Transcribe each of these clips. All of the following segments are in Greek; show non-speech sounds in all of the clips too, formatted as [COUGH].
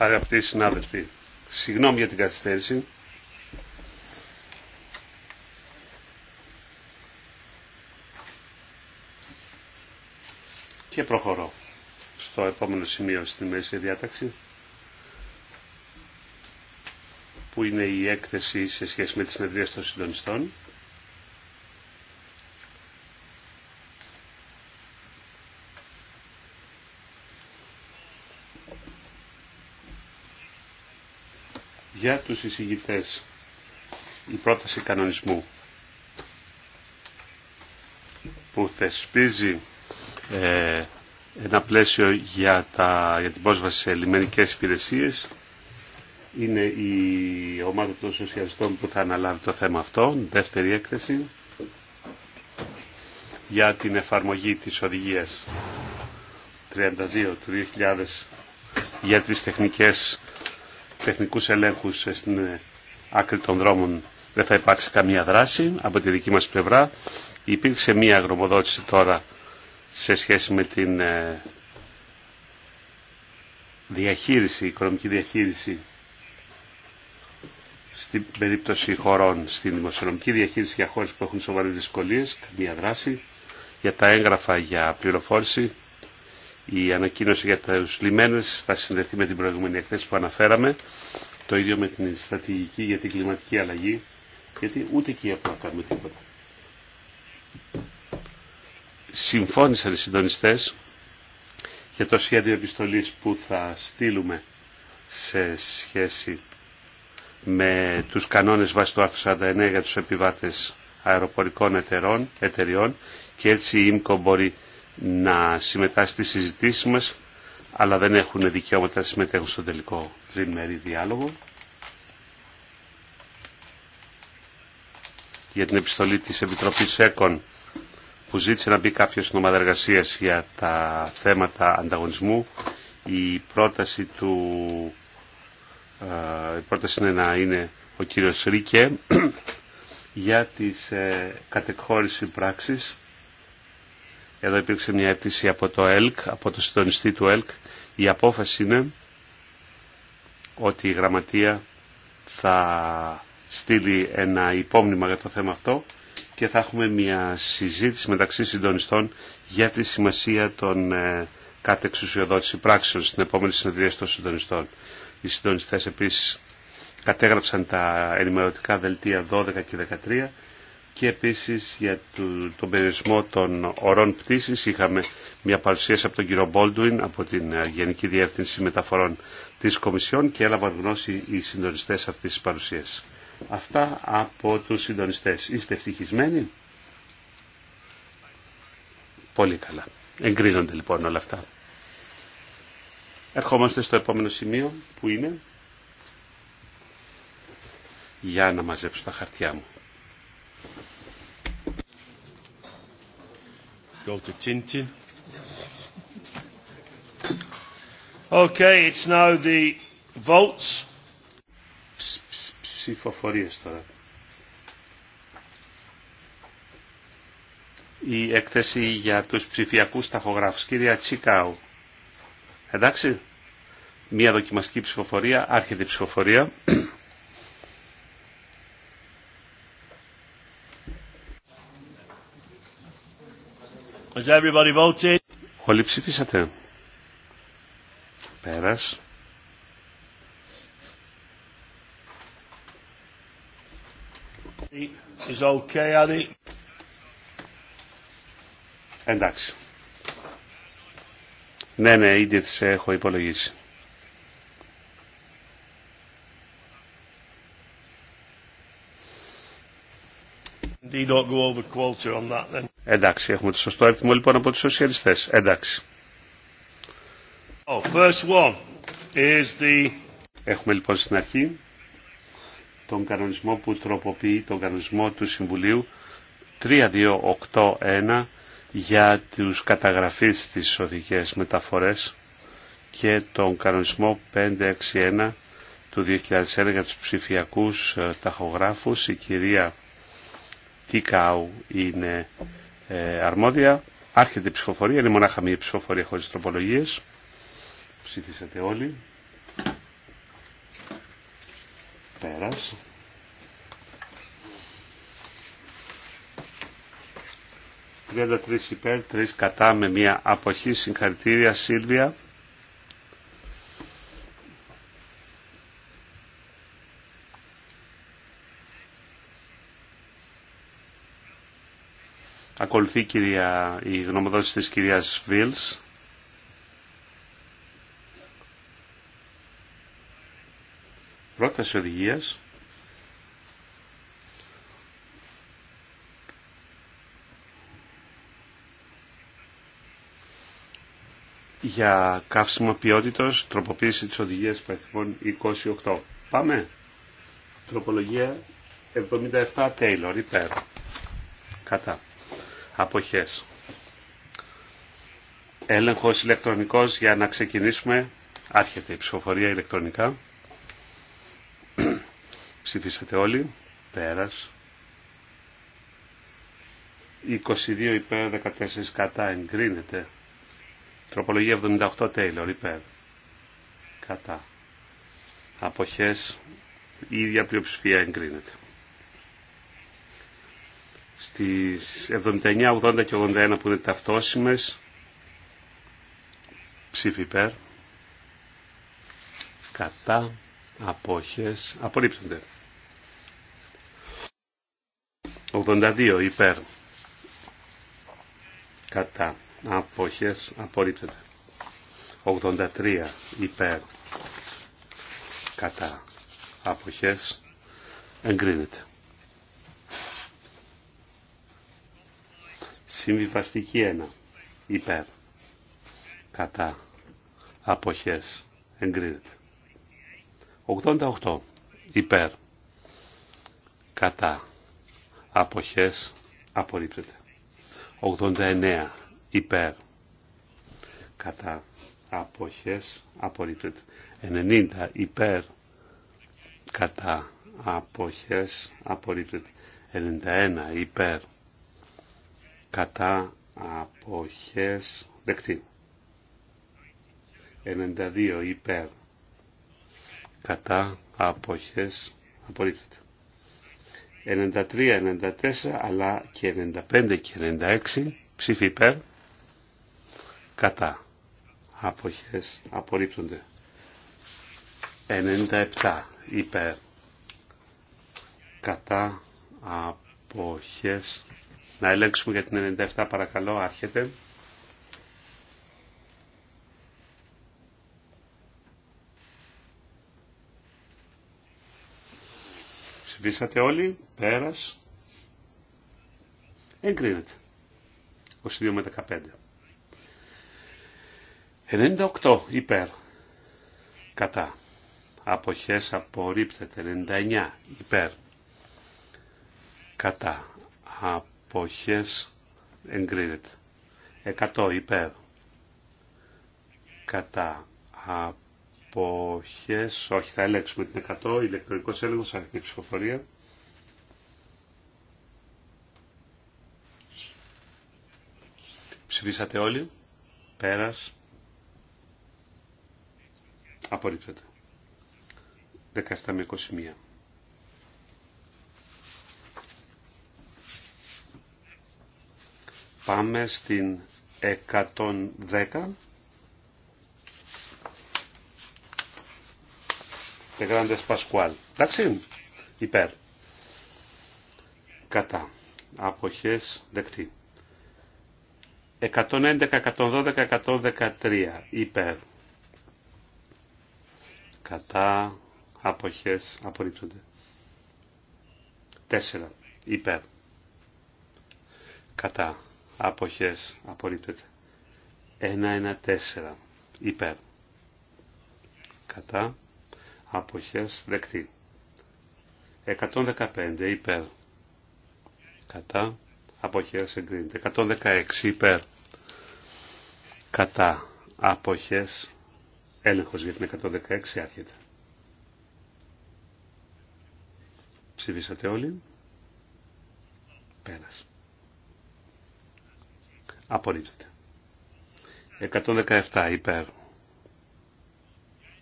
Αγαπητοί συνάδελφοι, συγγνώμη για την καθυστέρηση. Και προχωρώ στο επόμενο σημείο στη μέση διάταξη που είναι η έκθεση σε σχέση με τις συνεδρίες των συντονιστών. για τους εισηγητές. Η πρόταση κανονισμού που θεσπίζει ε, ένα πλαίσιο για, τα, για την πρόσβαση σε λιμενικές υπηρεσίες είναι η ομάδα των σοσιαλιστών που θα αναλάβει το θέμα αυτό, δεύτερη έκθεση για την εφαρμογή της οδηγίας 32 του 2000 για τις τεχνικές τεχνικούς ελέγχους ε, στην ε, άκρη των δρόμων δεν θα υπάρξει καμία δράση από τη δική μας πλευρά. Υπήρξε μία αγρομοδότηση τώρα σε σχέση με την ε, διαχείριση, οικονομική διαχείριση στην περίπτωση χωρών, στην δημοσιονομική διαχείριση για χώρες που έχουν σοβαρές δυσκολίες, καμία δράση, για τα έγγραφα για πληροφόρηση η ανακοίνωση για τους λιμένες θα συνδεθεί με την προηγούμενη εκθέση που αναφέραμε. Το ίδιο με την στρατηγική για την κλιματική αλλαγή. Γιατί ούτε εκεί απλά κάνουμε τίποτα. Συμφώνησαν οι συντονιστές για το σχέδιο επιστολής που θα στείλουμε σε σχέση με τους κανόνες βάσει του άρθρου 49 για τους επιβάτες αεροπορικών εταιριών και έτσι η ΙΜΚΟ μπορεί να συμμετάσχει στις συζητήσεις μας, αλλά δεν έχουν δικαιώματα να συμμετέχουν στον τελικό τριμερή διάλογο. Για την επιστολή της Επιτροπής ΕΚΟΝ που ζήτησε να μπει κάποιος στην ομάδα εργασία για τα θέματα ανταγωνισμού, η πρόταση του ε, η πρόταση είναι να είναι ο κύριος Ρίκε [CLEARS THROAT] για τις ε, κατεχώρηση πράξης εδώ υπήρξε μια αίτηση από το ΕΛΚ, από το συντονιστή του ΕΛΚ. Η απόφαση είναι ότι η Γραμματεία θα στείλει ένα υπόμνημα για το θέμα αυτό και θα έχουμε μια συζήτηση μεταξύ συντονιστών για τη σημασία των ε, κατεξουσιοδότηση πράξεων στην επόμενη συνεδρία των συντονιστών. Οι συντονιστές επίσης κατέγραψαν τα ενημερωτικά δελτία 12 και 13 και επίσης για τον περιορισμό των ορών πτήσης είχαμε μια παρουσίαση από τον κύριο Μπόλτουιν από την ε, Γενική Διεύθυνση Μεταφορών της Κομισιόν και έλαβαν γνώση οι συντονιστές αυτής της παρουσίας. Αυτά από τους συντονιστές. Είστε ευτυχισμένοι? Πολύ καλά. Εγκρίνονται λοιπόν όλα αυτά. Ερχόμαστε στο επόμενο σημείο που είναι... Για να μαζέψω τα χαρτιά μου. go to Tintin. Okay, it's now the votes. Ψηφοφορίες τώρα. Η έκθεση για τους ψηφιακούς ταχογράφους. Κυρία Τσίκαου. Εντάξει. Μία δοκιμαστική ψηφοφορία. Άρχεται η ψηφοφορία. Has everybody voted? Όλοι ψηφίσατε. Πέρας. Is okay, Adi. Εντάξει. Ναι, ναι, ήδη σε έχω υπολογίσει. They don't go over quota on that then. Εντάξει, έχουμε το σωστό αριθμό λοιπόν από τους σοσιαλιστές. Εντάξει. Oh, first one is the... Έχουμε λοιπόν στην αρχή τον κανονισμό που τροποποιεί τον κανονισμό του Συμβουλίου 3281 για τους καταγραφείς της οδηγίας μεταφορές και τον κανονισμό 561 του 2001 για τους ψηφιακούς ε, ταχογράφους. Η κυρία Τικάου είναι ε, αρμόδια. Άρχεται η ψηφοφορία, είναι μονάχα μία ψηφοφορία χωρί τροπολογίε. Ψήφισατε όλοι. Πέρας. «33 υπέρ, 3 κατά με μία αποχή. Συγχαρητήρια Σίλβια. Ακολουθεί κυρία, η γνωμοδότηση της κυρίας Βίλς. Πρόταση οδηγίας. για καύσιμο ποιότητος, τροποποίηση της οδηγίας παριθμών 28. Πάμε. Τροπολογία 77 Taylor, υπέρ. Κατά αποχές. Έλεγχος ηλεκτρονικός για να ξεκινήσουμε. Άρχεται η ψηφοφορία ηλεκτρονικά. Ψηφίσατε όλοι. Πέρας. 22 υπέρ, 14 κατά, εγκρίνεται. Τροπολογία 78 Τέιλορ υπέρ. Κατά. Αποχές, η ίδια πλειοψηφία εγκρίνεται στις 79, 80 και 81 που είναι ταυτόσιμες ψήφι υπέρ κατά απόχες απορρίπτονται 82 υπέρ κατά απόχες απορρίπτονται 83 υπέρ κατά αποχές εγκρίνεται Συμβιβαστική 1. Υπέρ. Κατά. Αποχές. Εγκρίνεται. 88. Υπέρ. Κατά. Αποχές. Απορρίπτεται. 89. Υπέρ. Κατά. Αποχές. Απορρίπτεται. 90. Υπέρ. Κατά. Αποχές. Απορρίπτεται. 91. Υπέρ κατά αποχές δεκτή. 92 υπέρ κατά αποχές απορρίπτεται. 93, 94 αλλά και 95 και 96 ψήφι υπέρ κατά αποχές απορρίπτονται. 97 υπέρ κατά αποχές να ελέγξουμε για την 97 παρακαλώ, άρχεται. Ψηφίσατε όλοι, πέρας. Εγκρίνεται. 22 με 15. 98 υπέρ. Κατά. Αποχές απορρίπτεται. 99 υπέρ. Κατά εποχές εγκρίνεται. 100 υπέρ κατά αποχές, όχι θα ελέγξουμε την 100, ηλεκτρονικός έλεγχος, αρχική ψηφοφορία. Ψηφίσατε όλοι, πέρας, απορρίψατε. 17 με 21. Πάμε στην 110. Τεγράντες Πασκουάλ. Εντάξει, υπέρ. Κατά. Αποχές δεκτή. 111, 112, 113 υπέρ. Κατά. Αποχές απορρίπτονται. 4 υπέρ. Κατά αποχές απορρίπτεται. 1-1-4 υπέρ κατά αποχές δεκτή. 115 υπέρ κατά αποχές εγκρίνεται. 116 υπέρ κατά αποχές έλεγχος για την 116 άρχεται. Ψηφίσατε όλοι. Πέρασε. Απορρίπτεται. 117 υπέρ.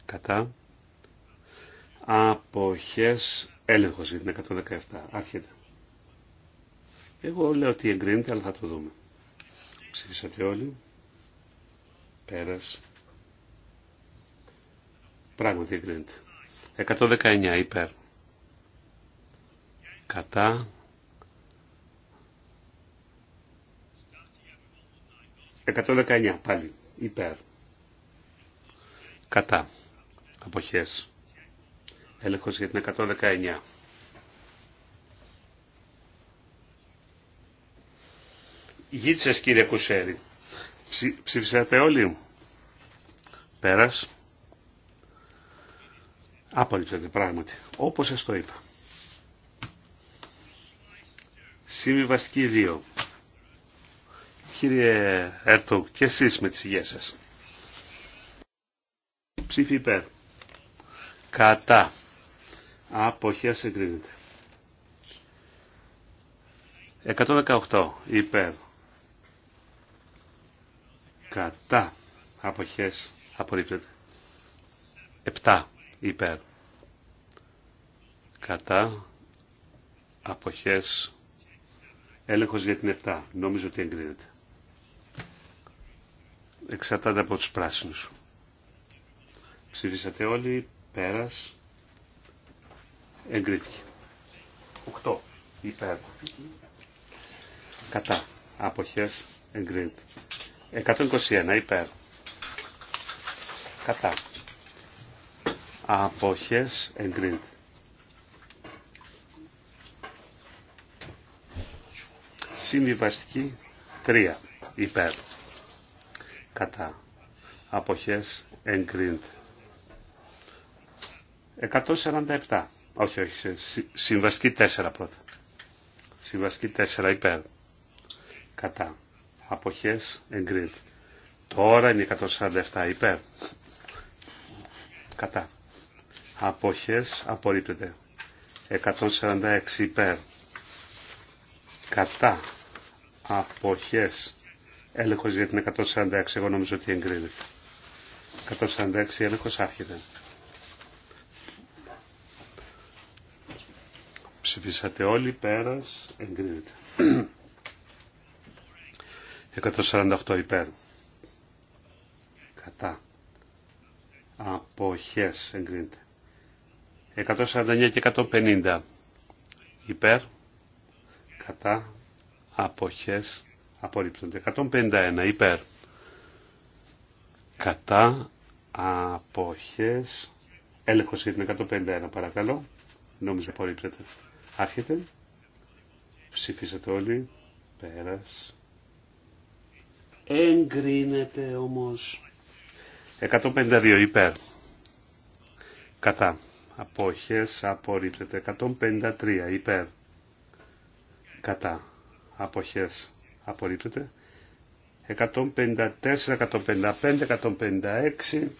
Κατά. Αποχές έλεγχος για την 117. Άρχεται. Εγώ λέω ότι εγκρίνεται, αλλά θα το δούμε. Ψηφίσατε όλοι. Πέρας. Πράγματι εγκρίνεται. 119 υπέρ. Κατά. 119 πάλι υπέρ κατά αποχές έλεγχος για την 119 Γίτσες κύριε Κουσέρη ψηφίσατε όλοι πέρας Απολύψατε πράγματι όπως σας το είπα Συμβιβαστική 2 Κύριε Έρτογκ, και εσείς με τις υγείας σας. Ψήφι υπέρ. Κατά. Αποχές εγκρίνεται. 118 υπέρ. Κατά. Αποχές απορρίπτεται. 7 υπέρ. Κατά. Αποχές. Έλεγχος για την 7. Νόμιζω ότι εγκρίνεται εξαρτάται από τους πράσινους. Ψηφίσατε όλοι, πέρας, εγκρίθηκε. 8. Υπέρ. Κατά. Αποχές εγκρίθηκε 121. Υπέρ. Κατά. Αποχές εγκρίνεται. Συμβιβαστική 3. Υπέρ κατά αποχές εγκρίνεται. 147, όχι, όχι, συμβαστική 4 πρώτα. Συμβαστική 4 υπέρ, κατά αποχές εγκρίνεται. Τώρα είναι 147 υπέρ, κατά αποχές απορρίπτεται. 146 υπέρ, κατά αποχές Έλεγχος για την 146, εγώ νομίζω ότι εγκρίνεται. 146 έλεγχος άρχεται. Ψηφίσατε όλοι, πέρας, εγκρίνεται. 148 [CLEARS THROAT] υπέρ. Κατά. Αποχές εγκρίνεται. 149 και 150 υπέρ. Κατά. Αποχές απορρίπτονται. 151 υπέρ. Κατά αποχές. Έλεγχος είναι 151 παρακαλώ. Νόμιζα απορρίπτεται. Άρχεται. Ψηφίσατε όλοι. Πέρας. Εγκρίνεται όμως. 152 υπέρ. Κατά. Απόχες απορρίπτεται. 153 υπέρ. Κατά. Απόχες απορρίπτεται. 154, 155, 156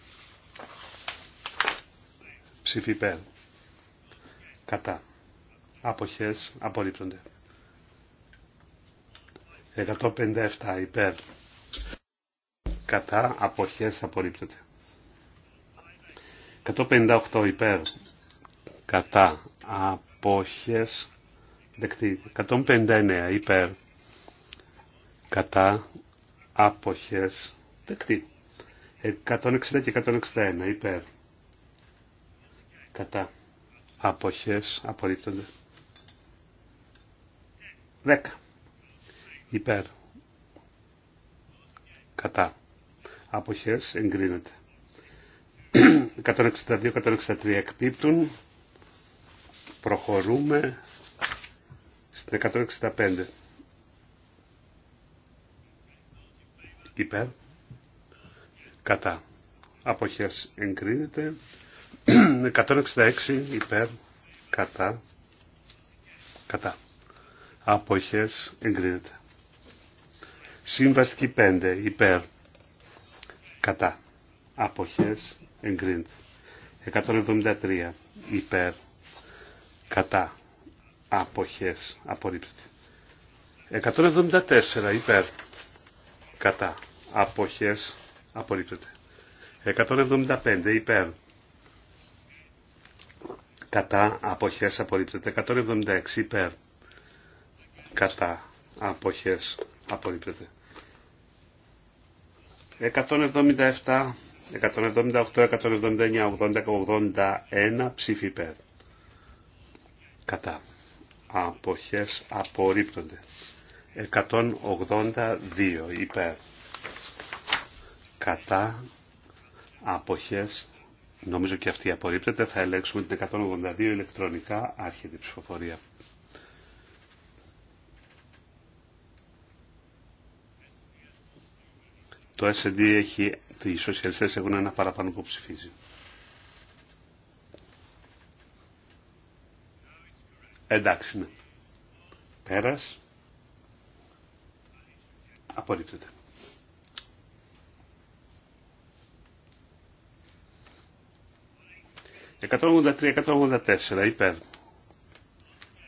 ψήφι υπέρ. Κατά. Αποχές απορρίπτονται. 157 υπέρ. Κατά. Αποχές απορρίπτονται. 158 υπέρ. Κατά. Αποχές δεκτή. 159 υπέρ κατά άποχες δεκτή. 160 ε, και 161 υπέρ κατά άποχες απορρίπτονται. 10 υπέρ κατά άποχες εγκρίνεται. 162-163 εκπίπτουν. Προχωρούμε στην 165. υπέρ, κατά, αποχές εγκρίνεται, 166 υπέρ, κατά, κατά, αποχές εγκρίνεται. Συμβαστική 5 υπέρ, κατά, αποχές εγκρίνεται. 173 υπέρ, κατά, αποχές απορρίπτεται. 174 υπέρ, κατά, αποχές απορρίπτεται. 175 υπέρ κατά αποχές απορρίπτεται. 176 υπέρ κατά αποχές απορρίπτεται. 177, 178, 179, 80, 81 ψήφι υπέρ. Κατά. Αποχές απορρίπτονται. 182 υπέρ κατά αποχές νομίζω και αυτή απορρίπτεται θα ελέγξουμε την 182 ηλεκτρονικά άρχιτη ψηφοφορία το S&D έχει οι σοσιαλιστές έχουν ένα παραπάνω που ψηφίζει εντάξει ναι. πέρας απορρίπτεται 183-184 υπέρ.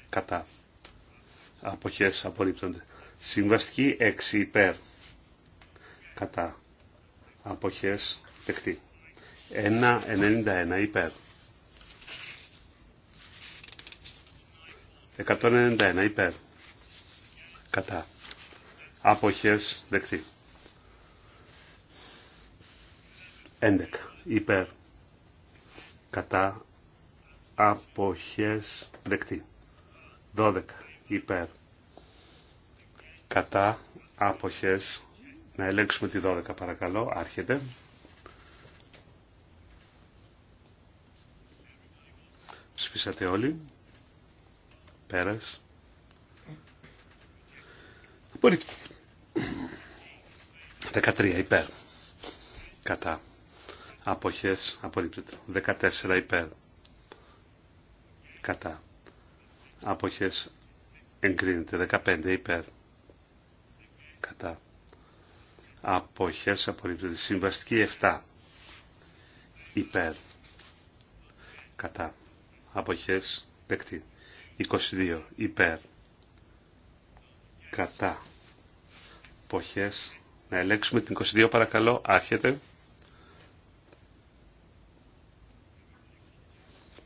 Κατά. Αποχές απορρίπτονται. Συμβαστική 6 υπέρ. Κατά. Αποχές δεκτή. 1, 91. υπέρ. 191 υπέρ. Κατά. Αποχές δεκτή. 11 υπέρ κατά αποχές δεκτή. 12 υπέρ κατά αποχές να ελέγξουμε τη 12 παρακαλώ άρχεται ψηφίσατε όλοι πέρας 13 υπέρ κατά αποχές απορρίπτεται. 14 υπέρ κατά αποχές εγκρίνεται. 15 υπέρ κατά αποχές απορρίπτεται. Συμβαστική 7 υπέρ κατά αποχές δεκτή. 22 υπέρ κατά αποχές να ελέγξουμε την 22 παρακαλώ άρχεται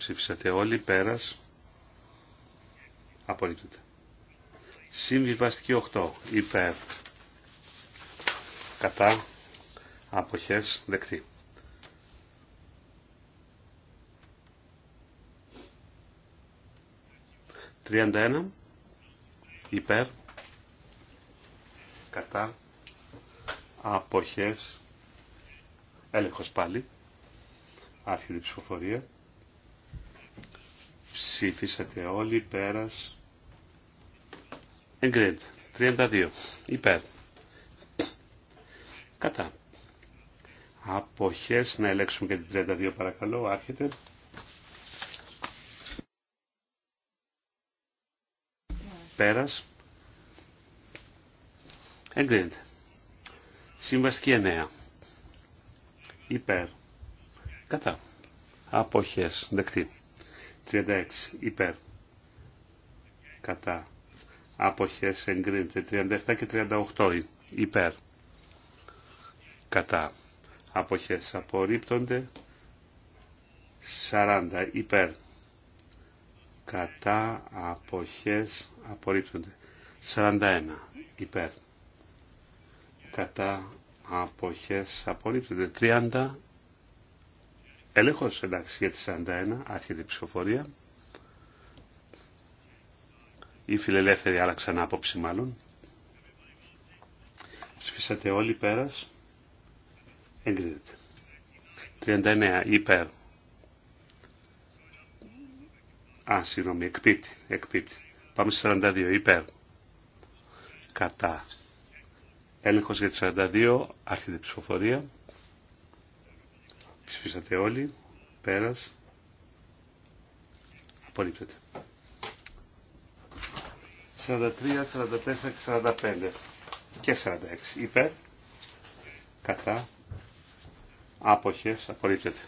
Ψήφισατε όλοι, πέρας. Απορρίπτεται. Συμβιβαστική 8, υπέρ. Κατά. Αποχές, δεκτή. 31 ένα, υπέρ, κατά, αποχές, έλεγχος πάλι, άρχιδη ψηφοφορία. Ψήφισατε όλοι, πέρας. Εγκρίντ, 32, υπέρ. Κατά. Αποχές, να ελέγξουμε και την 32 παρακαλώ, άρχεται. Πέρας. Εγκρίνεται. Συμβαστική 9. Υπέρ. Κατά. Αποχές. Δεκτή. 36 υπέρ κατά αποχές εγκρίνεται 37 και 38 υπέρ κατά αποχές απορρίπτονται 40 υπέρ κατά αποχές απορρίπτονται 41 υπέρ κατά αποχές απορρίπτονται 30 Έλεγχος εντάξει για τη 41, άρχεται η ψηφοφορία. Οι φιλελεύθεροι άλλαξαν άποψη μάλλον. Ψηφίσατε όλοι πέρας. Εγκρίνεται. 39 υπέρ. Α, συγγνώμη, εκπίπτει, εκπίπτει. Πάμε στη 42 υπέρ. Κατά. Έλεγχος για τη 42, άρχεται η ψηφοφορία. Ψηφίσατε όλοι. Πέρας. Απορρίπτεται. 43, 44, 45 και 46. Υπέρ. Κατά. Άποχες. Απορρίπτεται.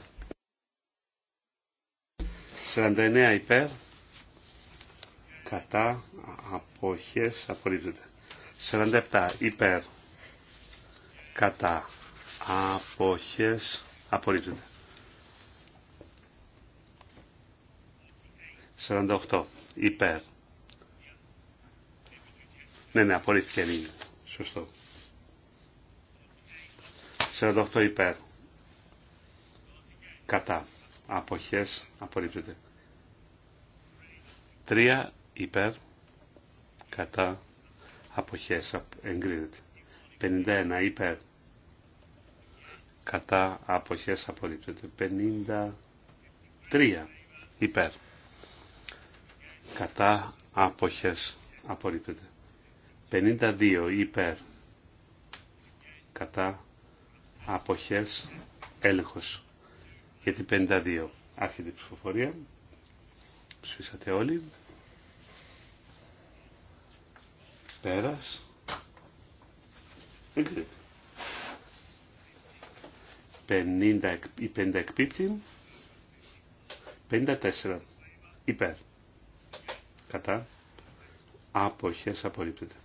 49 υπέρ. Κατά. Αποχές. Απορρίπτεται. 47 υπέρ. Κατά. Αποχές Απορρίπτεται. 48. Υπέρ. Ναι, ναι, απορρίφθηκε είναι. Σωστό. 48 υπέρ. Κατά. Αποχές. Απορρίπτεται. 3 υπέρ. Κατά. Αποχές. Εγκρίνεται. 51 υπέρ κατά αποχές απορρίπτεται 53 υπέρ κατά αποχές απορρίπτεται 52 υπέρ κατά αποχές έλεγχος Γιατί 52 άρχεται η ψηφοφορία Ψήσατε όλοι πέρας 50, η 50 εκπίπτει. 54 υπέρ. Κατά. Αποχές απορρίπτεται.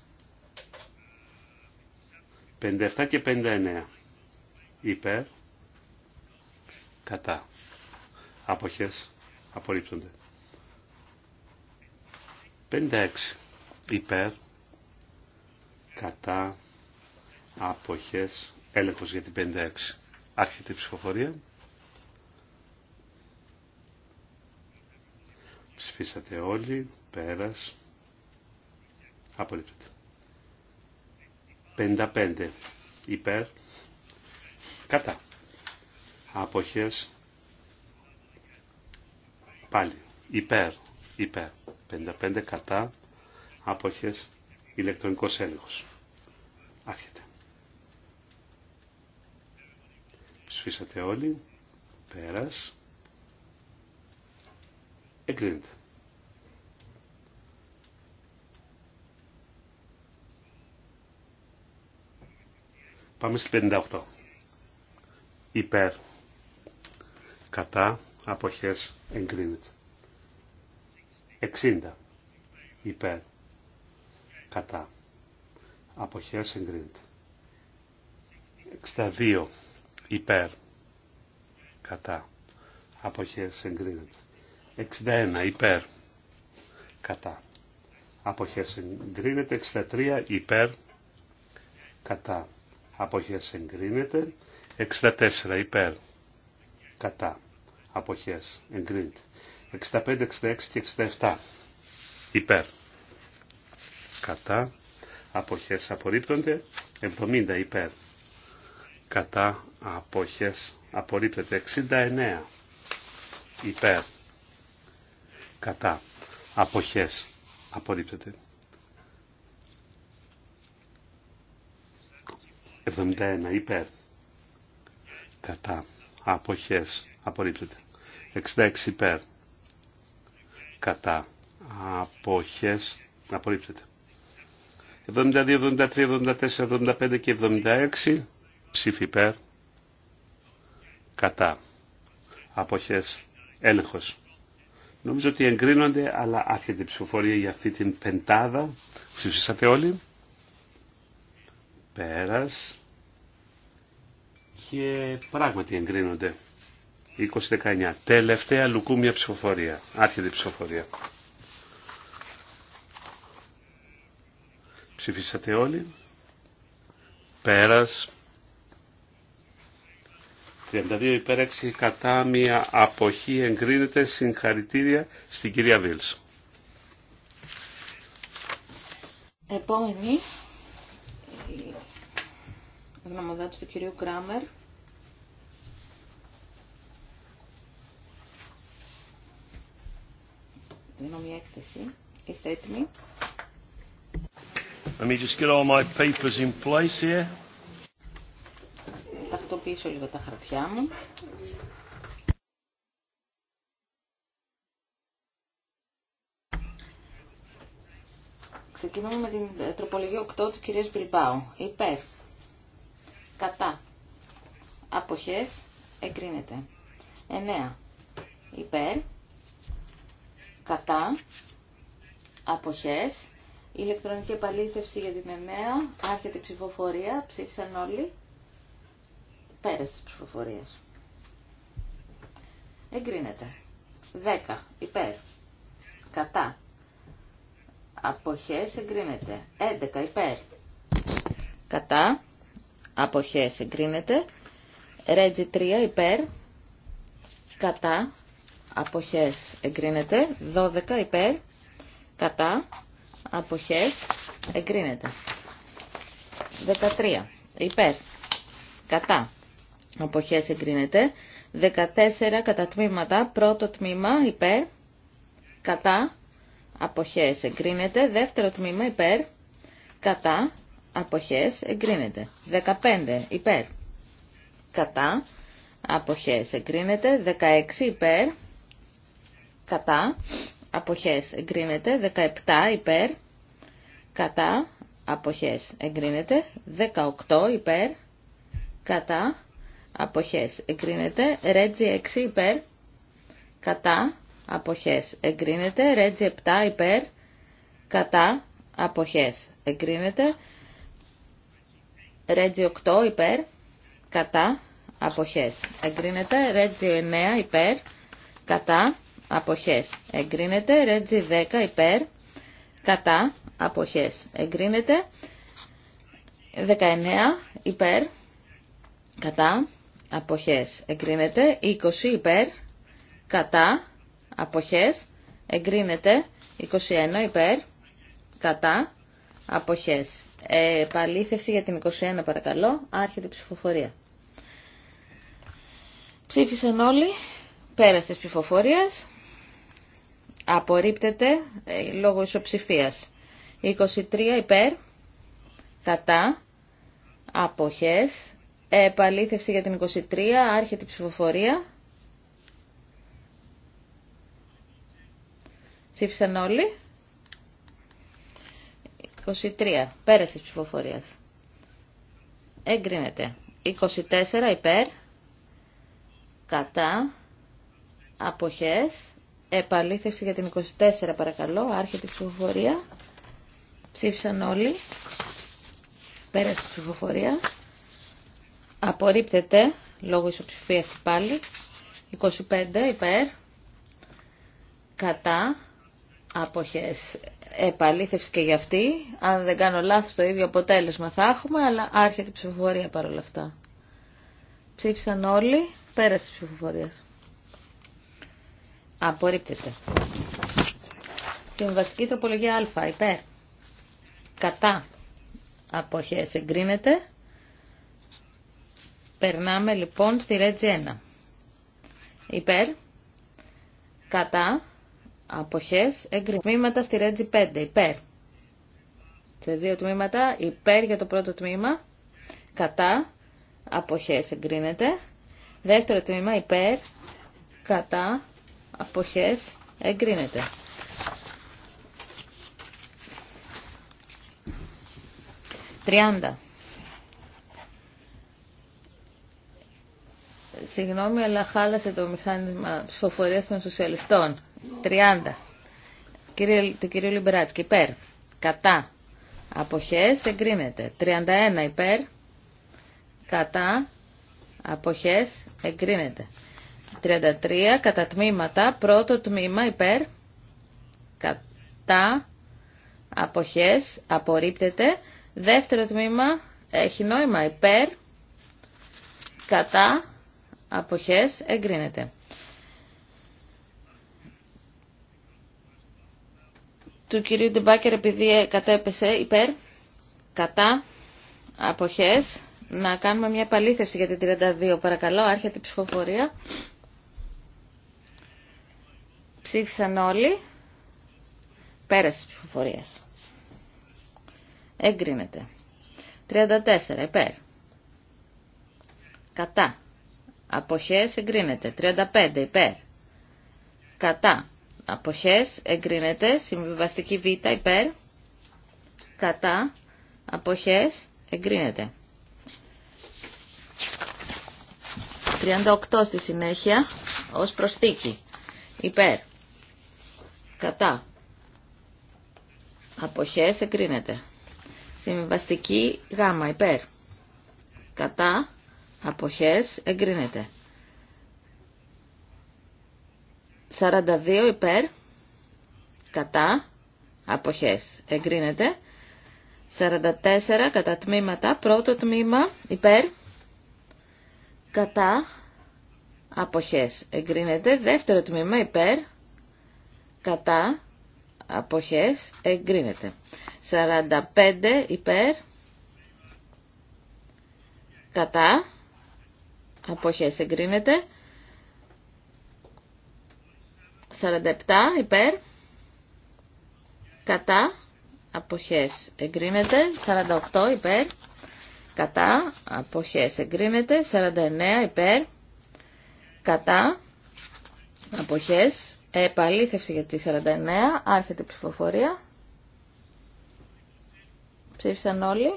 57 και 59 υπέρ. Κατά. Αποχές απορρίπτονται. 56 υπέρ. Κατά. Αποχές. Έλεγχος για την 56. Άρχεται η ψηφοφορία. Ψηφίσατε όλοι. Πέρας. απολύτω. 55 υπέρ. Κατά. Αποχές. Πάλι. Υπέρ. Υπέρ. 55 κατά. Αποχές. Ηλεκτρονικός έλεγχος. Άρχεται. σφίσατε όλοι. Πέρας. Εγκρίνεται. Πάμε στη 58. Υπέρ. Κατά. Αποχές. Εγκρίνεται. 60. Υπέρ. Κατά. Αποχές. Εγκρίνεται. 62 υπέρ κατά αποχές εγκρίνεται 61 υπέρ κατά αποχές εγκρίνεται 63 υπέρ κατά Αποχέ εγκρίνεται 64 υπέρ κατά αποχές εγκρίνεται 65, 66 και 67 υπέρ κατά αποχές απορρίπτονται 70 υπέρ κατά αποχές απορρίπτεται 69 υπέρ κατά αποχές απορρίπτεται 71 υπέρ κατά αποχές απορρίπτεται 66 υπέρ κατά αποχές απορρίπτεται 72, 73, 74, 75 και 76 ψήφι περ κατά, αποχές, έλεγχος. Νομίζω ότι εγκρίνονται, αλλά άρχεται η ψηφοφορία για αυτή την πεντάδα. Ψηφίσατε όλοι. Πέρας. Και πράγματι εγκρίνονται. 20-19. Τελευταία λουκούμια ψηφοφορία. Άρχεται η ψηφοφορία. Ψηφίσατε όλοι. Πέρας. 32 υπέρ 6 κατά μία αποχή εγκρίνεται συγχαρητήρια στην κυρία Βίλς. Επόμενη γνωμοδότηση του κυρίου Κράμερ. Δίνω μια έκθεση. Είστε έτοιμοι. Let me just get all my papers in place here τακτοποιήσω λίγο τα χαρτιά μου. Ξεκινούμε με την ε, τροπολογία 8 της κυρίας Μπιλμπάου. Υπέρ. Κατά. Αποχές. Εγκρίνεται. 9. Υπέρ. Κατά. Αποχές. Ηλεκτρονική επαλήθευση για την 9. Άρχεται η ψηφοφορία. Ψήφισαν όλοι. Πέρας της ψηφοφορίας. Εγκρίνεται. 10. Υπέρ. Κατά. Αποχές εγκρίνεται. 11. Υπέρ. Κατά. Αποχές εγκρίνεται. Ρέτζι 3. Υπέρ. Κατά. Αποχές εγκρίνεται. 12. Υπέρ. Κατά. Αποχές εγκρίνεται. 13. Υπέρ. Κατά αποχές εγκρίνεται. 14 κατά τμήματα, πρώτο τμήμα υπέρ, κατά, αποχές εγκρίνεται. Δεύτερο τμήμα υπέρ, κατά, αποχές εγκρίνεται. 15 υπέρ, κατά, αποχές εγκρίνεται. 16 υπέρ, κατά, αποχές εγκρίνεται. 17 υπέρ, κατά, αποχές εγκρίνεται. 18 υπέρ, κατά, αποχές εγκρίνεται, Ρέτζι 6 υπέρ, κατά, αποχές εγκρίνεται, Ρέτζι 7 υπέρ, κατά, αποχές εγκρίνεται, Ρέτζι 8 υπέρ, κατά, αποχές εγκρίνεται, Ρέτζι 9 υπέρ, κατά, αποχές εγκρίνεται, Ρέτζι 10 υπέρ, κατά, αποχές εγκρίνεται, 19 υπέρ, κατά, αποχές εγκρίνεται, 20 υπέρ, κατά, αποχές εγκρίνεται, 21 υπέρ, κατά, αποχές. Ε, παλήθευση για την 21 παρακαλώ, άρχεται η ψηφοφορία. Ψήφισαν όλοι, Πέρα της ψηφοφορίας, απορρίπτεται ε, λόγω ισοψηφίας. 23 υπέρ, κατά, αποχές, Επαλήθευση για την 23, άρχεται η ψηφοφορία. Ψήφισαν όλοι. 23, πέρασε της ψηφοφορίας. Εγκρίνεται. 24 υπέρ, κατά, αποχές, επαλήθευση για την 24 παρακαλώ, άρχεται η ψηφοφορία. Ψήφισαν όλοι. Πέρασε της ψηφοφορίας. Απορρίπτεται, λόγω ισοψηφίας και πάλι, 25 υπέρ, κατά, άποχες επαλήθευση και για αυτή. Αν δεν κάνω λάθος το ίδιο αποτέλεσμα θα έχουμε, αλλά άρχεται η ψηφοφορία παρόλα αυτά. Ψήφισαν όλοι, πέρασε η ψηφοφορία. Απορρίπτεται. Συμβαστική τροπολογία α, υπέρ. Κατά. Αποχές εγκρίνεται. Περνάμε λοιπόν στη Ρέτζη 1. Υπέρ, κατά, αποχές, εγκριμήματα στη Ρέτζη 5. Υπέρ. Σε δύο τμήματα, υπέρ για το πρώτο τμήμα, κατά, αποχές εγκρίνεται. Δεύτερο τμήμα, υπέρ, κατά, αποχές εγκρίνεται. Τριάντα. Συγγνώμη, αλλά χάλασε το μηχάνισμα ψηφοφορία των σοσιαλιστών. 30. Το του κυρίου Λιμπεράτσκι, υπέρ. Κατά. απόχέ, εγκρίνεται. 31 υπέρ. Κατά. απόχέ, εγκρίνεται. 33 κατά τμήματα. Πρώτο τμήμα υπέρ. Κατά. απόχέ, απορρίπτεται. Δεύτερο τμήμα έχει νόημα υπέρ. Κατά αποχές εγκρίνεται. Του κυρίου Ντεμπάκερ επειδή ε, κατέπεσε υπέρ, κατά, αποχές, να κάνουμε μια επαλήθευση για την 32 παρακαλώ, άρχεται η ψηφοφορία. Ψήφισαν όλοι, πέρασε τη ψηφοφορία. Εγκρίνεται. 34 υπέρ. Κατά. Αποχές εγκρίνεται. 35 υπέρ. Κατά. Αποχές εγκρίνεται. Συμβιβαστική Β υπέρ. Κατά. Αποχές εγκρίνεται. 38 στη συνέχεια ως προστίκη. Υπέρ. Κατά. Αποχές εγκρίνεται. Συμβιβαστική γάμα υπέρ. Κατά αποχές εγκρίνεται. 42 υπέρ, κατά, αποχές εγκρίνεται. 44 κατά τμήματα, πρώτο τμήμα υπέρ, κατά, αποχές εγκρίνεται. Δεύτερο τμήμα υπέρ, κατά, αποχές εγκρίνεται. 45 υπέρ, κατά, αποχές εγκρίνεται. 47 υπέρ, κατά, αποχές εγκρίνεται. 48 υπέρ, κατά, αποχές εγκρίνεται. 49 υπέρ, κατά, αποχές, επαλήθευση για τη 49, άρχεται η ψηφοφορία. Ψήφισαν όλοι.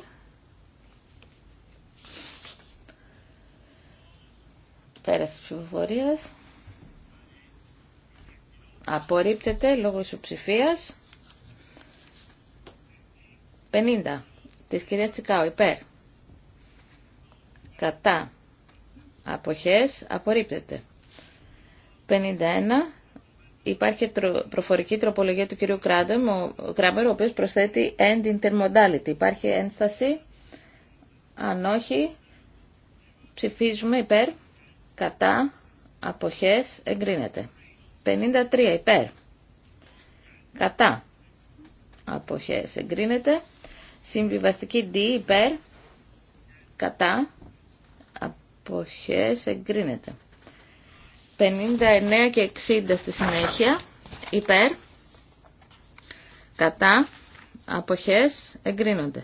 Πέρας της ψηφοφορίας. Απορρίπτεται λόγω ισοψηφία. 50. Της κυρία Τσικάου. Υπέρ. Κατά. Αποχές. Απορρίπτεται. 51. Υπάρχει προφορική τροπολογία του κυρίου Κράμερ, ο οποίος προσθέτει end intermodality. Υπάρχει ένσταση. Αν όχι, ψηφίζουμε υπέρ κατά, αποχές, εγκρίνεται. 53 υπέρ, κατά, αποχές, εγκρίνεται. Συμβιβαστική D υπέρ, κατά, αποχές, εγκρίνεται. 59 και 60 στη συνέχεια, υπέρ, κατά, αποχές, εγκρίνονται.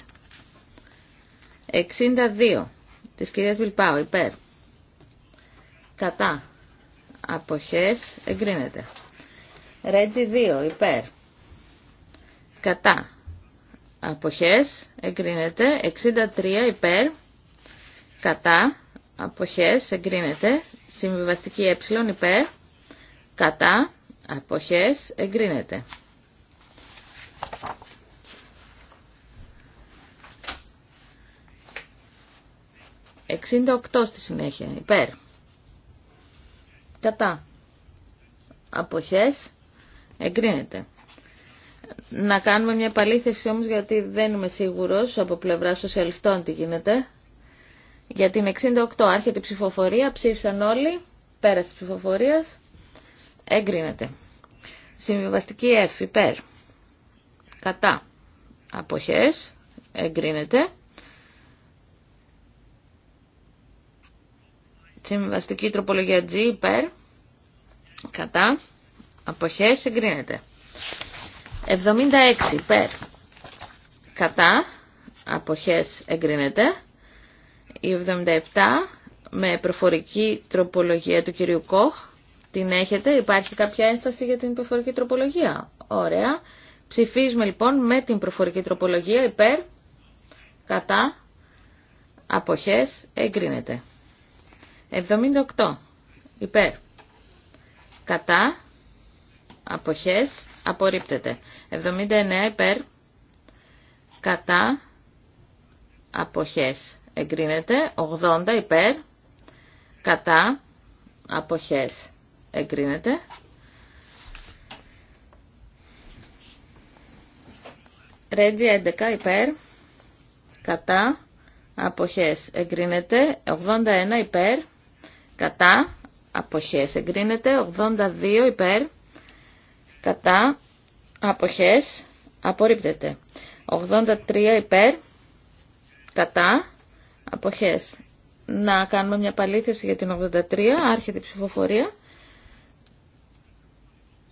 62 της κυρίας Βιλπάου, υπέρ, Κατά. Αποχές εγκρίνεται. Ρέτζι 2 υπέρ. Κατά. Αποχές εγκρίνεται. 63 υπέρ. Κατά. Αποχές εγκρίνεται. Συμβιβαστική ε υπέρ. Κατά. Αποχές εγκρίνεται. 68 στη συνέχεια. Υπέρ. Κατά. Αποχές. Εγκρίνεται. Να κάνουμε μια παλήθευση όμως γιατί δεν είμαι σίγουρος από πλευρά σοσιαλιστών τι γίνεται. Για την 68 άρχεται η ψηφοφορία, ψήφισαν όλοι, πέρασε τη ψηφοφορία, εγκρίνεται. Συμβιβαστική F, υπέρ. Κατά. Αποχές, εγκρίνεται. Συμβαστική τροπολογία G υπέρ. Κατά. Αποχές εγκρίνεται. 76 υπέρ. Κατά. Αποχές εγκρίνεται. Η 77 με προφορική τροπολογία του κυρίου Κοχ. Την έχετε. Υπάρχει κάποια ένσταση για την προφορική τροπολογία. Ωραία. Ψηφίζουμε λοιπόν με την προφορική τροπολογία υπέρ. Κατά. Αποχές εγκρίνεται. 78 υπέρ. Κατά. Αποχές. Απορρίπτεται. 79 υπέρ. Κατά. Αποχές. Εγκρίνεται. 80 υπέρ. Κατά. Αποχές. Εγκρίνεται. Ρέτζι 11 υπέρ. Κατά. Αποχές. Εγκρίνεται. 81 υπέρ κατά, αποχές εγκρίνεται, 82 υπέρ, κατά, αποχές απορρίπτεται, 83 υπέρ, κατά, αποχές. Να κάνουμε μια παλήθευση για την 83, άρχεται η ψηφοφορία.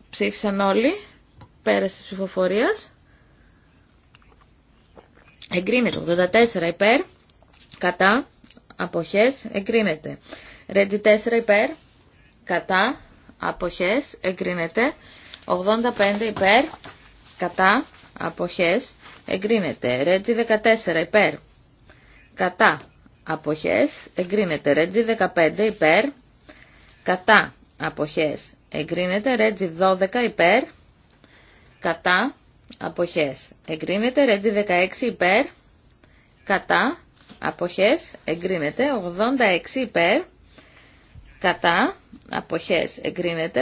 Ψήφισαν όλοι, πέρασε της ψηφοφορίας. Εγκρίνεται 84 υπέρ, κατά, αποχές, εγκρίνεται. Ρέτζι 4 υπέρ, κατά, αποχές, εγκρίνεται. 85 υπέρ, κατά, αποχές, εγκρίνεται. Ρέτζι 14 υπέρ, κατά, αποχές, εγκρίνεται. Ρέτζι 15 υπέρ, κατά, αποχές, εγκρίνεται. Ρέτζι 12 υπέρ, κατά, αποχές, εγκρίνεται. Ρέτζι 16 υπέρ, κατά, αποχές, εγκρίνεται. 86 υπέρ, κατά, αποχές εγκρίνεται,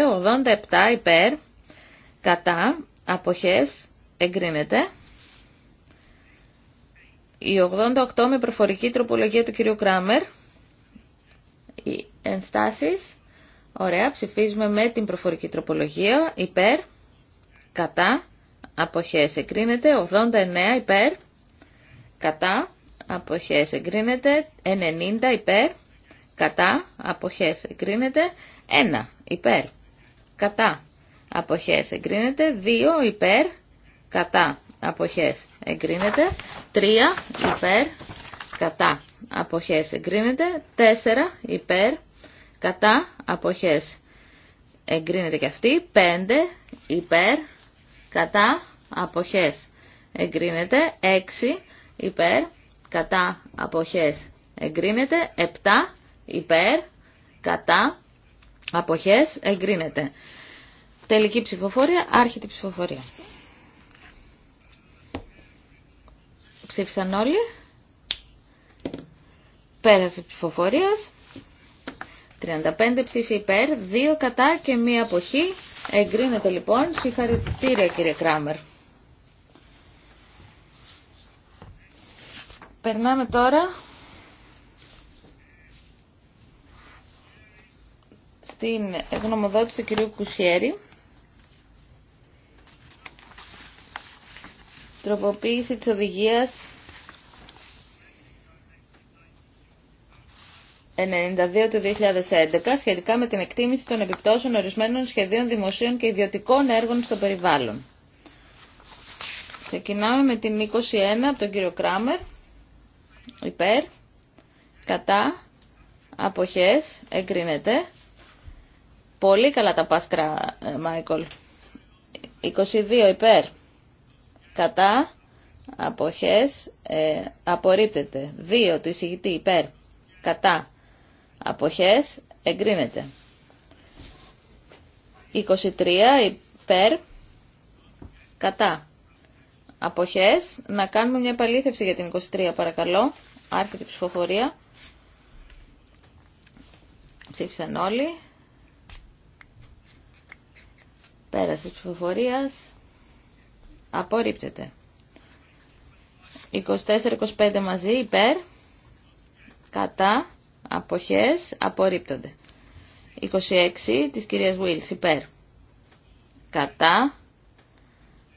87 υπέρ, κατά, αποχές εγκρίνεται. Η 88 με προφορική τροπολογία του κυρίου Κράμερ. Οι ενστάσεις. Ωραία, ψηφίζουμε με την προφορική τροπολογία. Υπέρ, κατά, αποχές εγκρίνεται. 89 υπέρ, κατά, αποχές εγκρίνεται. 90 υπέρ, κατά, αποχές εγκρίνεται, 1 υπέρ, κατά, αποχές εγκρίνεται, 2 υπέρ, κατά, αποχές εγκρίνεται, 3 υπέρ, κατά, αποχές εγκρίνεται, 4 υπέρ, κατά, αποχές εγκρίνεται και αυτή, 5 υπέρ, κατά, αποχές εγκρίνεται, 6 υπέρ, κατά, αποχές εγκρίνεται, 7 υπέρ, κατά, αποχές, εγκρίνεται. Τελική ψηφοφορία, άρχιτη ψηφοφορία. Ψήφισαν όλοι. Πέρασε ψηφοφορία. 35 ψήφοι υπέρ, 2 κατά και 1 αποχή. Εγκρίνεται λοιπόν. Συγχαρητήρια κύριε Κράμερ. Περνάμε τώρα στην γνωμοδότηση του κυρίου κουσιέρη, Τροποποίηση της οδηγίας 92 του 2011 σχετικά με την εκτίμηση των επιπτώσεων ορισμένων σχεδίων δημοσίων και ιδιωτικών έργων στο περιβάλλον. Ξεκινάμε με την 21 από τον κύριο Κράμερ. Υπέρ. Κατά. Αποχές. Εγκρίνεται. Πολύ καλά τα Πάσκρα, ε, Μάικολ. 22 υπέρ. Κατά. Αποχές. Ε, απορρίπτεται. 2 του εισηγητή υπέρ. Κατά. Αποχές. Εγκρίνεται. 23 υπέρ. Κατά. Αποχές. Να κάνουμε μια επαλήθευση για την 23 παρακαλώ. Άρχεται η ψηφοφορία. Ψήφισαν όλοι. Πέρας της ψηφοφορίας. Απορρίπτεται. 24-25 μαζί υπέρ. Κατά. Αποχές. Απορρίπτονται. 26 της κυρίας Βουίλς υπέρ. Κατά.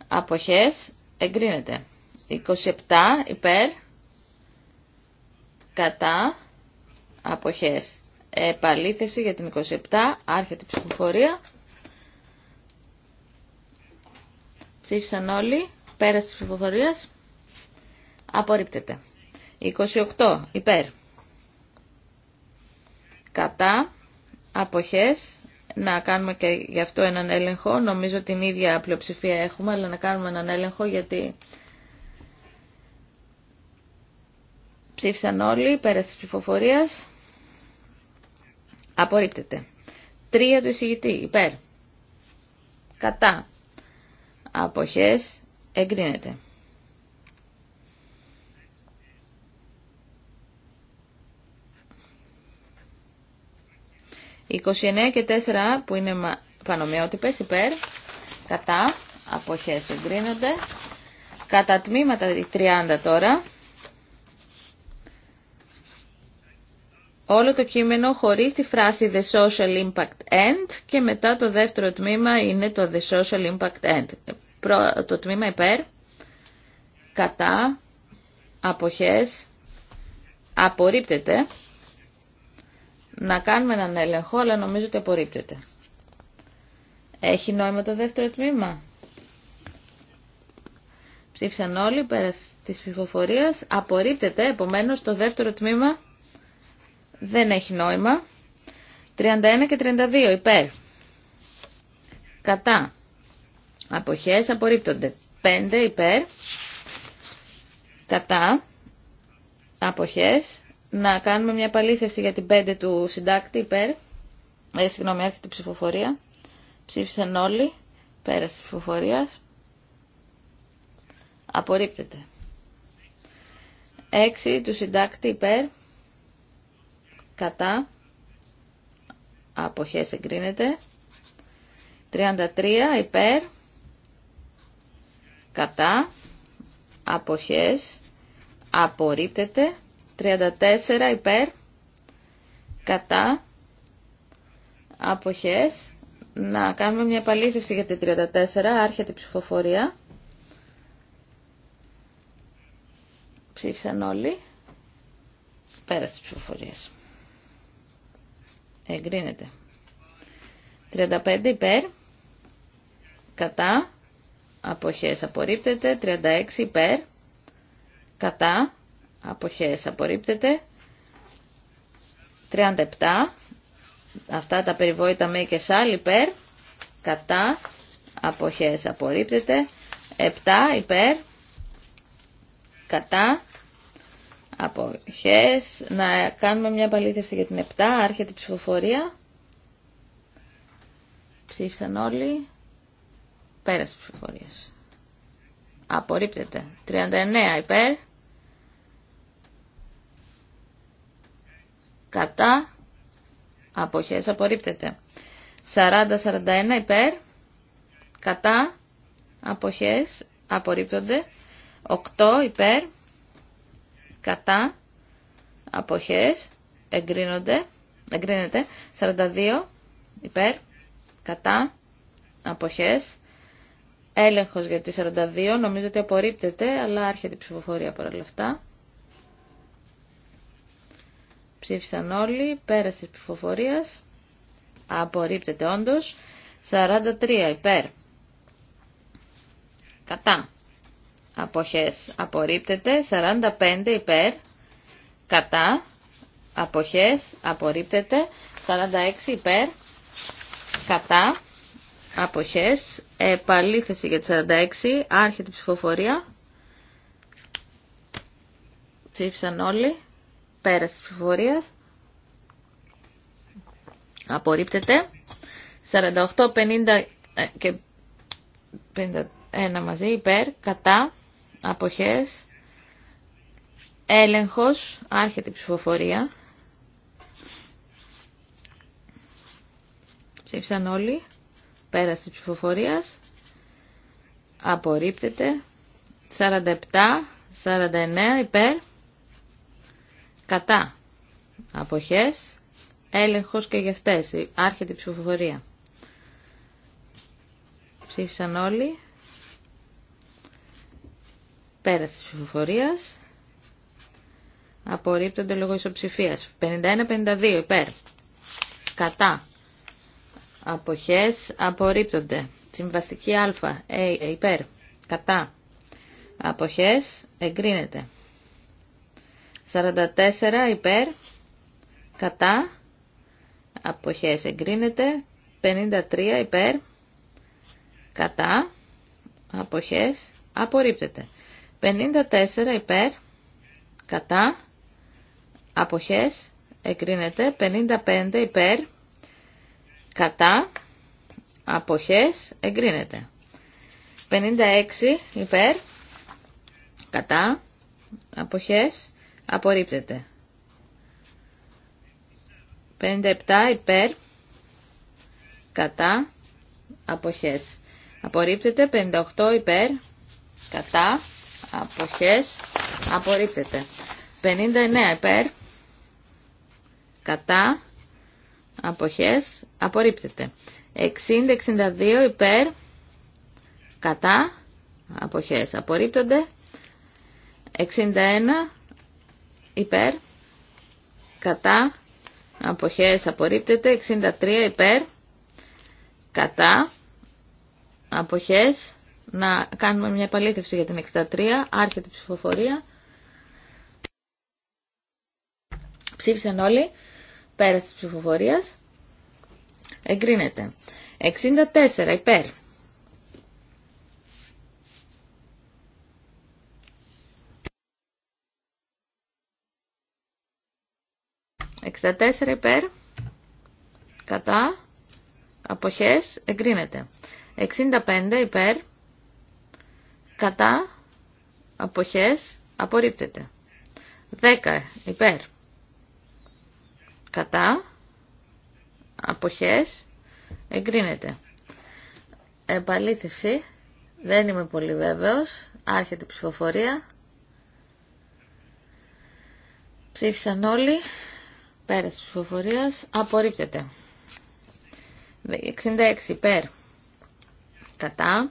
Αποχές. Εγκρίνεται. 27 υπέρ. Κατά. Αποχές. Επαλήθευση για την 27. Άρχεται η ψηφοφορία. Ψήφισαν όλοι. Πέρας της ψηφοφορίας. Απορρίπτεται. 28. Υπέρ. Κατά. Αποχές. Να κάνουμε και γι' αυτό έναν έλεγχο. Νομίζω την ίδια πλειοψηφία έχουμε, αλλά να κάνουμε έναν έλεγχο γιατί... Ψήφισαν όλοι, πέρας της ψηφοφορία. Απορρίπτεται. 3. του εισηγητή, υπέρ. Κατά αποχές εγκρίνεται. Οι 29 και 4 που είναι πανομοιότυπες υπέρ, κατά, αποχές εγκρίνονται. Κατά τμήματα 30 τώρα, όλο το κείμενο χωρίς τη φράση The Social Impact End και μετά το δεύτερο τμήμα είναι το The Social Impact End. Το τμήμα υπέρ, κατά, αποχές, απορρίπτεται. Να κάνουμε έναν έλεγχο, αλλά νομίζω ότι απορρίπτεται. Έχει νόημα το δεύτερο τμήμα. Ψήφισαν όλοι πέρα της ψηφοφορίας. Απορρίπτεται, επομένως, το δεύτερο τμήμα δεν έχει νόημα. 31 και 32 υπέρ. Κατά. Αποχές απορρίπτονται. 5 υπέρ. Κατά. Αποχές. Να κάνουμε μια παλήθευση για την 5 του συντάκτη υπέρ. Ε, συγγνώμη, άρχεται η ψηφοφορία. Ψήφισαν όλοι. Πέρασε τη ψηφοφορία. Απορρίπτεται. 6 του συντάκτη υπέρ κατά, αποχές εγκρίνεται, 33 υπέρ, κατά, αποχές, απορρίπτεται, 34 υπέρ, κατά, αποχές, να κάνουμε μια επαλήθευση για τη 34, άρχεται η ψηφοφορία. Ψήφισαν όλοι. Πέρασε τις ψηφοφορίες. Εγκρίνεται. 35 υπέρ. Κατά. Αποχές απορρίπτεται. 36 υπέρ. Κατά. Αποχές απορρίπτεται. 37. Αυτά τα περιβόητα με και σάλ υπέρ. Κατά. Αποχές απορρίπτεται. 7 υπέρ. Κατά αποχές. Να κάνουμε μια παλήθευση για την 7, άρχεται η ψηφοφορία. Ψήφισαν όλοι. Πέρασε ψηφοφορίες. Απορρίπτεται. 39 υπέρ. Κατά. Αποχές απορρίπτεται. 40-41 υπέρ. Κατά. Αποχές απορρίπτονται. 8 υπέρ κατά, αποχές, εγκρίνονται, εγκρίνεται, 42 υπέρ, κατά, αποχές, έλεγχος για τη 42, νομίζω ότι απορρίπτεται, αλλά άρχεται η ψηφοφορία παρόλα αυτά. Ψήφισαν όλοι, πέρασε της ψηφοφορίας, απορρίπτεται όντως, 43 υπέρ, κατά, αποχές απορρίπτεται, 45 υπέρ, κατά, αποχές απορρίπτεται, 46 υπέρ, κατά, αποχές, επαλήθεση για τη 46, άρχεται η ψηφοφορία, ψήφισαν όλοι, πέρασε της ψηφοφορίας, απορρίπτεται, 48, 50 ε, και 51 μαζί, υπέρ, κατά, αποχές, έλεγχος, άρχεται η ψηφοφορία. Ψήφισαν όλοι, πέραση η ψηφοφορίας, απορρίπτεται, 47, 49 υπέρ, κατά, αποχές, έλεγχος και για αυτές, άρχεται η ψηφοφορία. Ψήφισαν όλοι, Πέραση της ψηφοφορίας. Απορρίπτονται λόγω ισοψηφίας. 51-52 υπέρ. Κατά. Αποχές απορρίπτονται. Συμβαστική α. Ε, υπέρ. Κατά. Αποχές εγκρίνεται. 44 υπέρ. Κατά. Αποχές εγκρίνεται. 53 υπέρ. Κατά. Αποχές απορρίπτεται. 54 υπέρ, κατά, αποχές, εγκρίνεται. 55 υπέρ, κατά, αποχές, εγκρίνεται. 56 υπέρ, κατά, αποχές, απορρίπτεται. 57 υπέρ, κατά, αποχές. Απορρίπτεται 58 υπέρ, κατά, αποχές απορρίπτεται. 59 υπέρ κατά αποχές απορρίπτεται. 60-62 υπέρ κατά αποχές απορρίπτονται. 61 υπέρ κατά αποχές απορρίπτεται. 63 υπέρ κατά αποχές να κάνουμε μια επαλήθευση για την 63, άρχεται η ψηφοφορία. Ψήφισαν όλοι, πέρας της ψηφοφορίας. Εγκρίνεται. 64 υπέρ. 64 υπέρ, κατά, αποχές, εγκρίνεται. 65 υπέρ, Κατά. Αποχές. Απορρίπτεται. 10. Υπέρ. Κατά. Αποχές. Εγκρίνεται. Επαλήθευση. Δεν είμαι πολύ βέβαιος. Άρχεται η ψηφοφορία. Ψήφισαν όλοι. Πέρας της ψηφοφορίας. Απορρίπτεται. 66 υπέρ. Κατά.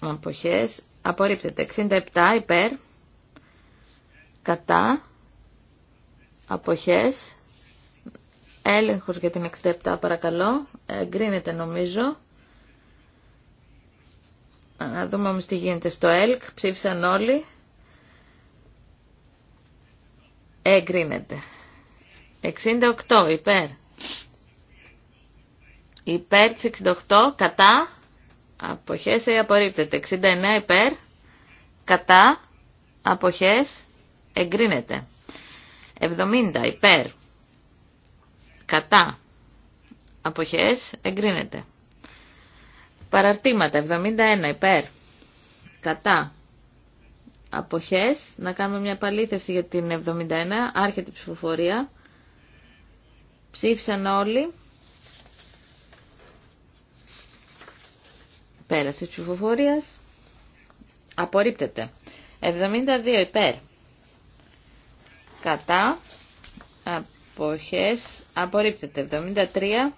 Αποχές απορρίπτεται. 67 υπέρ, κατά, αποχές, έλεγχος για την 67 παρακαλώ, εγκρίνεται νομίζω. Να δούμε όμως τι γίνεται στο ΕΛΚ, ψήφισαν όλοι. Εγκρίνεται. 68 υπέρ. Υπέρ 68, κατά, Αποχές ε, απορρίπτεται. 69 υπέρ. Κατά. Αποχές εγκρίνεται. 70 υπέρ. Κατά. Αποχές εγκρίνεται. Παραρτήματα 71 υπέρ. Κατά. Αποχές. Να κάνουμε μια παλήθευση για την 71. Άρχεται η ψηφοφορία. Ψήφισαν όλοι. Πέραση της ψηφοφορίας. Απορρίπτεται. 72 υπέρ. Κατά. Αποχές. Απορρίπτεται. 73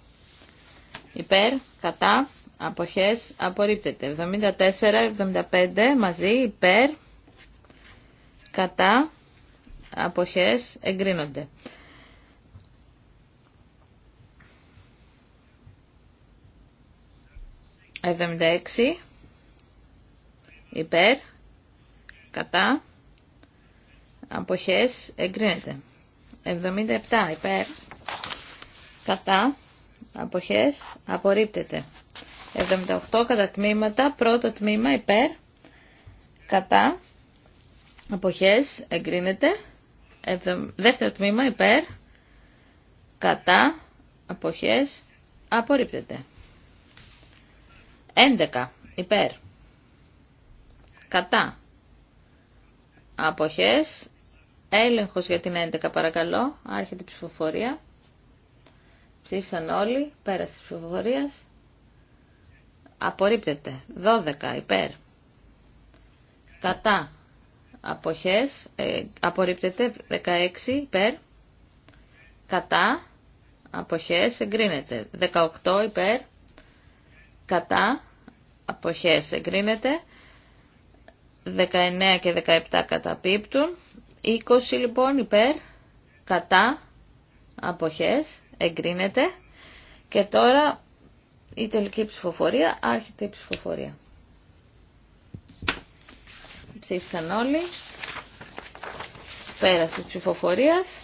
υπέρ. Κατά. Αποχές. Απορρίπτεται. 74, 75 μαζί υπέρ. Κατά. Αποχές εγκρίνονται. 76 υπέρ κατά αποχές εγκρίνεται 77 υπέρ κατά αποχές απορρίπτεται 78 κατά τμήματα πρώτο τμήμα υπέρ κατά αποχές εγκρίνεται δεύτερο τμήμα υπέρ κατά αποχές απορρίπτεται 11 υπέρ. Κατά. Αποχές. Έλεγχος για την 11 παρακαλώ. Άρχεται η ψηφοφορία. Ψήφισαν όλοι. Πέρασε της ψηφοφορίας. Απορρίπτεται. 12 υπέρ. Κατά. Αποχές. Ε, απορρίπτεται. 16 υπέρ. Κατά. Αποχές. Εγκρίνεται. 18 υπέρ. Κατά αποχές εγκρίνεται. 19 και 17 καταπίπτουν. 20 λοιπόν υπέρ, κατά, αποχές, εγκρίνεται. Και τώρα η τελική ψηφοφορία, άρχεται η ψηφοφορία. Ψήφισαν όλοι. Πέρας της ψηφοφορίας.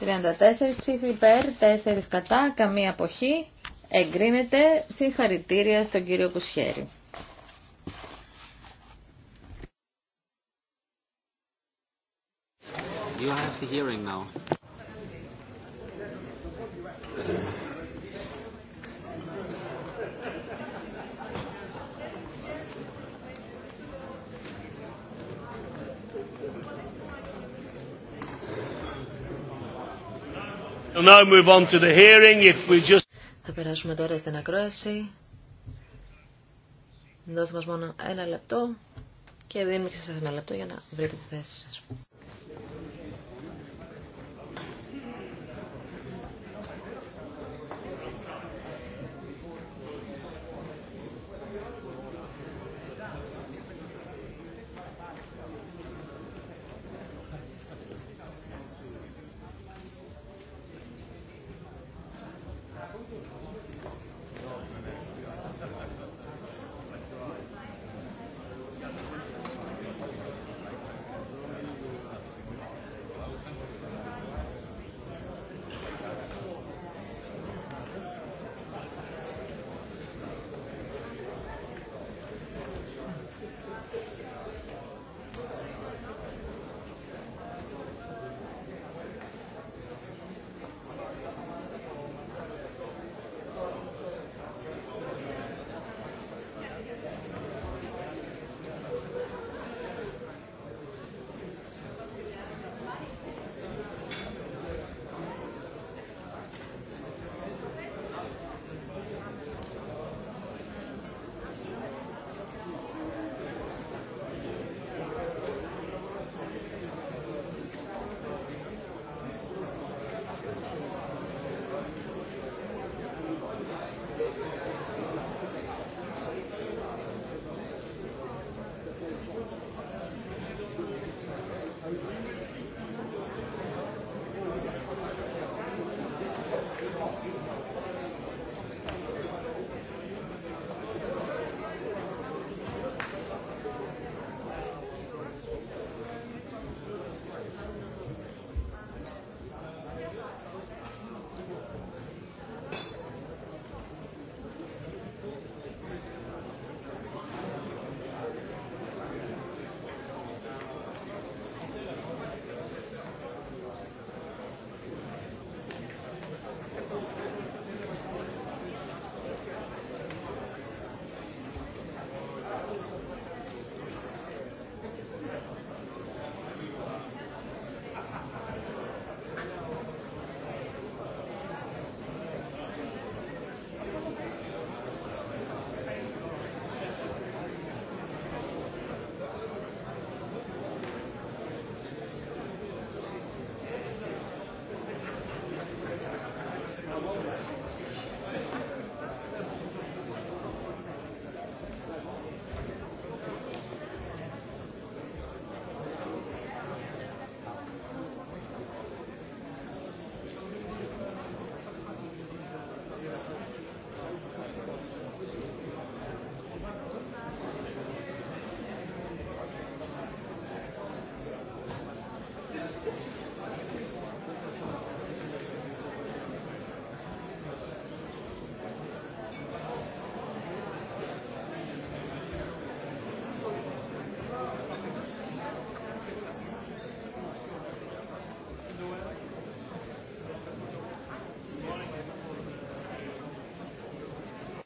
34 ψήφοι υπέρ, 4 κατά, καμία αποχή. Εγκρίνεται. Συγχαρητήρια στον κύριο Κουσχέρη. You have the hearing now. Now move on to the hearing. If we just... Θα περάσουμε τώρα στην ακρόαση. Δώστε μας μόνο ένα λεπτό και δίνουμε και σας ένα λεπτό για να βρείτε τη θέση σας.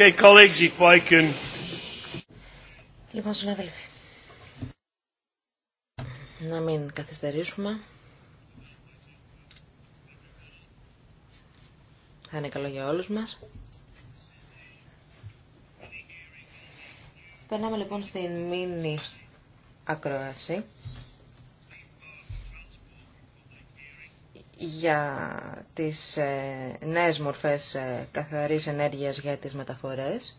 Okay, colleagues, Λοιπόν, συνάδελφοι, να μην καθυστερήσουμε. Θα είναι καλό για όλους μας. Περνάμε λοιπόν στην μίνι ακρόαση για τις ε, νέες μορφές ε, καθαρής ενέργειας για τις μεταφορές.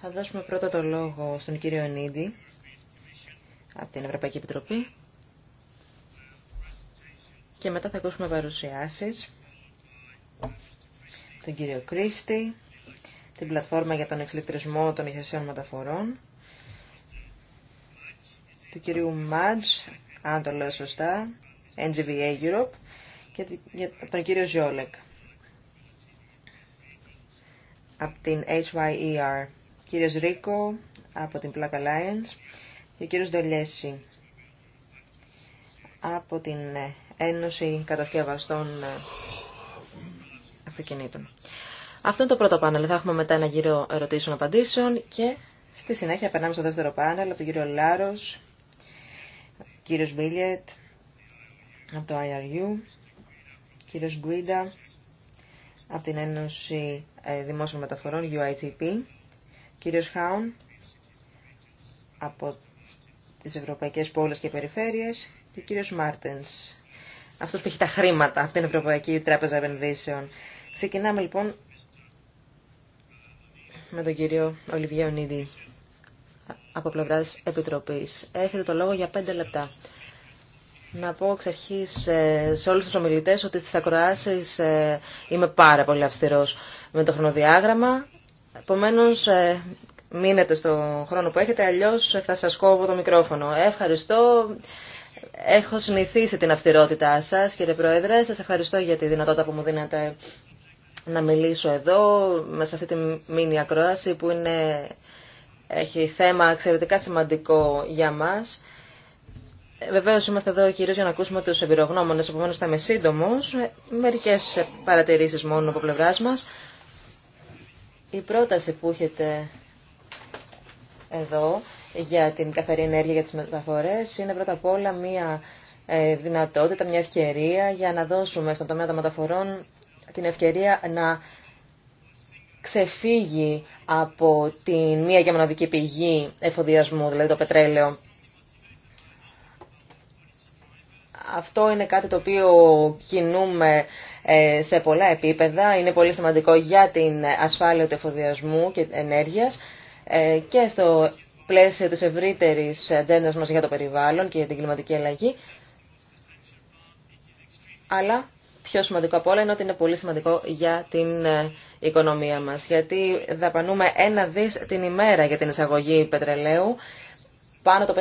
Θα δώσουμε πρώτα το λόγο στον κύριο Νίδη από την Ευρωπαϊκή Επιτροπή και μετά θα ακούσουμε παρουσιάσεις τον κύριο Κρίστη, την πλατφόρμα για τον εξελικτρισμό των ηχεσίων μεταφορών, του κυρίου Μάτζ, αν το λέω σωστά, NGVA Europe και από τον κύριο Ζιόλεκ από την HYER, κύριος Ρίκο από την Black Alliance και ο κύριος από την Ένωση Κατασκευαστών ε, Αυτοκινήτων. Αυτό είναι το πρώτο πάνελ. Θα έχουμε μετά ένα γύρο ερωτήσεων-απαντήσεων και στη συνέχεια περνάμε στο δεύτερο πάνελ από τον κύριο Λάρος, κύριο Μπίλιετ, από το IRU, κύριος Γκουίντα από την Ένωση ε, Δημόσιων Μεταφορών, UITP, κύριος Χάουν από τις Ευρωπαϊκές Πόλεις και Περιφέρειες και κύριος Μάρτενς, αυτός που έχει τα χρήματα από την Ευρωπαϊκή Τράπεζα Επενδύσεων. Ξεκινάμε λοιπόν με τον κύριο Ολιβιέ Ονίδη από πλευράς Επιτροπής. Έχετε το λόγο για πέντε λεπτά. Να πω εξ αρχή ε, σε όλους τους ομιλητές ότι στις ακροάσεις ε, είμαι πάρα πολύ αυστηρό με το χρονοδιάγραμμα. Επομένως, ε, μείνετε στο χρόνο που έχετε, αλλιώς θα σας κόβω το μικρόφωνο. Ευχαριστώ. Έχω συνηθίσει την αυστηρότητά σας, κύριε Πρόεδρε. Σας ευχαριστώ για τη δυνατότητα που μου δίνετε να μιλήσω εδώ, μέσα σε αυτή τη μήνυα ακρόαση που είναι, έχει θέμα εξαιρετικά σημαντικό για μας Βεβαίω είμαστε εδώ κυρίω για να ακούσουμε τους εμπειρογνώμονε, επομένω θα είμαι σύντομο, Μερικές παρατηρήσεις μόνο από πλευρά μας. Η πρόταση που έχετε εδώ για την καθαρή ενέργεια για τι μεταφορές είναι πρώτα απ' όλα μια ε, δυνατότητα, μια ευκαιρία για να δώσουμε στον τομέα των μεταφορών την ευκαιρία να ξεφύγει από την μία και μοναδική πηγή εφοδιασμού, δηλαδή το πετρέλαιο. Αυτό είναι κάτι το οποίο κινούμε ε, σε πολλά επίπεδα. Είναι πολύ σημαντικό για την ασφάλεια του εφοδιασμού και ενέργειας ε, και στο πλαίσιο της ευρύτερης ατζέντας μας για το περιβάλλον και για την κλιματική αλλαγή. Αλλά πιο σημαντικό από όλα είναι ότι είναι πολύ σημαντικό για την ε, οικονομία μας. Γιατί δαπανούμε ένα δις την ημέρα για την εισαγωγή πετρελαίου. Πάνω το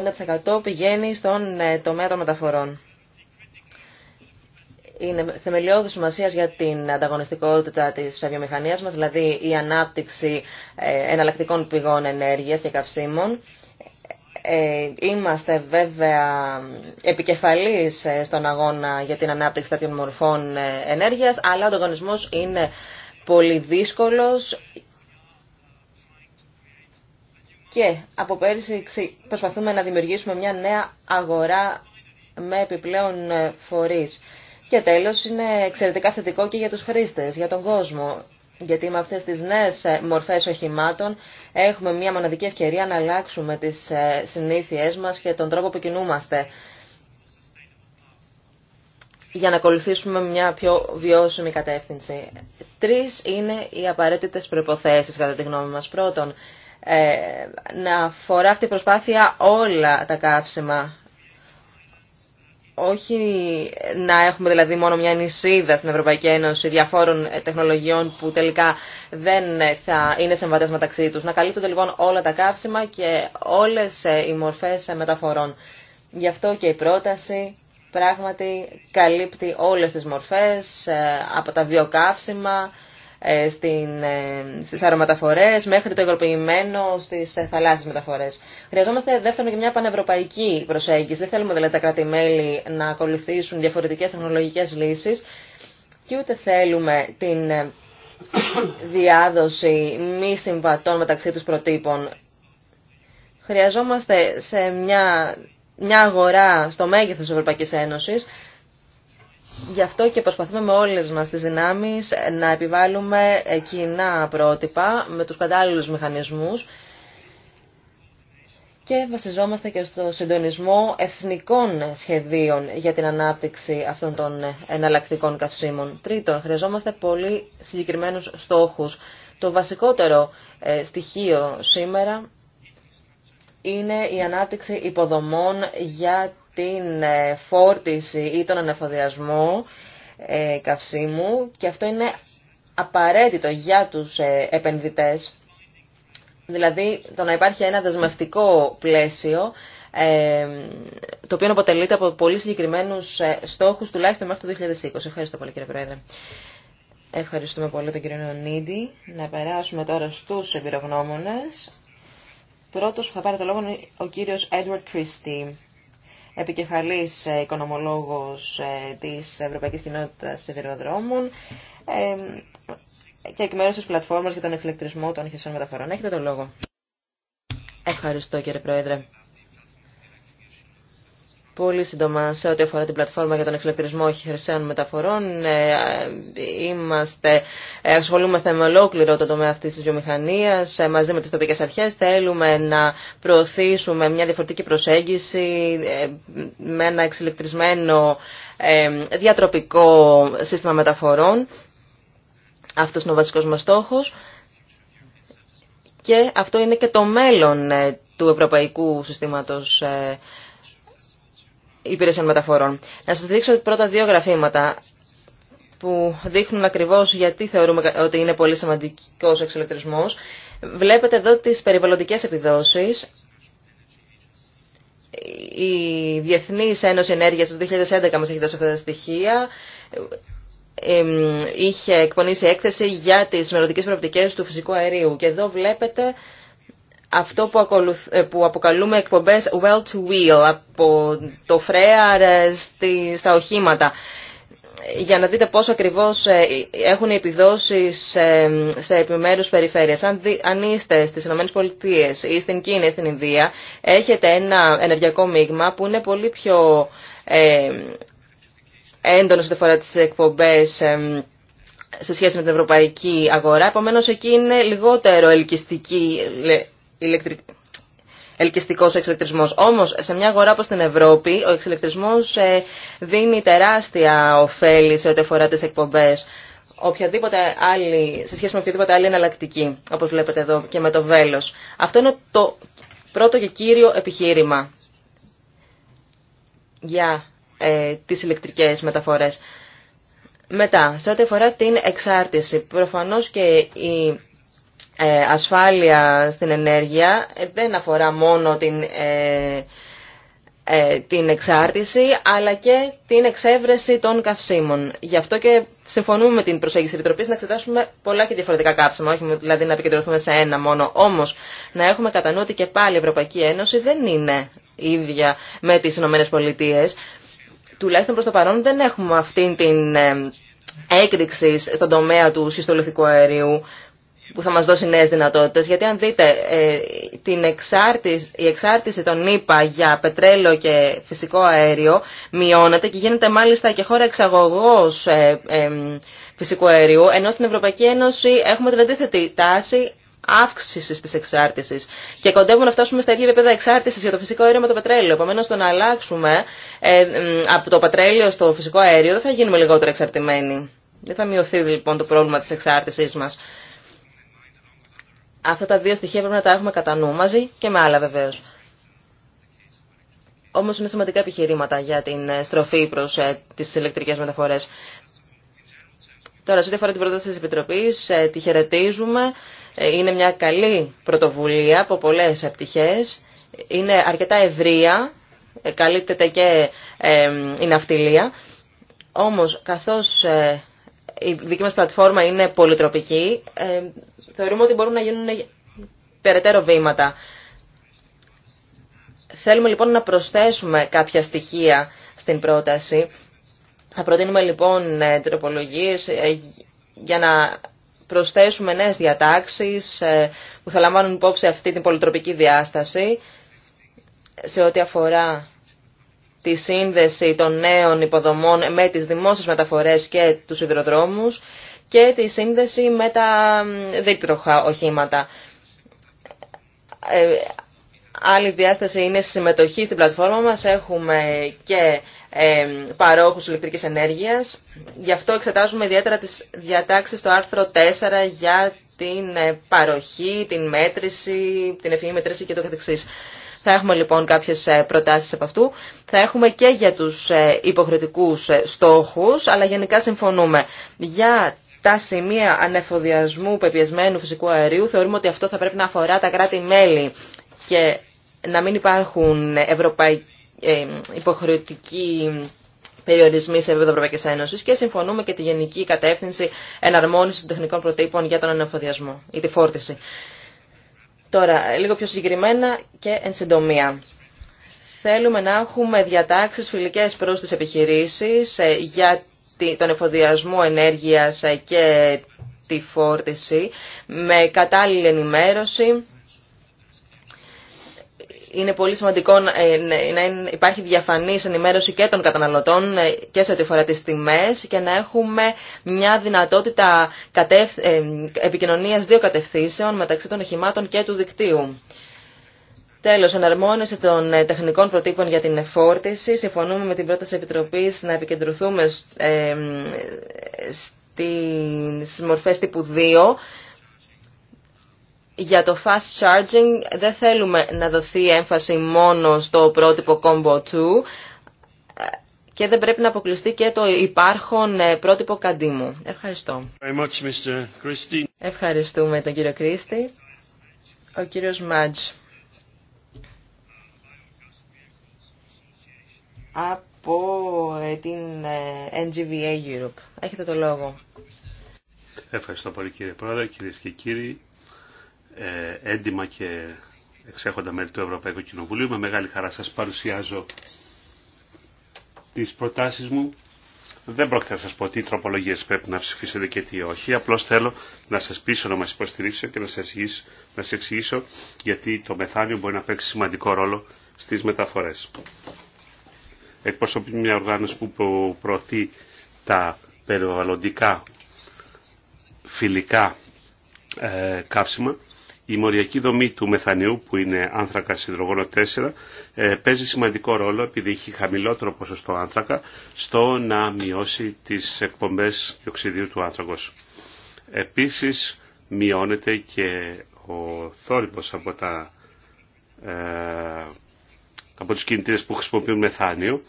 50% πηγαίνει στον τομέα των μεταφορών είναι θεμελιώδη σημασία για την ανταγωνιστικότητα τη βιομηχανία μα, δηλαδή η ανάπτυξη ε, εναλλακτικών πηγών ενέργεια και καυσίμων. Ε, είμαστε βέβαια επικεφαλής ε, στον αγώνα για την ανάπτυξη τέτοιων μορφών ενέργειας, αλλά ο ανταγωνισμός είναι πολύ δύσκολος και από πέρυσι προσπαθούμε να δημιουργήσουμε μια νέα αγορά με επιπλέον φορείς. Και τέλος είναι εξαιρετικά θετικό και για τους χρήστες, για τον κόσμο. Γιατί με αυτές τις νέες ε, μορφές οχημάτων έχουμε μια μοναδική ευκαιρία να αλλάξουμε τις ε, συνήθειές μας και τον τρόπο που κινούμαστε για να ακολουθήσουμε μια πιο βιώσιμη κατεύθυνση. Τρεις είναι οι απαραίτητες προϋποθέσεις κατά τη γνώμη μας. Πρώτον, ε, να αφορά αυτή η προσπάθεια όλα τα καύσιμα όχι να έχουμε δηλαδή μόνο μια νησίδα στην Ευρωπαϊκή Ένωση διαφόρων ε, τεχνολογιών που τελικά δεν ε, θα είναι συμβατέ μεταξύ του. Να καλύπτονται λοιπόν όλα τα καύσιμα και όλες ε, οι μορφές μεταφορών. Γι' αυτό και η πρόταση πράγματι καλύπτει όλες τις μορφές από τα βιοκαύσιμα ε, στην, ε, στις αερομεταφορές μέχρι το υγροποιημένο στις ε, θαλάσσιες μεταφορές. Χρειαζόμαστε δεύτερον και μια πανευρωπαϊκή προσέγγιση. Δεν θέλουμε δηλαδή τα κράτη-μέλη να ακολουθήσουν διαφορετικές τεχνολογικές λύσεις και ούτε θέλουμε την διάδοση μη συμβατών μεταξύ τους προτύπων. Χρειαζόμαστε σε μια, μια αγορά στο μέγεθος της Ευρωπαϊκής Ένωσης Γι' αυτό και προσπαθούμε με όλες μας τις δυνάμεις να επιβάλλουμε κοινά πρότυπα με τους κατάλληλους μηχανισμούς και βασιζόμαστε και στο συντονισμό εθνικών σχεδίων για την ανάπτυξη αυτών των εναλλακτικών καυσίμων. Τρίτο, χρειαζόμαστε πολύ συγκεκριμένους στόχους. Το βασικότερο ε, στοιχείο σήμερα είναι η ανάπτυξη υποδομών για την ε, φόρτιση ή τον ανεφοδιασμό ε, καυσίμου και αυτό είναι απαραίτητο για τους ε, επενδυτές. Δηλαδή το να υπάρχει ένα δεσμευτικό πλαίσιο το οποίο αποτελείται από πολύ συγκεκριμένους στόχους τουλάχιστον μέχρι το 2020. Ευχαριστώ πολύ κύριε Πρόεδρε. Ευχαριστούμε πολύ τον κύριο Νονίδη. Να περάσουμε τώρα στους εμπειρογνώμονες. Πρώτος που θα πάρει το λόγο είναι ο κύριος Edward Christie επικεφαλής ε, οικονομολόγος ε, της Ευρωπαϊκής Κοινότητας Σιδηροδρόμων ε, και εκ μέρους της πλατφόρμας για τον εξελεκτρισμό των χερσών μεταφορών. Έχετε το λόγο. Ευχαριστώ κύριε Πρόεδρε. Πολύ σύντομα σε ό,τι αφορά την πλατφόρμα για τον εξελεκτρισμό χερσαίων μεταφορών. Ε, είμαστε, ε, ασχολούμαστε με ολόκληρο το τομέα αυτής της βιομηχανίας ε, μαζί με τις τοπικές αρχές. Θέλουμε να προωθήσουμε μια διαφορετική προσέγγιση με ένα εξελεκτρισμένο διατροπικό σύστημα μεταφορών. Αυτός είναι ο βασικός μας στόχος. Και αυτό είναι και το μέλλον του ευρωπαϊκού συστήματος υπηρεσιών μεταφορών. Να σας δείξω πρώτα δύο γραφήματα που δείχνουν ακριβώς γιατί θεωρούμε ότι είναι πολύ σημαντικός ο εξελεκτρισμός. Βλέπετε εδώ τις περιβαλλοντικές επιδόσεις. Η Διεθνής Ένωση Ενέργειας το 2011 μας έχει δώσει αυτά τα στοιχεία. Είχε εκπονήσει έκθεση για τις μελλοντικές προοπτικές του φυσικού αερίου. Και εδώ βλέπετε αυτό ε, που, αποκαλούμε εκπομπές well to wheel, από το φρέαρ ε, στη, στα οχήματα. Για να δείτε πόσο ακριβώς ε, έχουν οι επιδόσεις σε επιμέρους περιφέρειες. Αν, δι, αν είστε στις ΗΠΑ ή στην Κίνα ή στην Ινδία, έχετε ένα ενεργειακό μείγμα που είναι πολύ πιο έντονο σε φορά τις εκπομπές σε σχέση με την ευρωπαϊκή αγορά. Επομένως, εκεί είναι λιγότερο ελκυστική ηλεκτρι... ελκυστικός ο Όμως, σε μια αγορά όπως την Ευρώπη, ο εξελεκτρισμός ε, δίνει τεράστια ωφέλη σε ό,τι αφορά τι εκπομπές. Οποιαδήποτε άλλη, σε σχέση με οποιαδήποτε άλλη εναλλακτική, όπως βλέπετε εδώ και με το βέλος. Αυτό είναι το πρώτο και κύριο επιχείρημα για ε, τις ηλεκτρικές μεταφορές. Μετά, σε ό,τι αφορά την εξάρτηση, προφανώς και η ε, ασφάλεια στην ενέργεια ε, δεν αφορά μόνο την, ε, την εξάρτηση αλλά και την εξέβρεση των καυσίμων. Γι' αυτό και συμφωνούμε με την προσέγγιση της Επιτροπής να εξετάσουμε πολλά και διαφορετικά καύσιμα, όχι δηλαδή να επικεντρωθούμε σε ένα μόνο. Όμως να έχουμε κατά νου ότι και πάλι η Ευρωπαϊκή Ένωση δεν είναι ίδια με τις Ηνωμένες Πολιτείες. Τουλάχιστον προς το παρόν δεν έχουμε αυτή την έκρηξη στον τομέα του συστολιθικού αερίου που θα μας δώσει νέες δυνατότητες. Γιατί αν δείτε, ε, την εξάρτηση, η εξάρτηση των ΗΠΑ για πετρέλαιο και φυσικό αέριο μειώνεται και γίνεται μάλιστα και χώρα εξαγωγός ε, φυσικού αερίου, ενώ στην Ευρωπαϊκή Ένωση έχουμε την αντίθετη τάση αύξηση τη εξάρτηση. Και κοντεύουμε να φτάσουμε στα ίδια επίπεδα εξάρτηση για το φυσικό αέριο με το πετρέλαιο. Επομένω, το να αλλάξουμε ε, από το πετρέλαιο στο φυσικό αέριο δεν θα γίνουμε λιγότερο εξαρτημένοι. Δεν θα μειωθεί λοιπόν το πρόβλημα τη εξάρτησή μα. Αυτά τα δύο στοιχεία πρέπει να τα έχουμε κατά νου μαζί και με άλλα βεβαίω. Όμω είναι σημαντικά επιχειρήματα για την στροφή προς ε, τι ηλεκτρικέ μεταφορέ. Τώρα, σε ό,τι αφορά την πρόταση τη Επιτροπής, ε, τη χαιρετίζουμε. Ε, είναι μια καλή πρωτοβουλία από πολλέ επιτυχές. Είναι αρκετά ευρεία, καλύπτεται και η ναυτιλία. Όμως, καθώς η δική μας πλατφόρμα είναι πολυτροπική, ε, θεωρούμε ότι μπορούν να γίνουν περαιτέρω βήματα. Θέλουμε λοιπόν να προσθέσουμε κάποια στοιχεία στην πρόταση. Θα προτείνουμε λοιπόν ε, τροπολογίες ε, για να προσθέσουμε νέες διατάξεις που θα λαμβάνουν υπόψη αυτή την πολυτροπική διάσταση σε ό,τι αφορά τη σύνδεση των νέων υποδομών με τις δημόσιες μεταφορές και τους υδροδρόμους και τη σύνδεση με τα δίκτροχα οχήματα. Ε, άλλη διάσταση είναι στη συμμετοχή στην πλατφόρμα μας. Έχουμε και ε, παρόχους ηλεκτρικής ενέργειας. Γι' αυτό εξετάζουμε ιδιαίτερα τις διατάξεις στο άρθρο 4 για την ε, παροχή, την μέτρηση, την ευφυή μετρήση και το καθεξής. Θα έχουμε λοιπόν κάποιες ε, προτάσεις από αυτού. Θα έχουμε και για τους ε, υποχρεωτικούς ε, στόχους, αλλά γενικά συμφωνούμε. Για τα σημεία ανεφοδιασμού πεπιασμένου φυσικού αερίου θεωρούμε ότι αυτό θα πρέπει να αφορά τα κράτη-μέλη και να μην υπάρχουν ευρωπαϊ... υποχρεωτικοί περιορισμοί σε επίπεδο Ευρωπαϊκή Ένωση και συμφωνούμε και τη γενική κατεύθυνση εναρμόνιση των τεχνικών προτύπων για τον ανεφοδιασμό ή τη φόρτιση. Τώρα, λίγο πιο συγκεκριμένα και εν συντομία. Θέλουμε να έχουμε διατάξεις φιλικές προς τις επιχειρήσεις ε, για τον εφοδιασμό ενέργειας ε, και τη φόρτιση με κατάλληλη ενημέρωση είναι πολύ σημαντικό ε, ναι, να υπάρχει διαφανής ενημέρωση και των καταναλωτών ε, και σε ό,τι αφορά τις τιμές και να έχουμε μια δυνατότητα ε, επικοινωνίας δύο κατευθύνσεων μεταξύ των οχημάτων και του δικτύου. Τέλο, εναρμόνιση των τεχνικών προτύπων για την εφόρτιση. Συμφωνούμε με την πρόταση Επιτροπή να επικεντρωθούμε στι μορφέ τύπου 2 για το fast charging δεν θέλουμε να δοθεί έμφαση μόνο στο πρότυπο Combo 2 ε, και δεν πρέπει να αποκλειστεί και το υπάρχον ε, πρότυπο καντίμου. Ευχαριστώ. Much, Ευχαριστούμε τον κύριο Κρίστη. Ο κύριος Μάτζ. Από ε, την NGVA Europe. Έχετε το λόγο. Ευχαριστώ πολύ κύριε Πρόεδρε, κυρίες και κύριοι. Ε, έντιμα και εξέχοντα μέλη του Ευρωπαϊκού Κοινοβουλίου. Με μεγάλη χαρά σας παρουσιάζω τις προτάσεις μου. Δεν πρόκειται να σας πω τι τροπολογίες πρέπει να ψηφίσετε και τι όχι. Απλώς θέλω να σας πείσω να μας υποστηρίξω και να σας, εξηγήσω, να σας γιατί το μεθάνιο μπορεί να παίξει σημαντικό ρόλο στις μεταφορές. Εκπροσωπεί μια οργάνωση που προωθεί τα περιβαλλοντικά φιλικά ε, καύσιμα η μοριακή δομή του μεθανίου που είναι άνθρακα υδρογόνο 4 ε, παίζει σημαντικό ρόλο επειδή έχει χαμηλότερο ποσοστό άνθρακα στο να μειώσει τις εκπομπές διοξιδίου του άνθρακος. Επίσης μειώνεται και ο θόρυβος από, τα, ε, από τους κινητήρες που χρησιμοποιούν μεθάνιο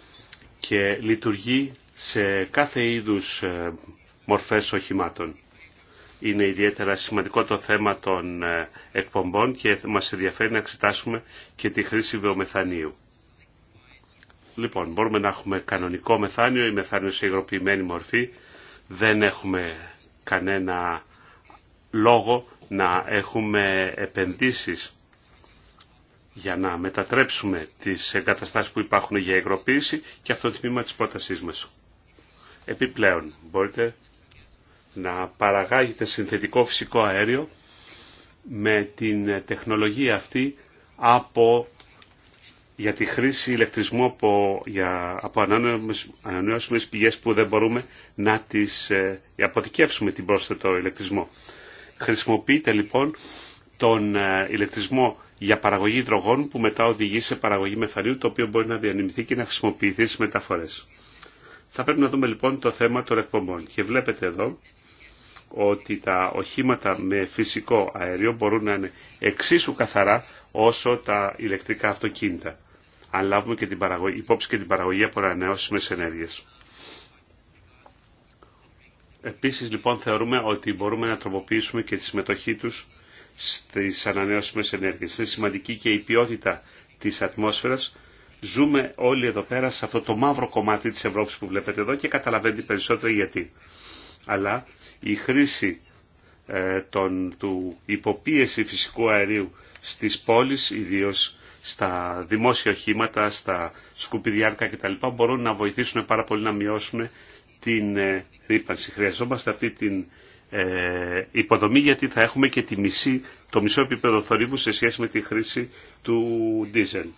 και λειτουργεί σε κάθε είδους ε, μορφές οχημάτων είναι ιδιαίτερα σημαντικό το θέμα των ε, εκπομπών και μας ενδιαφέρει να εξετάσουμε και τη χρήση βιομεθανίου. Λοιπόν, μπορούμε να έχουμε κανονικό μεθάνιο ή μεθάνιο σε υγροποιημένη μορφή. Δεν έχουμε κανένα λόγο να έχουμε επενδύσεις για να μετατρέψουμε τις εγκαταστάσεις που υπάρχουν για υγροποίηση και αυτό το τμήμα της πρότασής μας. Επιπλέον, μπορείτε να παραγάγεται συνθετικό φυσικό αέριο με την τεχνολογία αυτή από, για τη χρήση ηλεκτρισμού από, για, από ανανεώσιμες, πηγές που δεν μπορούμε να τις ε, αποθηκεύσουμε την πρόσθετο ηλεκτρισμό. Χρησιμοποιείται λοιπόν τον ε, ηλεκτρισμό για παραγωγή υδρογόνου που μετά οδηγεί σε παραγωγή μεθαρίου το οποίο μπορεί να διανυμηθεί και να χρησιμοποιηθεί στις μεταφορές. Θα πρέπει να δούμε λοιπόν το θέμα των εκπομπών. Και βλέπετε εδώ ότι τα οχήματα με φυσικό αέριο μπορούν να είναι εξίσου καθαρά όσο τα ηλεκτρικά αυτοκίνητα. Αν λάβουμε και την παραγωγή, υπόψη και την παραγωγή από ανανεώσιμες ενέργειες. Επίσης λοιπόν θεωρούμε ότι μπορούμε να τροποποιήσουμε και τη συμμετοχή τους στις ανανεώσιμες ενέργειες. Είναι σημαντική και η ποιότητα της ατμόσφαιρας. Ζούμε όλοι εδώ πέρα σε αυτό το μαύρο κομμάτι της Ευρώπης που βλέπετε εδώ και καταλαβαίνετε περισσότερο γιατί. Αλλά η χρήση ε, του υποπίεση φυσικού αερίου στις πόλεις, ιδίως στα δημόσια οχήματα, στα σκουπιδιάρκα κτλ. μπορούν να βοηθήσουν πάρα πολύ να μειώσουμε την ε, ρήπανση. Χρειαζόμαστε αυτή την ε, υποδομή γιατί θα έχουμε και τη μισή, το μισό επίπεδο θορύβου σε σχέση με τη χρήση του ντίζελ.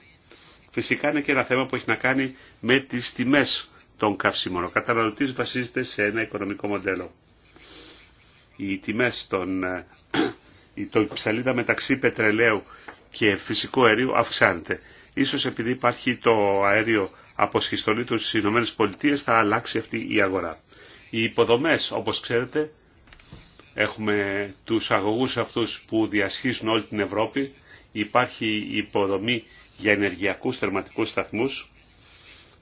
Φυσικά είναι και ένα θέμα που έχει να κάνει με τις τιμές των καυσίμων. Ο καταναλωτής βασίζεται σε ένα οικονομικό μοντέλο οι τιμές των, ε, το ψαλίδα μεταξύ πετρελαίου και φυσικού αερίου αυξάνεται. Ίσως επειδή υπάρχει το αέριο από σχιστολή του στις Ηνωμένες Πολιτείες θα αλλάξει αυτή η αγορά. Οι υποδομές όπως ξέρετε έχουμε τους αγωγούς αυτούς που διασχίζουν όλη την Ευρώπη. Υπάρχει υποδομή για ενεργειακούς θερματικούς σταθμούς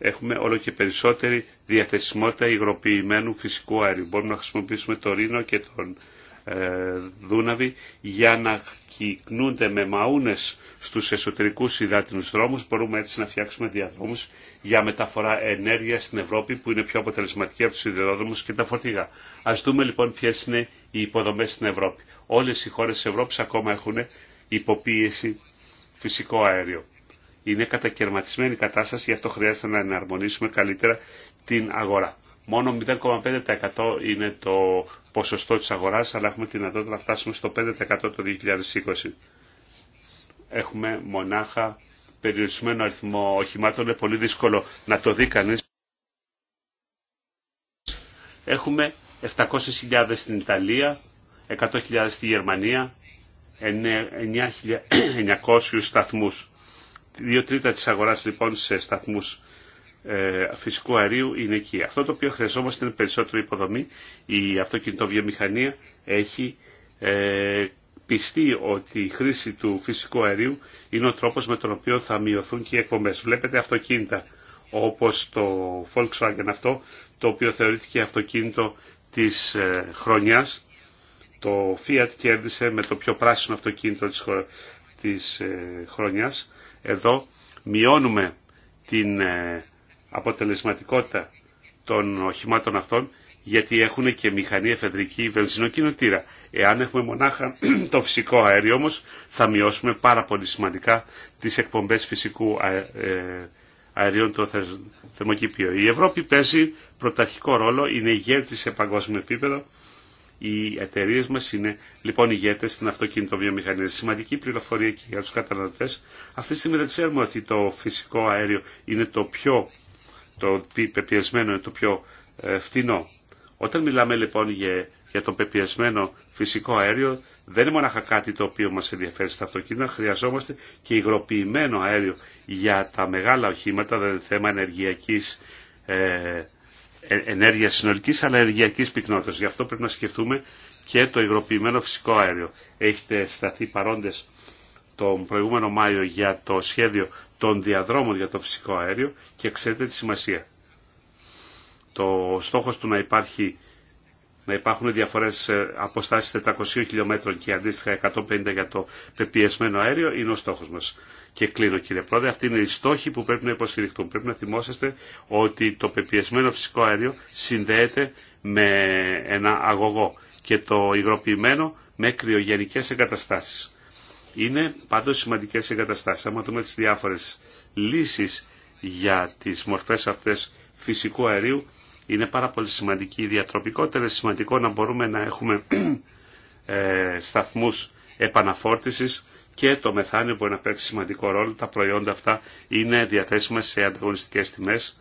έχουμε όλο και περισσότερη διαθεσιμότητα υγροποιημένου φυσικού αέριου. Μπορούμε να χρησιμοποιήσουμε το Ρήνο και τον ε, Δούναβη για να κυκνούνται με μαούνες στους εσωτερικούς υδάτινους δρόμους. Μπορούμε έτσι να φτιάξουμε διαδρόμους για μεταφορά ενέργεια στην Ευρώπη που είναι πιο αποτελεσματική από τους σιδηρόδρομους και τα φορτηγά. Ας δούμε λοιπόν ποιες είναι οι υποδομές στην Ευρώπη. Όλες οι χώρες της Ευρώπης ακόμα έχουν υποποίηση φυσικό αέριο είναι κατακαιρματισμένη η κατάσταση, γι' αυτό χρειάζεται να εναρμονίσουμε καλύτερα την αγορά. Μόνο 0,5% είναι το ποσοστό της αγοράς, αλλά έχουμε τη δυνατότητα να φτάσουμε στο 5% το 2020. Έχουμε μονάχα περιορισμένο αριθμό οχημάτων, είναι πολύ δύσκολο να το δει κανείς. Έχουμε 700.000 στην Ιταλία, 100.000 στη Γερμανία, 9.900 σταθμούς. Δύο τρίτα της αγοράς λοιπόν σε σταθμούς ε, φυσικού αερίου είναι εκεί. Αυτό το οποίο χρειαζόμαστε είναι περισσότερη υποδομή. Η αυτοκινητοβιομηχανία έχει ε, πιστεί ότι η χρήση του φυσικού αερίου είναι ο τρόπος με τον οποίο θα μειωθούν και οι εκπομπές. Βλέπετε αυτοκίνητα όπως το Volkswagen αυτό, το οποίο θεωρήθηκε αυτοκίνητο της ε, χρονιάς. Το Fiat κέρδισε με το πιο πράσινο αυτοκίνητο της χρονιάς εδώ μειώνουμε την ε, αποτελεσματικότητα των οχημάτων αυτών γιατί έχουν και μηχανή εφεδρική βενζινοκινητήρα. Εάν έχουμε μονάχα [CLEARS THROAT] το φυσικό αέριο όμως θα μειώσουμε πάρα πολύ σημαντικά τις εκπομπές φυσικού ε, αερίων του θερμοκηπίου. Η Ευρώπη παίζει πρωταρχικό ρόλο, είναι ηγέτη σε παγκόσμιο επίπεδο οι εταιρείε μα είναι λοιπόν ηγέτε στην αυτοκινητοβιομηχανία. Σημαντική πληροφορία και για του καταναλωτέ. Αυτή τη στιγμή δεν ξέρουμε ότι το φυσικό αέριο είναι το πιο το πεπιεσμένο, το πιο ε, φτηνό. Όταν μιλάμε λοιπόν για, το πεπιασμένο φυσικό αέριο, δεν είναι μονάχα κάτι το οποίο μα ενδιαφέρει στα αυτοκίνητα, χρειαζόμαστε και υγροποιημένο αέριο για τα μεγάλα οχήματα, δεν δηλαδή είναι θέμα ενεργειακή. Ε, ε, ενέργεια συνολική, αλλά ενεργειακή πυκνότητας. Γι' αυτό πρέπει να σκεφτούμε και το υγροποιημένο φυσικό αέριο. Έχετε σταθεί παρόντες τον προηγούμενο Μάιο για το σχέδιο των διαδρόμων για το φυσικό αέριο και ξέρετε τη σημασία. Το στόχος του να υπάρχει να υπάρχουν διαφορές ε, αποστάσεις 400 χιλιόμετρων και αντίστοιχα 150 για το πεπιεσμένο αέριο είναι ο στόχος μας. Και κλείνω κύριε Πρόεδρε, αυτοί είναι οι στόχοι που πρέπει να υποστηριχτούν. Πρέπει να θυμόσαστε ότι το πεπιεσμένο φυσικό αέριο συνδέεται με ένα αγωγό και το υγροποιημένο με κρυογενικές εγκαταστάσεις. Είναι πάντως σημαντικές εγκαταστάσεις. Άμα δούμε τις διάφορες λύσεις για τις μορφές αυτές φυσικού αερίου, είναι πάρα πολύ σημαντική η διατροπικότητα. Είναι σημαντικό να μπορούμε να έχουμε [CLEARS THROAT] ε, σταθμούς επαναφόρτησης και το μεθάνιο μπορεί να παίξει σημαντικό ρόλο. Τα προϊόντα αυτά είναι διαθέσιμα σε ανταγωνιστικές τιμές.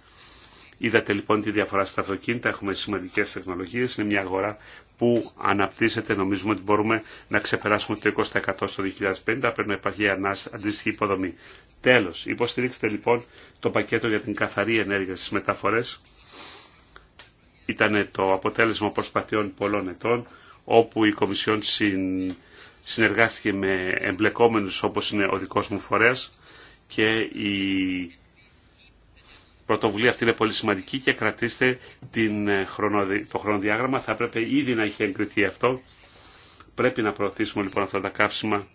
Είδατε λοιπόν τη διαφορά στα αυτοκίνητα, έχουμε σημαντικές τεχνολογίες, είναι μια αγορά που αναπτύσσεται, νομίζουμε ότι μπορούμε να ξεπεράσουμε το 20% στο 2050, πρέπει να υπάρχει αντίστοιχη υποδομή. Τέλος, υποστηρίξτε λοιπόν το πακέτο για την καθαρή ενέργεια στις μεταφορές ήταν το αποτέλεσμα προσπαθειών πολλών ετών όπου η Κομισιόν συνεργάστηκε με εμπλεκόμενους όπως είναι ο δικός μου φορέας και η πρωτοβουλία αυτή είναι πολύ σημαντική και κρατήστε την ε, το χρονοδιάγραμμα. Θα πρέπει ήδη να είχε εγκριθεί αυτό. Πρέπει να προωθήσουμε λοιπόν αυτά τα καύσιμα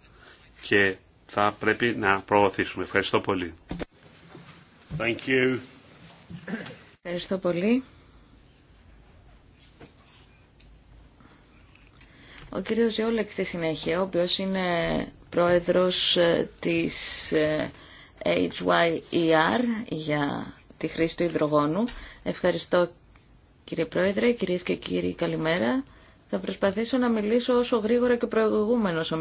και θα πρέπει να προωθήσουμε. Ευχαριστώ πολύ. Ευχαριστώ πολύ. Ο κύριος Ζιόλεξ στη συνέχεια, ο οποίος είναι πρόεδρος ε, της ε, HYER για τη χρήση του υδρογόνου. Ευχαριστώ κύριε πρόεδρε, κυρίες και κύριοι καλημέρα. Θα προσπαθήσω να μιλήσω όσο γρήγορα και ο προηγούμενος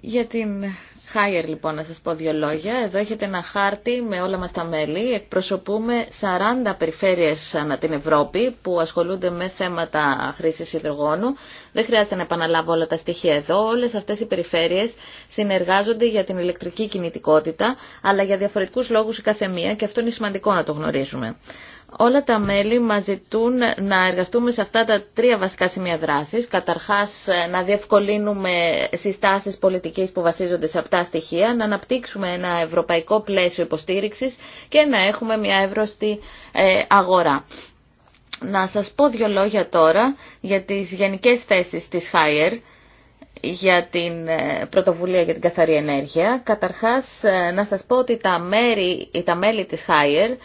Για την Χάιερ λοιπόν να σας πω δύο λόγια. Εδώ έχετε ένα χάρτη με όλα μας τα μέλη. Εκπροσωπούμε 40 περιφέρειες ανά την Ευρώπη που ασχολούνται με θέματα χρήσης υδρογόνου. Δεν χρειάζεται να επαναλάβω όλα τα στοιχεία εδώ. Όλες αυτές οι περιφέρειες συνεργάζονται για την ηλεκτρική κινητικότητα αλλά για διαφορετικούς λόγους η καθεμία και αυτό είναι σημαντικό να το γνωρίζουμε όλα τα μέλη μας ζητούν να εργαστούμε σε αυτά τα τρία βασικά σημεία δράσης. Καταρχάς, να διευκολύνουμε συστάσεις πολιτικής που βασίζονται σε αυτά στοιχεία, να αναπτύξουμε ένα ευρωπαϊκό πλαίσιο υποστήριξης και να έχουμε μια εύρωστη ε, αγορά. Να σας πω δύο λόγια τώρα για τις γενικές θέσεις της Higher για την ε, πρωτοβουλία για την καθαρή ενέργεια. Καταρχάς, ε, να σας πω ότι τα, μέλη της Higher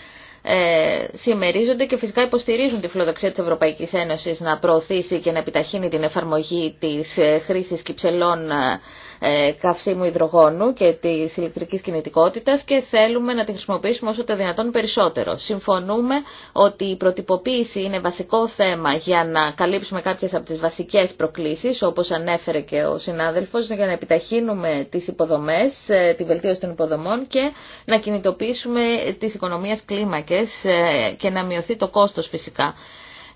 ε, συμμερίζονται και φυσικά υποστηρίζουν τη φιλοδοξία της Ευρωπαϊκής Ένωσης να προωθήσει και να επιταχύνει την εφαρμογή της ε, χρήσης κυψελών ε, ε, καυσίμου υδρογόνου και τη ηλεκτρικής κινητικότητας και θέλουμε να τη χρησιμοποιήσουμε όσο το δυνατόν περισσότερο. Συμφωνούμε ότι η προτυποποίηση είναι βασικό θέμα για να καλύψουμε κάποιες από τις βασικές προκλήσεις, όπως ανέφερε και ο συνάδελφος, για να επιταχύνουμε τις υποδομές, ε, τη βελτίωση των υποδομών και να κινητοποιήσουμε τις οικονομίες κλίμακες ε, και να μειωθεί το κόστος φυσικά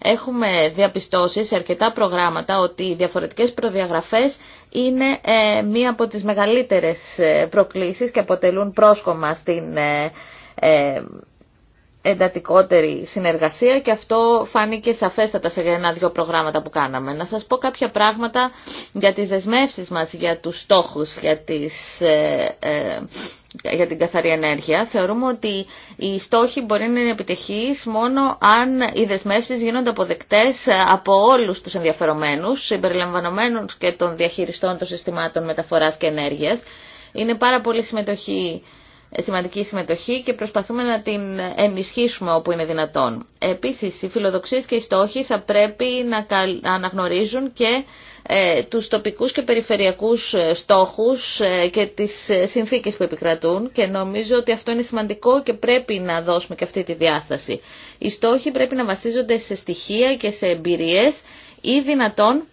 έχουμε διαπιστώσει σε αρκετά προγράμματα ότι οι διαφορετικές προδιαγραφές είναι ε, μία από τις μεγαλύτερες ε, προκλήσεις και αποτελούν πρόσκομα στην ε, εντατικότερη συνεργασία και αυτό φάνηκε σαφέστατα σε ένα-δυο προγράμματα που κάναμε. Να σας πω κάποια πράγματα για τις δεσμεύσει μας, για τους στόχους, για, τις, ε, ε, για την καθαρή ενέργεια. Θεωρούμε ότι οι στόχοι μπορεί να είναι επιτυχείς μόνο αν οι δεσμεύσει γίνονται αποδεκτές από όλους τους ενδιαφερομένους, συμπεριλαμβανομένων και των διαχειριστών των συστημάτων μεταφοράς και ενέργειας. Είναι πάρα πολύ συμμετοχή σημαντική συμμετοχή και προσπαθούμε να την ενισχύσουμε όπου είναι δυνατόν. Επίσης, οι φιλοδοξίες και οι στόχοι θα πρέπει να αναγνωρίζουν και ε, τους τοπικούς και περιφερειακούς ε, στόχους ε, και τις συνθήκες που επικρατούν και νομίζω ότι αυτό είναι σημαντικό και πρέπει να δώσουμε και αυτή τη διάσταση. Οι στόχοι πρέπει να βασίζονται σε στοιχεία και σε εμπειρίες ή δυνατόν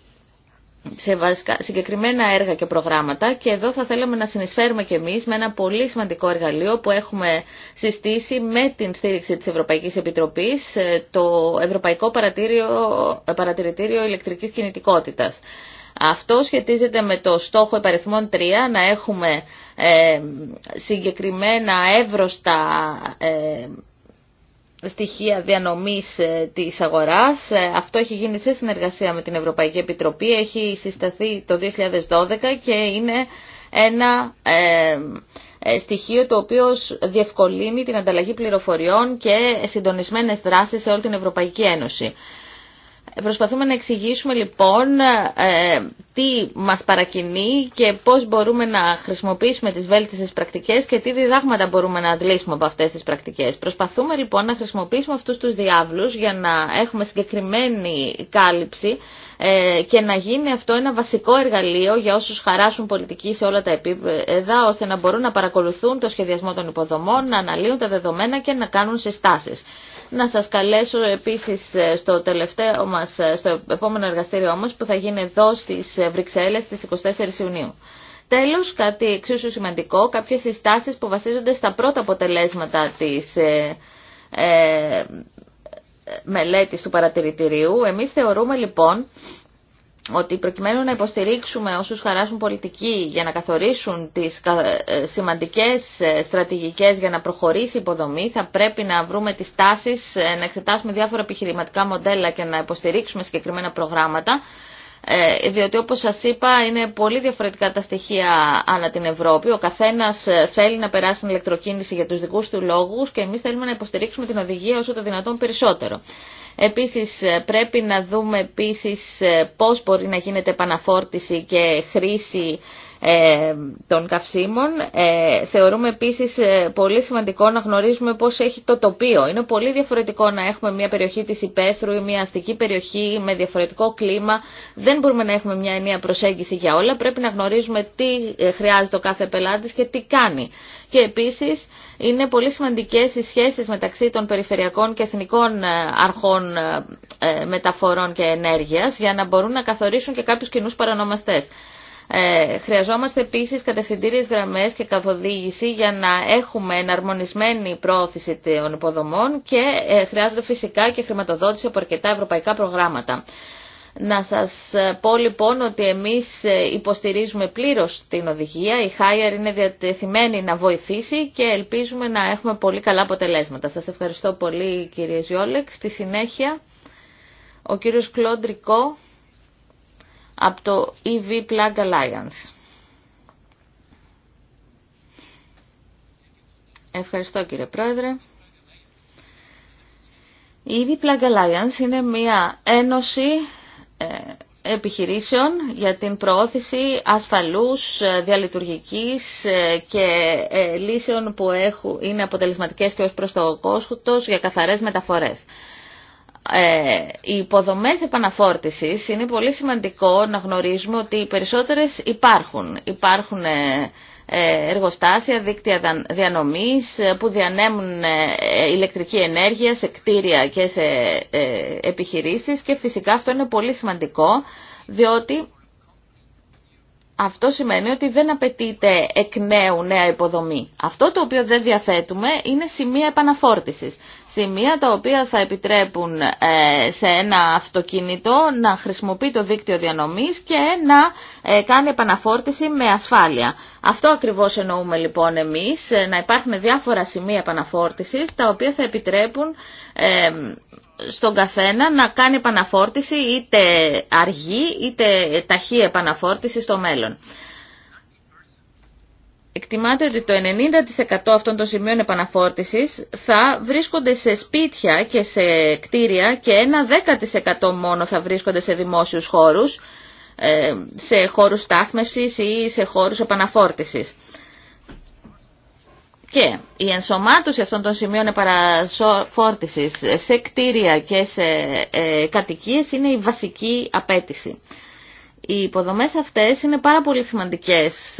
σε συγκεκριμένα έργα και προγράμματα και εδώ θα θέλαμε να συνεισφέρουμε και εμείς με ένα πολύ σημαντικό εργαλείο που έχουμε συστήσει με την στήριξη της Ευρωπαϊκής Επιτροπής ε, το Ευρωπαϊκό Παρατηρητήριο Ηλεκτρικής Κινητικότητας. Αυτό σχετίζεται με το στόχο υπαριθμών 3 να έχουμε ε, συγκεκριμένα εύρωστα ε, στοιχεία διανομής ε, της αγοράς. Ε, αυτό έχει γίνει σε συνεργασία με την Ευρωπαϊκή Επιτροπή, έχει συσταθεί το 2012 και είναι ένα ε, στοιχείο το οποίο διευκολύνει την ανταλλαγή πληροφοριών και συντονισμένες δράσεις σε όλη την Ευρωπαϊκή Ένωση. Προσπαθούμε να εξηγήσουμε λοιπόν ε, τι μας παρακινεί και πώς μπορούμε να χρησιμοποιήσουμε τις βέλτιστες πρακτικές και τι διδάγματα μπορούμε να αντλήσουμε από αυτές τις πρακτικές. Προσπαθούμε λοιπόν να χρησιμοποιήσουμε αυτούς τους διάβλους για να έχουμε συγκεκριμένη κάλυψη ε, και να γίνει αυτό ένα βασικό εργαλείο για όσους χαράσουν πολιτική σε όλα τα επίπεδα, ώστε να μπορούν να παρακολουθούν το σχεδιασμό των υποδομών, να αναλύουν τα δεδομένα και να κάνουν συστάσεις. Να σας καλέσω επίσης ε, στο τελευταίο μας, ε, στο επόμενο εργαστήριό μας που θα γίνει εδώ στις ε, Βρυξέλλες στις 24 Ιουνίου. Τέλος, κάτι εξίσου σημαντικό, κάποιες συστάσεις που βασίζονται στα πρώτα αποτελέσματα της ε, μελέτης του παρατηρητηρίου. Εμείς θεωρούμε λοιπόν ότι προκειμένου να υποστηρίξουμε όσους χαράσουν πολιτική για να καθορίσουν τις ε, σημαντικές ε, στρατηγικές για να προχωρήσει η υποδομή, θα πρέπει να βρούμε τις τάσεις, ε, να εξετάσουμε διάφορα επιχειρηματικά μοντέλα και να υποστηρίξουμε συγκεκριμένα προγράμματα, διότι όπως σας είπα είναι πολύ διαφορετικά τα στοιχεία ανά την Ευρώπη. Ο καθένας θέλει να περάσει την ηλεκτροκίνηση για τους δικούς του λόγους και εμείς θέλουμε να υποστηρίξουμε την οδηγία όσο το δυνατόν περισσότερο. Επίσης ε, πρέπει να δούμε επίσης ε, πώς μπορεί να γίνεται επαναφόρτιση και χρήση ε, των καυσίμων. Ε, θεωρούμε επίσης ε, πολύ σημαντικό να γνωρίζουμε πώς έχει το τοπίο. Είναι πολύ διαφορετικό να έχουμε μια περιοχή της υπαίθρου ή μια αστική περιοχή με διαφορετικό κλίμα. Δεν μπορούμε να έχουμε μια ενιαία προσέγγιση για όλα. Πρέπει να γνωρίζουμε τι χρειάζεται ο κάθε πελάτης και τι κάνει. Και επίσης είναι πολύ σημαντικές οι σχέσεις μεταξύ των περιφερειακών και εθνικών αρχών μεταφορών και ενέργειας για να μπορούν να καθορίσουν και κάποιους κοινούς παρανομαστές. Ε, χρειαζόμαστε επίσης κατευθυντήριες γραμμές και καθοδήγηση για να έχουμε εναρμονισμένη πρόωθηση των υποδομών και ε, χρειάζονται φυσικά και χρηματοδότηση από αρκετά ευρωπαϊκά προγράμματα. Να σας ε, πω λοιπόν ότι εμείς ε, υποστηρίζουμε πλήρως την οδηγία, η Χάιερ είναι διατεθειμένη να βοηθήσει και ελπίζουμε να έχουμε πολύ καλά αποτελέσματα. Σας ευχαριστώ πολύ κύριε Ζιόλεξ. Στη συνέχεια ο κύριος Κλοντρικό από το EV Plug Alliance. Ευχαριστώ κύριε Πρόεδρε. Η EV Plug Alliance είναι μια ένωση ε, επιχειρήσεων για την προώθηση ασφαλούς, ε, διαλειτουργικής ε, και λύσεων που έχουν, είναι αποτελεσματικές και ως προς το κόστος για καθαρές μεταφορές. Ε, οι υποδομές επαναφόρτηση είναι πολύ σημαντικό να γνωρίζουμε ότι οι περισσότερες υπάρχουν. Υπάρχουν ε, ε, εργοστάσια, δίκτυα διανομής που διανέμουν ηλεκτρική ενέργεια σε κτίρια και σε επιχειρήσεις και φυσικά αυτό είναι πολύ σημαντικό διότι αυτό σημαίνει ότι δεν απαιτείται εκ νέου νέα υποδομή. Αυτό το οποίο δεν διαθέτουμε είναι σημεία επαναφόρτισης. Σημεία τα οποία θα επιτρέπουν ε, σε ένα αυτοκίνητο να χρησιμοποιεί το δίκτυο διανομής και να ε, κάνει επαναφόρτιση με ασφάλεια. Αυτό ακριβώς εννοούμε λοιπόν εμείς, ε, να υπάρχουν διάφορα σημεία επαναφόρτισης τα οποία θα επιτρέπουν στον καθένα να κάνει επαναφόρτιση είτε αργή είτε ταχύ επαναφόρτιση στο μέλλον. Εκτιμάται ότι το 90% αυτών των σημείων επαναφόρτισης θα βρίσκονται σε σπίτια και σε κτίρια και ένα 10% μόνο θα βρίσκονται σε δημόσιους χώρους, ε, σε χώρους στάθμευσης ή σε χώρους επαναφόρτισης. Και η ενσωμάτωση αυτών των σημείων παραφόρτισης σε κτίρια και σε ε, κατοικίες είναι η βασική απέτηση. Οι υποδομές αυτές είναι πάρα πολύ σημαντικές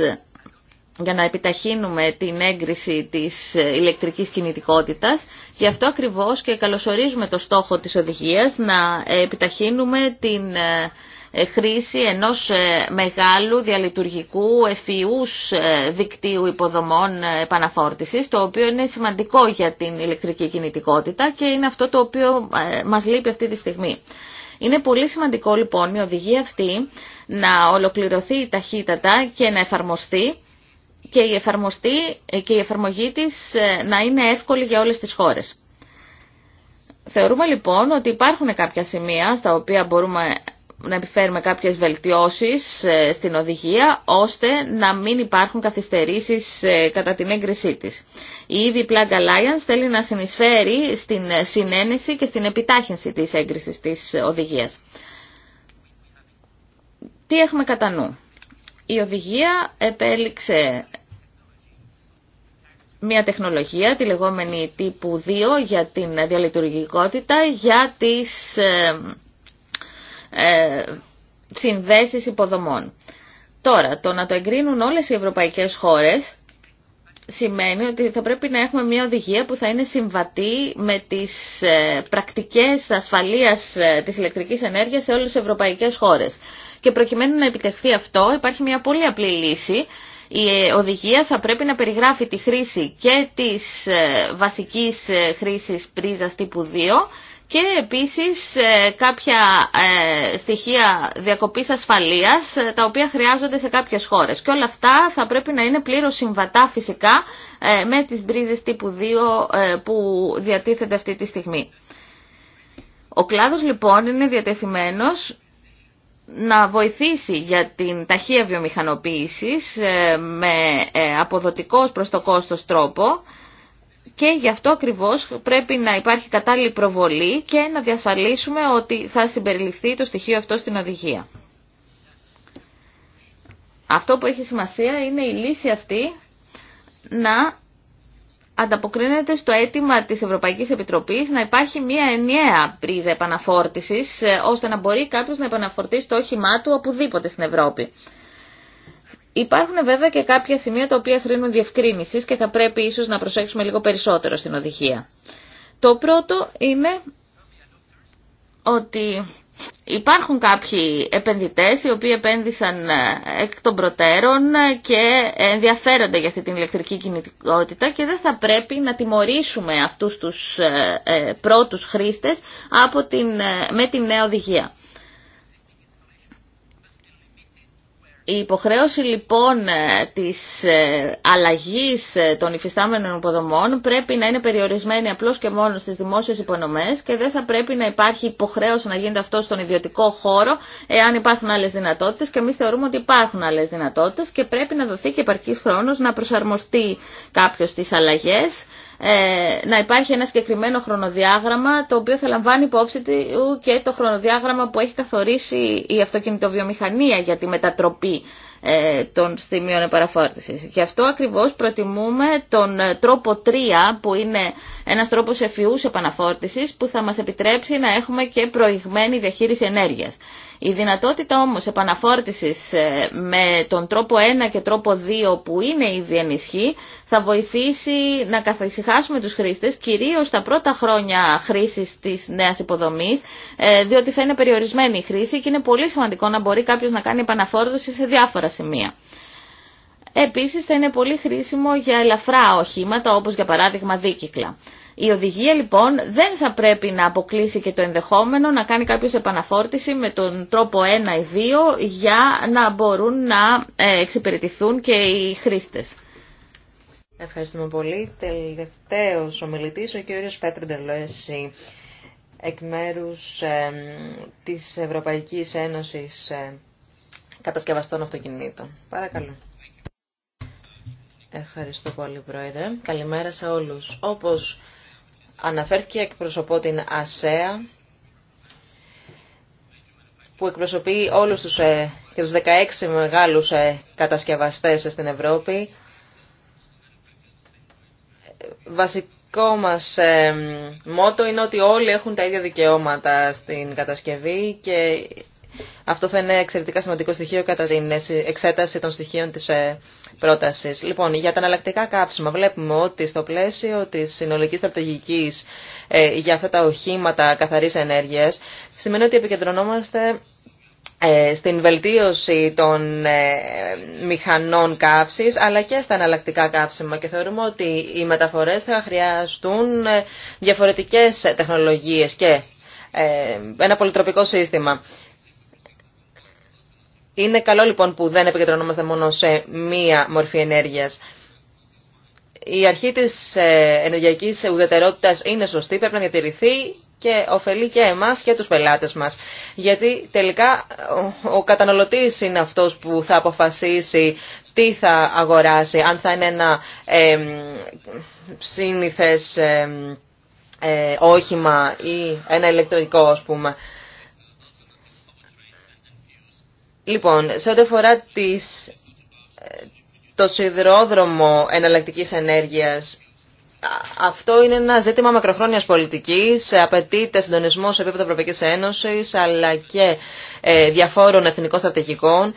για να επιταχύνουμε την έγκριση της ηλεκτρικής κινητικότητας. και αυτό ακριβώς και καλωσορίζουμε το στόχο της οδηγίας να επιταχύνουμε την ε, ε, χρήση ενός ε, μεγάλου διαλειτουργικού εφιούς ε, δικτύου υποδομών επαναφόρτησης, το οποίο είναι σημαντικό για την ηλεκτρική κινητικότητα και είναι αυτό το οποίο μας λείπει αυτή τη στιγμή. Είναι πολύ σημαντικό λοιπόν η οδηγία αυτή να ολοκληρωθεί ταχύτατα και να εφαρμοστεί και η, εφαρμοστή, και η εφαρμογή της να είναι εύκολη για όλες τις χώρες. Θεωρούμε λοιπόν ότι υπάρχουν κάποια σημεία στα οποία μπορούμε να επιφέρουμε κάποιες βελτιώσεις ε, στην οδηγία, ώστε να μην υπάρχουν καθυστερήσεις ε, κατά την έγκρισή της. Η EV Plug Alliance θέλει να συνεισφέρει στην συνένεση και στην επιτάχυνση της έγκρισης της οδηγίας. Τι έχουμε κατά νου. Η οδηγία επέλεξε μια τεχνολογία, τη λεγόμενη τύπου 2, για την διαλειτουργικότητα, για τις ε, ε, συνδέσεις υποδομών. Τώρα, το να το εγκρίνουν όλες οι ευρωπαϊκές χώρες σημαίνει ότι θα πρέπει να έχουμε μια οδηγία που θα είναι συμβατή με τις ε, πρακτικές ασφαλείας ε, της ηλεκτρικής ενέργειας σε όλες τις ευρωπαϊκές χώρες. Και προκειμένου να επιτευχθεί αυτό υπάρχει μια πολύ απλή λύση. Η οδηγία θα πρέπει να περιγράφει τη χρήση και της βασικής χρήσης πρίζας τύπου 2 και επίσης ε, κάποια ε, στοιχεία διακοπής ασφαλείας ε, τα οποία χρειάζονται σε κάποιες χώρες. Και όλα αυτά θα πρέπει να είναι πλήρως συμβατά φυσικά με τις μπρίζες τύπου 2 που διατίθεται αυτή τη στιγμή. Ο κλάδος λοιπόν είναι διατεθειμένος να βοηθήσει για την ταχεία βιομηχανοποίηση με αποδοτικός προς το κόστος τρόπο και γι' αυτό ακριβώς πρέπει να υπάρχει κατάλληλη προβολή και να διασφαλίσουμε ότι θα συμπεριληφθεί το στοιχείο αυτό στην οδηγία. Αυτό που έχει σημασία είναι η λύση αυτή να ανταποκρίνεται στο αίτημα της Ευρωπαϊκής Επιτροπής να υπάρχει μια ενιαία πρίζα επαναφόρτησης, ε, ώστε να μπορεί κάποιος να επαναφορτήσει το όχημά του οπουδήποτε στην Ευρώπη. Υπάρχουν βέβαια και κάποια σημεία τα οποία χρήνουν διευκρίνησης και θα πρέπει ίσως να προσέξουμε λίγο περισσότερο στην οδηγία. Το πρώτο είναι ότι υπάρχουν κάποιοι επενδυτές οι οποίοι επένδυσαν ε, εκ των προτέρων και ενδιαφέρονται για αυτή την ηλεκτρική κινητικότητα και δεν θα πρέπει να τιμωρήσουμε αυτούς τους ε, ε, πρώτους χρήστες από την, με την νέα οδηγία. Η υποχρέωση λοιπόν ε, της ε, αλλαγής ε, των υφιστάμενων υποδομών πρέπει να είναι περιορισμένη απλώς και μόνο στις δημόσιες υπονομές και δεν θα πρέπει να υπάρχει υποχρέωση να γίνεται αυτό στον ιδιωτικό χώρο εάν υπάρχουν άλλες δυνατότητες και εμεί θεωρούμε ότι υπάρχουν άλλες δυνατότητες και πρέπει να δοθεί και επαρκής χρόνος να προσαρμοστεί κάποιος στις αλλαγές ε, να υπάρχει ένα συγκεκριμένο χρονοδιάγραμμα το οποίο θα λαμβάνει υπόψη του και το χρονοδιάγραμμα που έχει καθορίσει η αυτοκινητοβιομηχανία για τη μετατροπή ε, των στιγμίων επαναφόρτησης. Γι' αυτό ακριβώς προτιμούμε τον ε, τρόπο 3 που είναι ένας τρόπος εφιούς επαναφόρτησης που θα μας επιτρέψει να έχουμε και προηγμένη διαχείριση ενέργειας. Η δυνατότητα όμως επαναφόρτησης ε, με τον τρόπο 1 και τρόπο 2 που είναι ήδη ενισχύ θα βοηθήσει να καθησυχάσουμε τους χρήστες κυρίως τα πρώτα χρόνια χρήσης της νέας υποδομής ε, διότι θα είναι περιορισμένη η χρήση και είναι πολύ σημαντικό να μπορεί κάποιος να κάνει επαναφόρτωση σε διάφορα σημεία. Επίσης θα είναι πολύ χρήσιμο για ελαφρά οχήματα όπως για παράδειγμα δίκυκλα. Η οδηγία λοιπόν δεν θα πρέπει να αποκλείσει και το ενδεχόμενο να κάνει κάποιος επαναφόρτηση με τον τρόπο 1 ή 2 για να μπορούν να ε, εξυπηρετηθούν και οι χρήστες. Ευχαριστούμε πολύ. Τελευταίος ομιλητής ο κύριος Πέτρε Ντελόεση εκ μέρους ε, της Ευρωπαϊκής Ένωσης ε, Κατασκευαστών Αυτοκινήτων. Παρακαλώ. Ευχαριστώ πολύ, Πρόεδρε. Καλημέρα σε όλους. Όπως Αναφέρθηκε εκπροσωπώ την ΑΣΕΑ που εκπροσωπεί όλους τους ε, και τους 16 μεγάλους ε, κατασκευαστές στην Ευρώπη. Βασικό μας ε, μότο είναι ότι όλοι έχουν τα ίδια δικαιώματα στην κατασκευή και αυτό θα είναι εξαιρετικά σημαντικό στοιχείο κατά την εξέταση των στοιχείων της Λοιπόν, για τα αναλλακτικά κάψιμα βλέπουμε ότι στο πλαίσιο της συνολικής στρατηγικής ε, για αυτά τα οχήματα καθαρή ενέργεια σημαίνει ότι επικεντρωνόμαστε ε, στην βελτίωση των ε, μηχανών καύσης αλλά και στα αναλλακτικά καύσιμα και θεωρούμε ότι οι μεταφορές θα χρειαστούν διαφορετικές τεχνολογίες και ένα πολυτροπικό σύστημα. Είναι καλό λοιπόν που δεν επικεντρωνόμαστε μόνο σε μία μορφή ενέργειας. Η αρχή της ε, ενεργειακής ουδετερότητας είναι σωστή, πρέπει να διατηρηθεί και ωφελεί και εμάς και τους πελάτες μας. Γιατί τελικά ο καταναλωτής είναι αυτός που θα αποφασίσει τι θα αγοράσει, αν θα είναι ένα ε, σύνηθες ε, όχημα ή ένα ηλεκτρονικό ας πούμε. Λοιπόν, σε ό,τι αφορά τις, το σιδηρόδρομο εναλλακτική ενέργειας, αυτό είναι ένα ζήτημα μακροχρόνιας πολιτικής, απαιτείται συντονισμό σε επίπεδο Ευρωπαϊκή Ένωση, αλλά και ε, διαφόρων εθνικών στρατηγικών.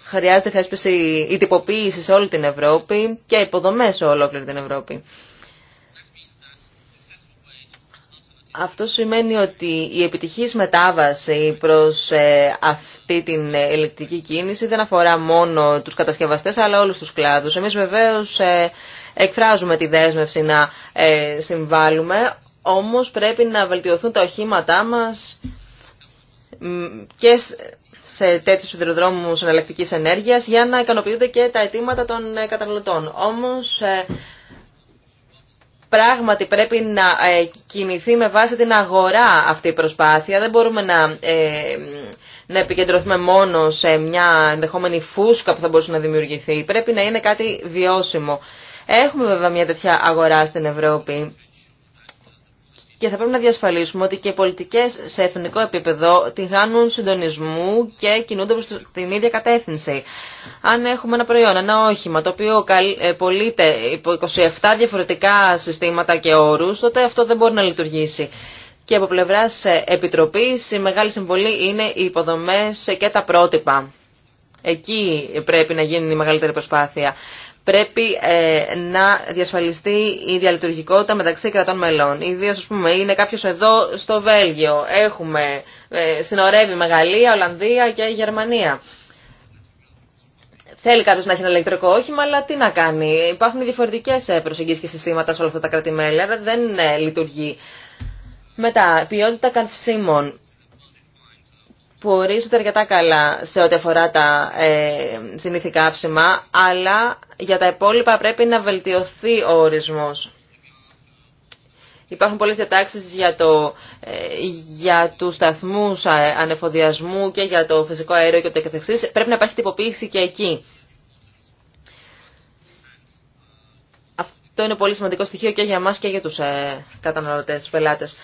Χρειάζεται θέσπιση η τυποποίηση σε όλη την Ευρώπη και υποδομές σε ολόκληρη την Ευρώπη. Αυτό σημαίνει ότι η επιτυχής μετάβαση προς ε, αυτή την ηλεκτρική κίνηση δεν αφορά μόνο τους κατασκευαστές αλλά όλους τους κλάδους. Εμείς βεβαίως ε, εκφράζουμε τη δέσμευση να ε, συμβάλλουμε, όμως πρέπει να βελτιωθούν τα οχήματά μας και σε τέτοιου σιδηροδρόμου εναλλακτική ενέργεια για να ικανοποιούνται και τα αιτήματα των καταναλωτών. Όμω Πράγματι πρέπει να ε, κινηθεί με βάση την αγορά αυτή η προσπάθεια. Δεν μπορούμε να, ε, να επικεντρωθούμε μόνο σε μια ενδεχόμενη φούσκα που θα μπορούσε να δημιουργηθεί. Πρέπει να είναι κάτι βιώσιμο. Έχουμε βέβαια μια τέτοια αγορά στην Ευρώπη και θα πρέπει να διασφαλίσουμε ότι και οι πολιτικές σε εθνικό επίπεδο τη χάνουν συντονισμού και κινούνται προς την ίδια κατεύθυνση. Αν έχουμε ένα προϊόν, ένα όχημα το οποίο ε, πωλείται υπό 27 διαφορετικά συστήματα και όρους, τότε αυτό δεν μπορεί να λειτουργήσει. Και από πλευρά ε, επιτροπή η μεγάλη συμβολή είναι οι υποδομέ και τα πρότυπα. Εκεί πρέπει να γίνει η μεγαλύτερη προσπάθεια πρέπει ε, να διασφαλιστεί η διαλειτουργικότητα μεταξύ κρατών μελών. Ιδίω, ας πούμε, είναι κάποιο εδώ στο Βέλγιο. Έχουμε, ε, συνορεύει Μεγαλία, Γαλλία, Ολλανδία και Γερμανία. Θέλει κάποιο να έχει ένα ηλεκτρικό όχημα, αλλά τι να κάνει. Υπάρχουν διαφορετικέ ε, προσεγγίσεις και συστήματα σε όλα αυτά τα αλλά δεν λειτουργεί. Μετά, ποιότητα καυσίμων που ορίζεται αρκετά καλά σε ό,τι αφορά τα ε, συνήθη αλλά για τα υπόλοιπα πρέπει να βελτιωθεί ο ορισμός. Υπάρχουν πολλές διατάξεις για, το, ε, για τους σταθμούς ε, ανεφοδιασμού και για το φυσικό αέριο και το καθεξής. Πρέπει να υπάρχει τυποποίηση και εκεί. Αυτό είναι πολύ σημαντικό στοιχείο και για μας και για τους ε, καταναλωτές, τους πελάτες.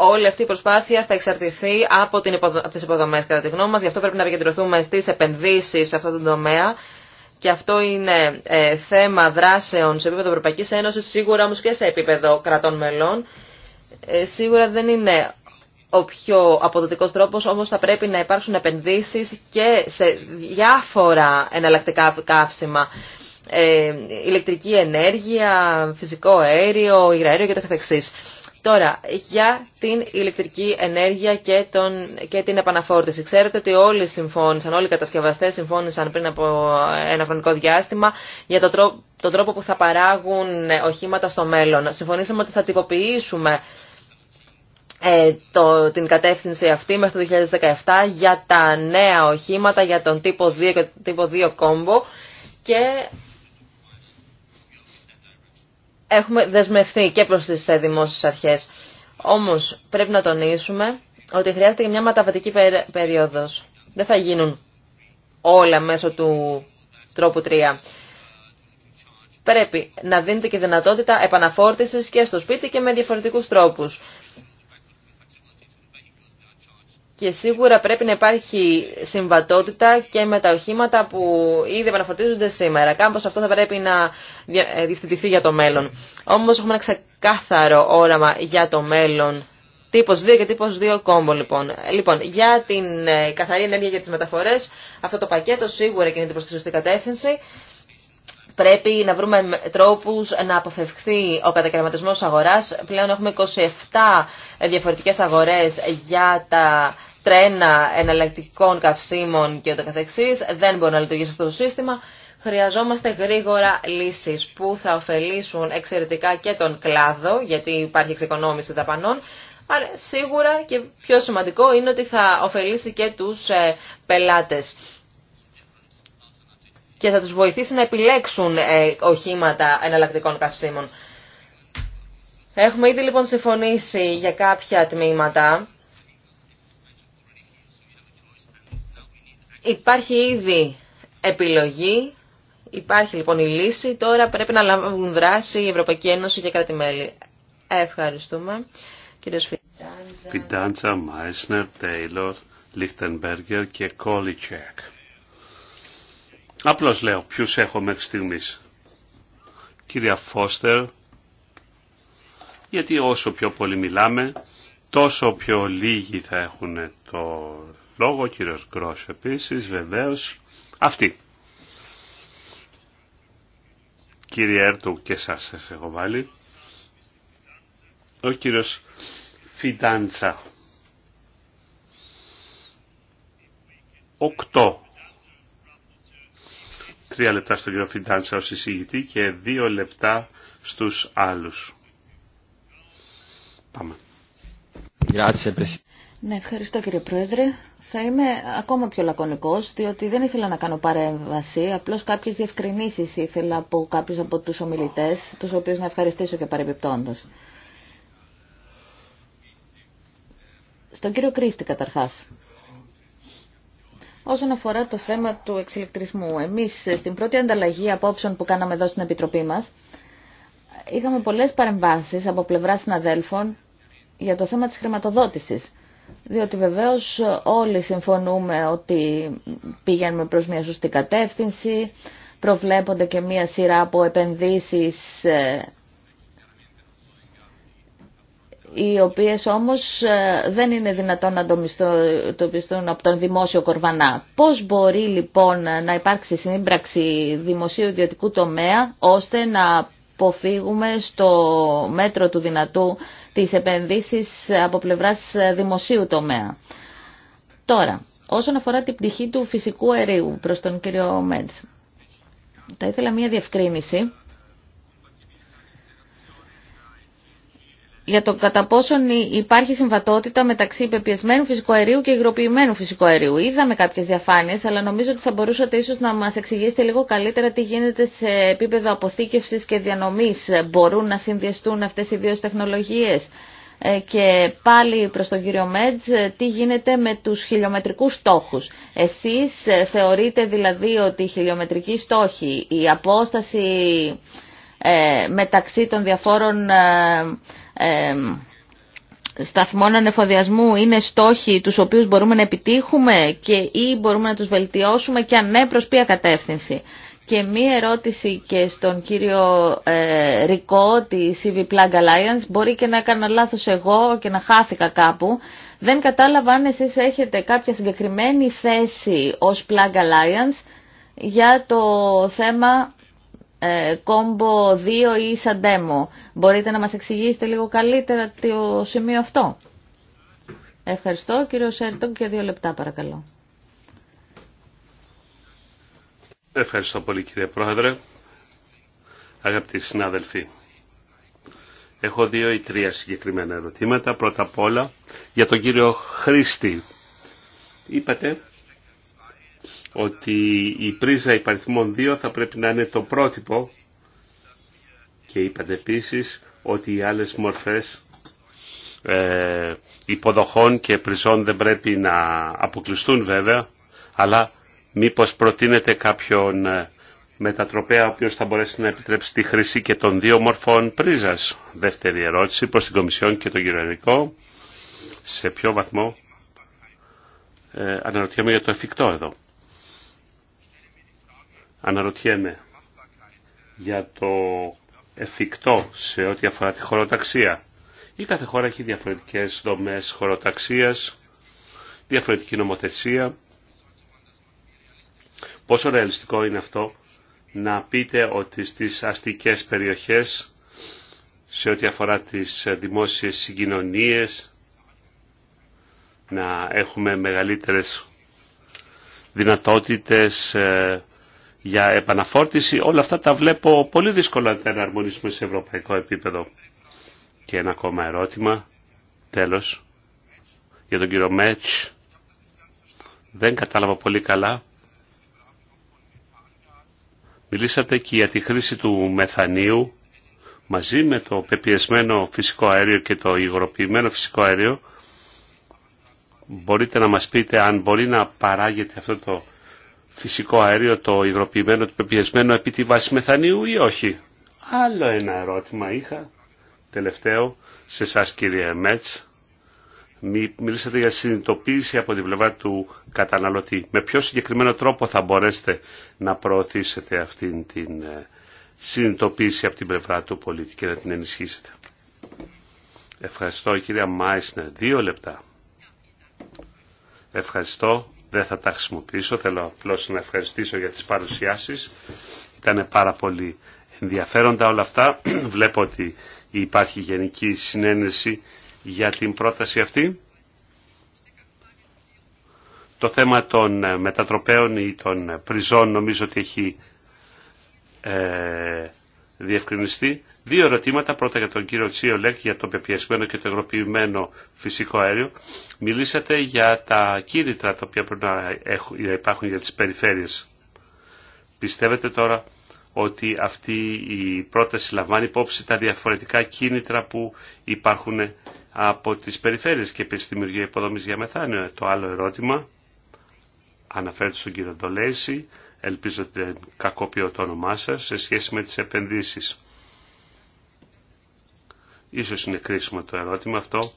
όλη αυτή η προσπάθεια θα εξαρτηθεί από, την από τις υποδομές κατά τη γνώμη μας. Γι' αυτό πρέπει να επικεντρωθούμε στις επενδύσεις σε αυτόν τον τομέα. Και αυτό είναι ε, θέμα δράσεων σε επίπεδο Ευρωπαϊκής Ένωση, σίγουρα όμως και σε επίπεδο κρατών μελών. Ε, σίγουρα δεν είναι ο πιο αποδοτικός τρόπος, όμως θα πρέπει να υπάρξουν επενδύσεις και σε διάφορα εναλλακτικά καύσιμα. Ε, ηλεκτρική ενέργεια, φυσικό αέριο, υγραέριο και το καθεξής. Τώρα, για την ηλεκτρική ενέργεια και, τον, και την επαναφόρτιση. Ξέρετε ότι όλοι συμφώνησαν, όλοι οι κατασκευαστέ συμφώνησαν πριν από ένα χρονικό διάστημα για τον τρόπο, που θα παράγουν οχήματα στο μέλλον. Συμφωνήσαμε ότι θα τυποποιήσουμε ε, το, την κατεύθυνση αυτή μέχρι το 2017 για τα νέα οχήματα, για τον τύπο 2 και τύπο 2 και έχουμε δεσμευτεί και προς τις ε, δημόσιες αρχές. Όμως πρέπει να τονίσουμε ότι χρειάζεται και μια μεταβατική περίοδος. Δεν θα γίνουν όλα μέσω του τρόπου 3. Πρέπει να δίνεται και δυνατότητα επαναφόρτησης και στο σπίτι και με διαφορετικούς τρόπους. Και σίγουρα πρέπει να υπάρχει συμβατότητα και με τα οχήματα που ήδη επαναφορτίζονται σήμερα. Κάμπος αυτό θα πρέπει να ε, διευθυντηθεί για το μέλλον. Όμως έχουμε ένα ξεκάθαρο όραμα για το μέλλον. Τύπος 2 και τύπος 2 κόμπο λοιπόν. Λοιπόν, για την ε, καθαρή ενέργεια για τις μεταφορές, αυτό το πακέτο σίγουρα κινείται προς τη σωστή κατεύθυνση. Πρέπει να βρούμε τρόπους να αποφευχθεί ο κατακαιρματισμός αγοράς. Πλέον έχουμε 27 διαφορετικές αγορές για τα τρένα εναλλακτικών καυσίμων και ούτω καθεξής, δεν μπορεί να λειτουργήσει αυτό το σύστημα. Χρειαζόμαστε γρήγορα λύσεις που θα ωφελήσουν εξαιρετικά και τον κλάδο, γιατί υπάρχει εξοικονόμηση δαπανών, αλλά σίγουρα και πιο σημαντικό είναι ότι θα ωφελήσει και τους ε, πελάτες και θα τους βοηθήσει να επιλέξουν ε, οχήματα εναλλακτικών καυσίμων. Έχουμε ήδη λοιπόν συμφωνήσει για κάποια τμήματα Υπάρχει ήδη επιλογή, υπάρχει λοιπόν η λύση, τώρα πρέπει να λάβουν δράση η Ευρωπαϊκή Ένωση και κράτη-μέλη. Ευχαριστούμε. Κύριος Φιντάντζα. Μάισνερ, Τέιλορ, Λίχτενμπέργκερ και Κόλιτσεκ. Απλώς λέω ποιους έχω μέχρι στιγμής. Κυρία Φώστερ, γιατί όσο πιο πολύ μιλάμε, τόσο πιο λίγοι θα έχουν το λόγο, ο κύριος Γκρός επίσης, βεβαίως. Αυτή. Κύριε Έρτου και σας σας έχω βάλει. Ο κύριος Φιντάντσα. Οκτώ. Τρία λεπτά στον κύριο Φιντάντσα ως εισηγητή και δύο λεπτά στους άλλους. Πάμε. Ναι, ευχαριστώ κύριε Πρόεδρε. Θα είμαι ακόμα πιο λακωνικός, διότι δεν ήθελα να κάνω παρέμβαση, απλώς κάποιες διευκρινήσεις ήθελα από κάποιους από τους ομιλητές, τους οποίους να ευχαριστήσω και παρεμπιπτόντως. Στον κύριο Κρίστη καταρχάς. Όσον αφορά το θέμα του εξηλεκτρισμού, εμείς στην πρώτη ανταλλαγή απόψεων που κάναμε εδώ στην Επιτροπή μας, είχαμε πολλές παρεμβάσεις από πλευρά συναδέλφων για το θέμα της χρηματοδότησης διότι βεβαίως όλοι συμφωνούμε ότι πηγαίνουμε προς μια σωστή κατεύθυνση, προβλέπονται και μια σειρά από επενδύσεις ε, οι οποίες όμως ε, δεν είναι δυνατόν να το πιστούν από τον δημόσιο κορβανά. Πώς μπορεί λοιπόν να υπάρξει σύμπραξη δημοσίου ιδιωτικού τομέα ώστε να αποφύγουμε στο μέτρο του δυνατού τις επενδύσεις από πλευράς δημοσίου τομέα. Τώρα, όσον αφορά την πτυχή του φυσικού αερίου προς τον κύριο Μέτς, θα ήθελα μία διευκρίνηση για το κατά πόσον υπάρχει συμβατότητα μεταξύ υπεπιεσμένου φυσικού αερίου και υγροποιημένου φυσικού αερίου. Είδαμε κάποιες διαφάνειες, αλλά νομίζω ότι θα μπορούσατε ίσως να μας εξηγήσετε λίγο καλύτερα τι γίνεται σε επίπεδο αποθήκευσης και διανομής. Μπορούν να συνδυαστούν αυτές οι δύο τεχνολογίες. Ε, και πάλι προς τον κύριο Μέτζ, ε, τι γίνεται με τους χιλιομετρικούς στόχους. Εσείς ε, θεωρείτε δηλαδή ότι οι χιλιομετρικοί στόχοι, η απόσταση μεταξύ των διαφόρων σταθμών ανεφοδιασμού είναι στόχοι τους οποίους μπορούμε να επιτύχουμε και ή μπορούμε να τους βελτιώσουμε και αν ναι προς ποια κατεύθυνση. Και μία ερώτηση και στον κύριο ε, Ρικό τη CV Plug Alliance. Μπορεί και να έκανα λάθος εγώ και να χάθηκα κάπου. Δεν κατάλαβα αν εσείς έχετε κάποια συγκεκριμένη θέση ως Plug Alliance για το θέμα ε, κόμπο 2 ή σαν σαντέμο. Μπορείτε να μας εξηγήσετε λίγο καλύτερα το σημείο αυτό. Ευχαριστώ κύριο Σέρτογκ και δύο λεπτά παρακαλώ. Ευχαριστώ πολύ κύριε Πρόεδρε. Αγαπητοί συνάδελφοι, έχω δύο ή τρία συγκεκριμένα ερωτήματα. Πρώτα απ' όλα για τον κύριο Χρήστη. Είπατε ότι η πρίζα υπαριθμών 2 θα πρέπει να είναι το πρότυπο και είπατε επίση ότι οι άλλες μορφές ε, υποδοχών και πριζών δεν πρέπει να αποκλειστούν βέβαια, αλλά μήπως προτείνεται κάποιον ε, μετατροπέα ο οποίος θα μπορέσει να επιτρέψει τη χρήση και των δύο μορφών πρίζας. Δεύτερη ερώτηση προς την Κομισιόν και τον κύριο Σε ποιο βαθμό ε, αναρωτιέμαι για το εφικτό εδώ. Αναρωτιέμαι για το εφικτό σε ό,τι αφορά τη χωροταξία. Η κάθε χώρα έχει διαφορετικές δομές χωροταξίας, διαφορετική νομοθεσία. Πόσο ρεαλιστικό είναι αυτό να πείτε ότι στις αστικές περιοχές, σε ό,τι αφορά τις δημόσιες συγκοινωνίες, να έχουμε μεγαλύτερες δυνατότητες ε, για επαναφόρτιση, όλα αυτά τα βλέπω πολύ δύσκολα να τα εναρμονίσουμε σε ευρωπαϊκό επίπεδο. Και ένα ακόμα ερώτημα, τέλος, για τον κύριο Μέτς. Δεν κατάλαβα πολύ καλά. Μιλήσατε και για τη χρήση του μεθανίου μαζί με το πεπιεσμένο φυσικό αέριο και το υγροποιημένο φυσικό αέριο. Μπορείτε να μας πείτε αν μπορεί να παράγεται αυτό το φυσικό αέριο, το υγροποιημένο, το πεπιεσμένο επί τη βάση μεθανίου ή όχι. Άλλο ένα ερώτημα είχα, τελευταίο, σε εσά κύριε Μέτς. Μιλήσατε για συνειδητοποίηση από την πλευρά του καταναλωτή. Με ποιο συγκεκριμένο τρόπο θα μπορέσετε να προωθήσετε αυτήν την ε, συνειδητοποίηση από την πλευρά του πολίτη και να την ενισχύσετε. Ευχαριστώ κυρία Μάισνερ. Δύο λεπτά. Ευχαριστώ δεν θα τα χρησιμοποιήσω. Θέλω απλώ να ευχαριστήσω για τις παρουσιάσεις. Ήταν πάρα πολύ ενδιαφέροντα όλα αυτά. [CLEARS THROAT] Βλέπω ότι υπάρχει γενική συνένεση για την πρόταση αυτή. Το θέμα των ε, μετατροπέων ή των ε, πριζών νομίζω ότι έχει ε, διευκρινιστεί. Δύο ερωτήματα, πρώτα για τον κύριο Τσίολεκ για το πεπιασμένο και το εγροποιημένο φυσικό αέριο. Μιλήσατε για τα κίνητρα τα οποία πρέπει να, έχουν, υπάρχουν για τις περιφέρειες. Πιστεύετε τώρα ότι αυτή η πρόταση λαμβάνει υπόψη τα διαφορετικά κίνητρα που υπάρχουν από τις περιφέρειες και επίσης δημιουργία υποδομής για μεθάνιο. Το άλλο ερώτημα αναφέρεται στον κύριο Ντολέση, ελπίζω ότι δεν κακοποιώ το όνομά σας, σε σχέση με τις επενδύσεις. Ίσως είναι κρίσιμο το ερώτημα αυτό.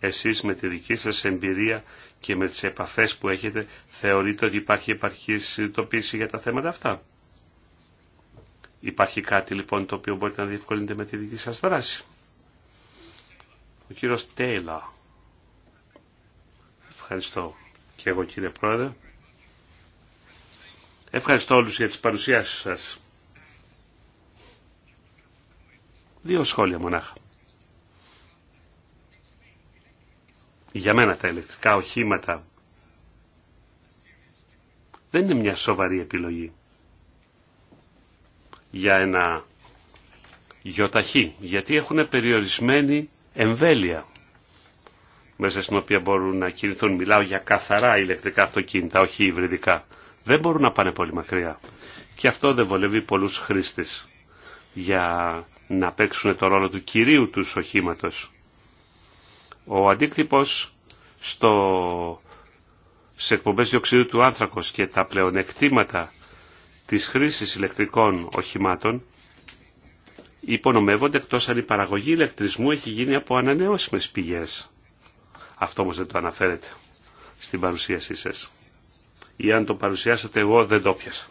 Εσείς με τη δική σας εμπειρία και με τις επαφές που έχετε θεωρείτε ότι υπάρχει επαρχή συνειδητοποίηση για τα θέματα αυτά. Υπάρχει κάτι λοιπόν το οποίο μπορείτε να διευκολύνετε με τη δική σας δράση. Ο κύριος Τέιλα. Ευχαριστώ και εγώ κύριε Πρόεδρε. Ευχαριστώ όλους για τις παρουσιάσεις σας. Δύο σχόλια μονάχα. Για μένα τα ηλεκτρικά οχήματα δεν είναι μια σοβαρή επιλογή για ένα γιοταχή, γιατί έχουν περιορισμένη εμβέλεια μέσα στην οποία μπορούν να κινηθούν. Μιλάω για καθαρά ηλεκτρικά αυτοκίνητα, όχι υβριδικά. Δεν μπορούν να πάνε πολύ μακριά. Και αυτό δεν βολεύει πολλούς χρήστες. Για να παίξουν το ρόλο του κυρίου του οχήματος. Ο αντίκτυπος στο, σε εκπομπές διοξιδίου του άνθρακος και τα πλεονεκτήματα της χρήσης ηλεκτρικών οχημάτων υπονομεύονται εκτός αν η παραγωγή ηλεκτρισμού έχει γίνει από ανανεώσιμες πηγές. Αυτό όμως δεν το αναφέρετε στην παρουσίασή σας. Ή αν το παρουσιάσατε εγώ δεν το πιασα.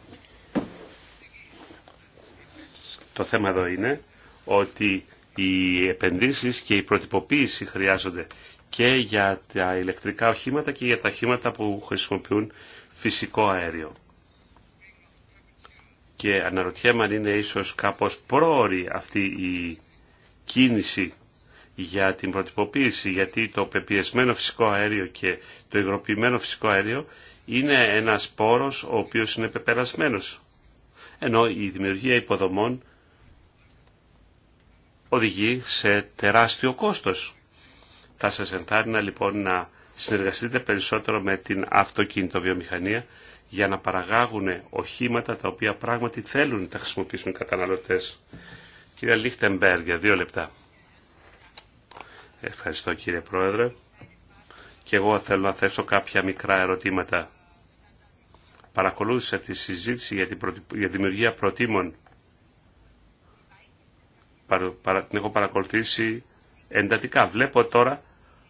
Το θέμα εδώ είναι ότι οι επενδύσεις και η προτυποποίηση χρειάζονται και για τα ηλεκτρικά οχήματα και για τα οχήματα που χρησιμοποιούν φυσικό αέριο. Και αναρωτιέμαι αν είναι ίσως κάπως πρόορη αυτή η κίνηση για την προτυποποίηση, γιατί το πεπιεσμένο φυσικό αέριο και το υγροποιημένο φυσικό αέριο είναι ένας πόρος ο οποίος είναι πεπερασμένος. Ενώ η δημιουργία υποδομών οδηγεί σε τεράστιο κόστος. Θα σας ενθάρρυνα λοιπόν να συνεργαστείτε περισσότερο με την αυτοκινητοβιομηχανία για να παραγάγουν οχήματα τα οποία πράγματι θέλουν να τα χρησιμοποιήσουν οι καταναλωτές. Κύριε Λίχτεμπερ, για δύο λεπτά. Ευχαριστώ κύριε Πρόεδρε. Και εγώ θέλω να θέσω κάποια μικρά ερωτήματα. Παρακολούθησα τη συζήτηση για τη δημιουργία προτίμων την έχω παρακολουθήσει εντατικά. Βλέπω τώρα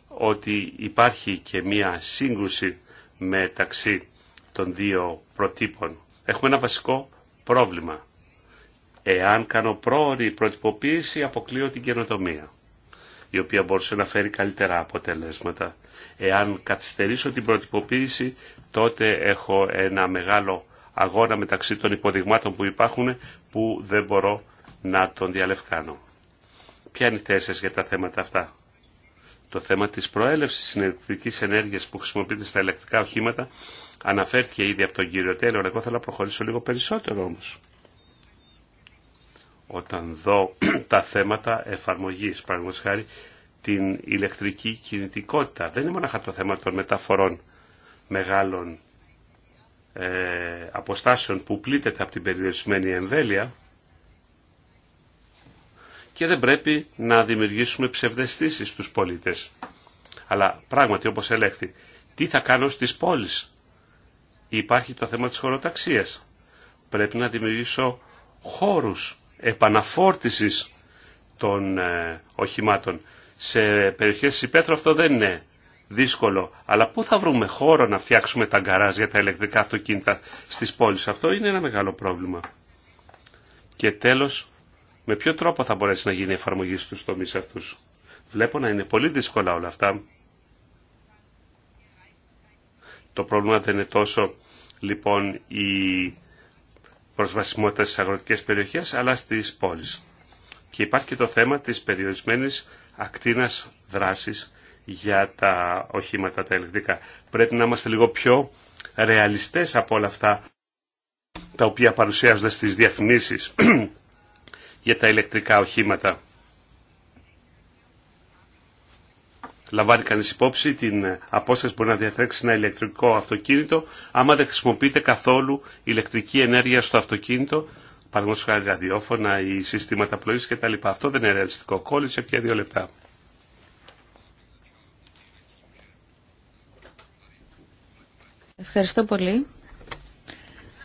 ότι υπάρχει και μία σύγκρουση μεταξύ των δύο προτύπων. Έχουμε ένα βασικό πρόβλημα. Εάν κάνω πρόορη προτυποποίηση, αποκλείω την καινοτομία, η οποία μπορούσε να φέρει καλύτερα αποτελέσματα. Εάν καθυστερήσω την προτυποποίηση, τότε έχω ένα μεγάλο αγώνα μεταξύ των υποδειγμάτων που υπάρχουν που δεν μπορώ να τον διαλευκάνω. Ποια είναι η θέση σας για τα θέματα αυτά. Το θέμα της προέλευσης συνεργητικής ενέργειας που χρησιμοποιείται στα ηλεκτρικά οχήματα αναφέρθηκε ήδη από τον κύριο Τέλο. Εγώ θέλω να προχωρήσω λίγο περισσότερο όμως. Όταν δω [CLEARS THROAT] τα θέματα εφαρμογής, παραδείγματος χάρη, την ηλεκτρική κινητικότητα. Δεν είναι μόνο το θέμα των μεταφορών μεγάλων ε, αποστάσεων που πλήττεται από την περιορισμένη εμβέλεια, και δεν πρέπει να δημιουργήσουμε ψευδεστήσει στους πολίτες. Αλλά πράγματι όπως ελέγχθη, τι θα κάνω στις πόλεις. Υπάρχει το θέμα της χωροταξία. Πρέπει να δημιουργήσω χώρους επαναφόρτηση των ε, οχημάτων. Σε περιοχές της Υπέθρου αυτό δεν είναι δύσκολο. Αλλά πού θα βρούμε χώρο να φτιάξουμε τα γκαράζ για τα ηλεκτρικά αυτοκίνητα στι πόλει Αυτό είναι ένα μεγάλο πρόβλημα. Και τέλος, με ποιο τρόπο θα μπορέσει να γίνει η εφαρμογή στου τομείς αυτού. Βλέπω να είναι πολύ δύσκολα όλα αυτά. Το πρόβλημα δεν είναι τόσο λοιπόν η προσβασιμότητα στις αγροτικές περιοχές αλλά στις πόλεις. Και υπάρχει και το θέμα της περιορισμένης ακτίνας δράσης για τα οχήματα τα ηλεκτρικά. Πρέπει να είμαστε λίγο πιο ρεαλιστές από όλα αυτά τα οποία παρουσιάζονται στις διαφημίσεις για τα ηλεκτρικά οχήματα. Λαμβάνει κανεί υπόψη την απόσταση που μπορεί να διαθέξει ένα ηλεκτρικό αυτοκίνητο άμα δεν χρησιμοποιείται καθόλου ηλεκτρική ενέργεια στο αυτοκίνητο, παραδείγματο χάρη ραδιόφωνα ή συστήματα πλοή κτλ. Αυτό δεν είναι ρεαλιστικό. Κόλλησε πια δύο λεπτά. Ευχαριστώ πολύ.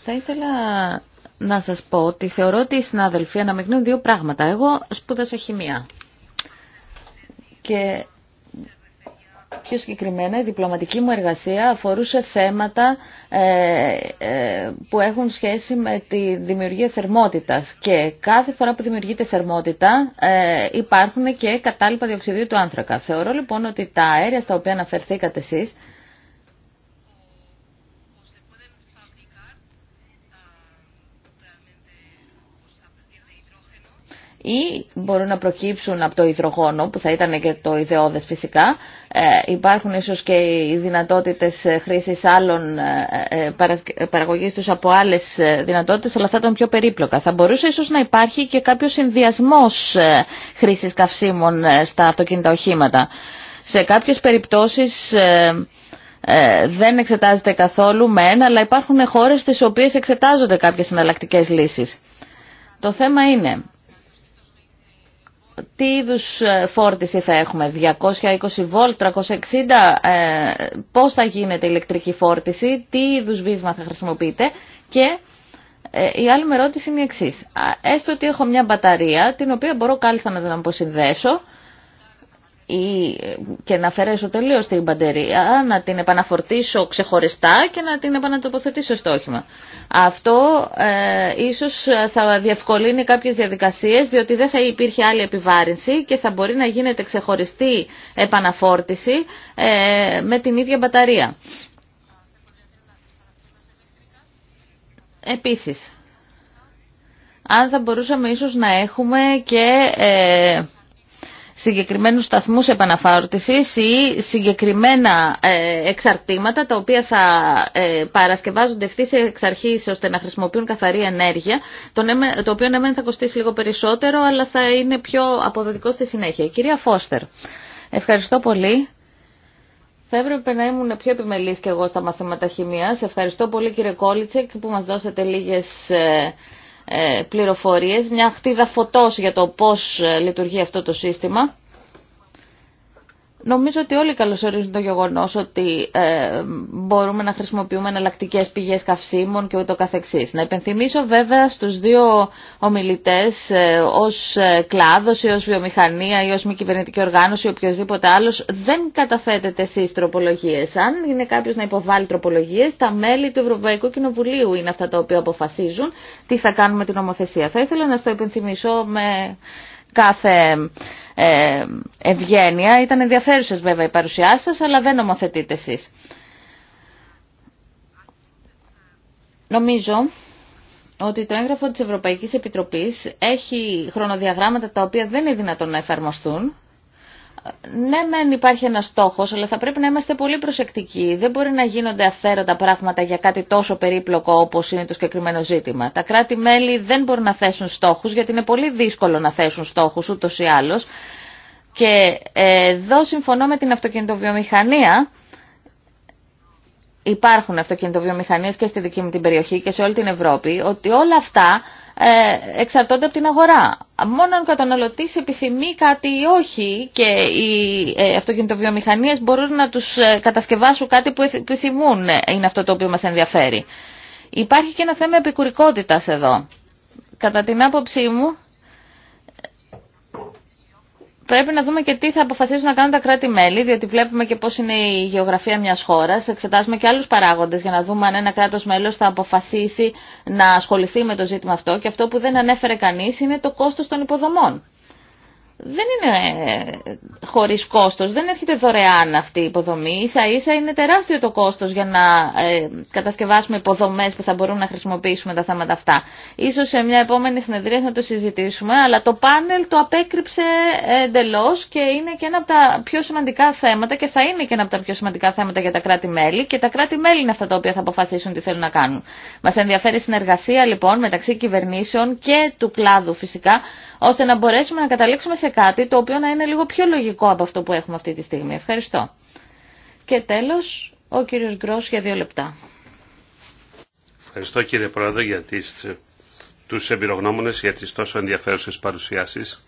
Θα ήθελα να σας πω ότι θεωρώ ότι οι συνάδελφοι αναμειγνύουν δύο πράγματα. Εγώ σπούδασα χημεία και πιο συγκεκριμένα η διπλωματική μου εργασία αφορούσε θέματα ε, ε, που έχουν σχέση με τη δημιουργία θερμότητας και κάθε φορά που δημιουργείται θερμότητα ε, υπάρχουν και κατάλοιπα διοξιδίου του άνθρακα. Θεωρώ λοιπόν ότι τα αέρια στα οποία αναφερθήκατε εσείς ή μπορούν να προκύψουν από το υδρογόνο που θα ήταν και το ιδεώδες φυσικά. Ε, υπάρχουν ίσως και οι δυνατότητες ε, χρήσης άλλων ε, ε παραγωγής τους από άλλες δυνατότητες, αλλά θα ήταν πιο περίπλοκα. Θα μπορούσε ίσως να υπάρχει και κάποιος συνδυασμός χρήσης καυσίμων στα αυτοκίνητα οχήματα. Σε κάποιες περιπτώσεις... δεν εξετάζεται καθόλου με ένα, αλλά υπάρχουν χώρες στις οποίες εξετάζονται κάποιες εναλλακτικέ λύσεις. Το θέμα είναι τι είδου ε, φόρτιση θα έχουμε, 220 βολτ, 360, ε, πώς θα γίνεται η ηλεκτρική φόρτιση, τι είδους βίσμα θα χρησιμοποιείτε και ε, η άλλη με ερώτηση είναι η εξή. Έστω ότι έχω μια μπαταρία την οποία μπορώ κάλλιστα να την αποσυνδέσω ε, και να αφαιρέσω τελείω την μπαντερία, να την επαναφορτήσω ξεχωριστά και να την επανατοποθετήσω στο όχημα. Αυτό ε, ίσως ε, θα διευκολύνει κάποιες διαδικασίες διότι δεν θα υπήρχε άλλη επιβάρυνση και θα μπορεί να γίνεται ξεχωριστή επαναφόρτιση ε, με την ίδια μπαταρία. Επίσης, αν θα μπορούσαμε ίσως να έχουμε και συγκεκριμένους σταθμούς επαναφάρτησης ή συγκεκριμένα ε, εξαρτήματα τα οποία θα ε, παρασκευάζονται ευθύς εξ αρχή ώστε να χρησιμοποιούν καθαρή ενέργεια το οποίο ναι θα κοστίσει λίγο περισσότερο αλλά θα είναι πιο αποδοτικό στη συνέχεια. Κυρία Φώστερ, ευχαριστώ πολύ. Θα έπρεπε να ήμουν πιο επιμελής και εγώ στα μαθήματα χημίας. Ευχαριστώ πολύ κύριε Κόλιτσεκ που μας δώσατε λίγες ε, ε, πληροφορίες, μια χτίδα φωτός για το πώς ε, λειτουργεί αυτό το σύστημα. Νομίζω ότι όλοι καλωσορίζουν το γεγονός ότι ε, μπορούμε να χρησιμοποιούμε εναλλακτικέ πηγές καυσίμων και ούτω καθεξής. Να υπενθυμίσω βέβαια στους δύο ομιλητές ε, ως ε, κλάδος ή ως βιομηχανία ή ως μη κυβερνητική οργάνωση ή οποιοδήποτε άλλος δεν καταθέτετε εσείς τροπολογίες. Αν είναι κάποιο να υποβάλει τροπολογίες, τα μέλη του Ευρωπαϊκού Κοινοβουλίου είναι αυτά τα οποία αποφασίζουν τι θα κάνουμε την νομοθεσία. Θα ήθελα να στο υπενθυμίσω με κάθε ε, ευγένεια. Ήταν ενδιαφέρουσες βέβαια η παρουσιά σας, αλλά δεν νομοθετείτε εσείς. Νομίζω ότι το έγγραφο της Ευρωπαϊκής Επιτροπής έχει χρονοδιαγράμματα τα οποία δεν είναι δυνατόν να εφαρμοστούν ναι μεν υπάρχει ένα στόχος, αλλά θα πρέπει να είμαστε πολύ προσεκτικοί. Δεν μπορεί να γίνονται αυθαίρετα πράγματα για κάτι τόσο περίπλοκο όπως είναι το συγκεκριμένο ζήτημα. Τα κράτη-μέλη δεν μπορούν να θέσουν στόχους, γιατί είναι πολύ δύσκολο να θέσουν στόχους ούτως ή άλλως. Και ε, εδώ συμφωνώ με την αυτοκινητοβιομηχανία. Υπάρχουν αυτοκινητοβιομηχανίες και στη δική μου την περιοχή και σε όλη την Ευρώπη, ότι όλα αυτά ε, εξαρτώνται από την αγορά. Μόνο αν καταναλωτής επιθυμεί κάτι ή όχι και οι ε, αυτοκινητοβιομηχανίες μπορούν να τους ε, κατασκευάσουν κάτι που επιθυμούν είναι αυτό το οποίο μας ενδιαφέρει. Υπάρχει και ένα θέμα επικουρικότητα εδώ. Κατά την άποψή μου Πρέπει να δούμε και τι θα αποφασίσουν να κάνουν τα κράτη-μέλη, διότι βλέπουμε και πώς είναι η γεωγραφία μιας χώρας. Εξετάζουμε και άλλους παράγοντες για να δούμε αν ένα κράτος μέλος θα αποφασίσει να ασχοληθεί με το ζήτημα αυτό. Και αυτό που δεν ανέφερε κανείς είναι το κόστος των υποδομών δεν είναι ε, χωρίς κόστος, δεν έρχεται δωρεάν αυτή η υποδομή. Ίσα ίσα είναι τεράστιο το κόστος για να ε, κατασκευάσουμε υποδομές που θα μπορούν να χρησιμοποιήσουμε τα θέματα αυτά. Ίσως σε μια επόμενη συνεδρία θα το συζητήσουμε, αλλά το πάνελ το απέκρυψε ε, εντελώ και είναι και ένα από τα πιο σημαντικά θέματα και θα είναι και ένα από τα πιο σημαντικά θέματα για τα κράτη-μέλη και τα κράτη-μέλη είναι αυτά τα οποία θα αποφασίσουν τι θέλουν να κάνουν. Μας ενδιαφέρει συνεργασία λοιπόν μεταξύ κυβερνήσεων και του κλάδου φυσικά ώστε να μπορέσουμε να καταλήξουμε σε κάτι το οποίο να είναι λίγο πιο λογικό από αυτό που έχουμε αυτή τη στιγμή. Ευχαριστώ. Και τέλος, ο κύριος Γκρός για δύο λεπτά. Ευχαριστώ κύριε Πρόεδρε για τις, τους εμπειρογνώμονες για τις τόσο ενδιαφέρουσες παρουσιάσεις.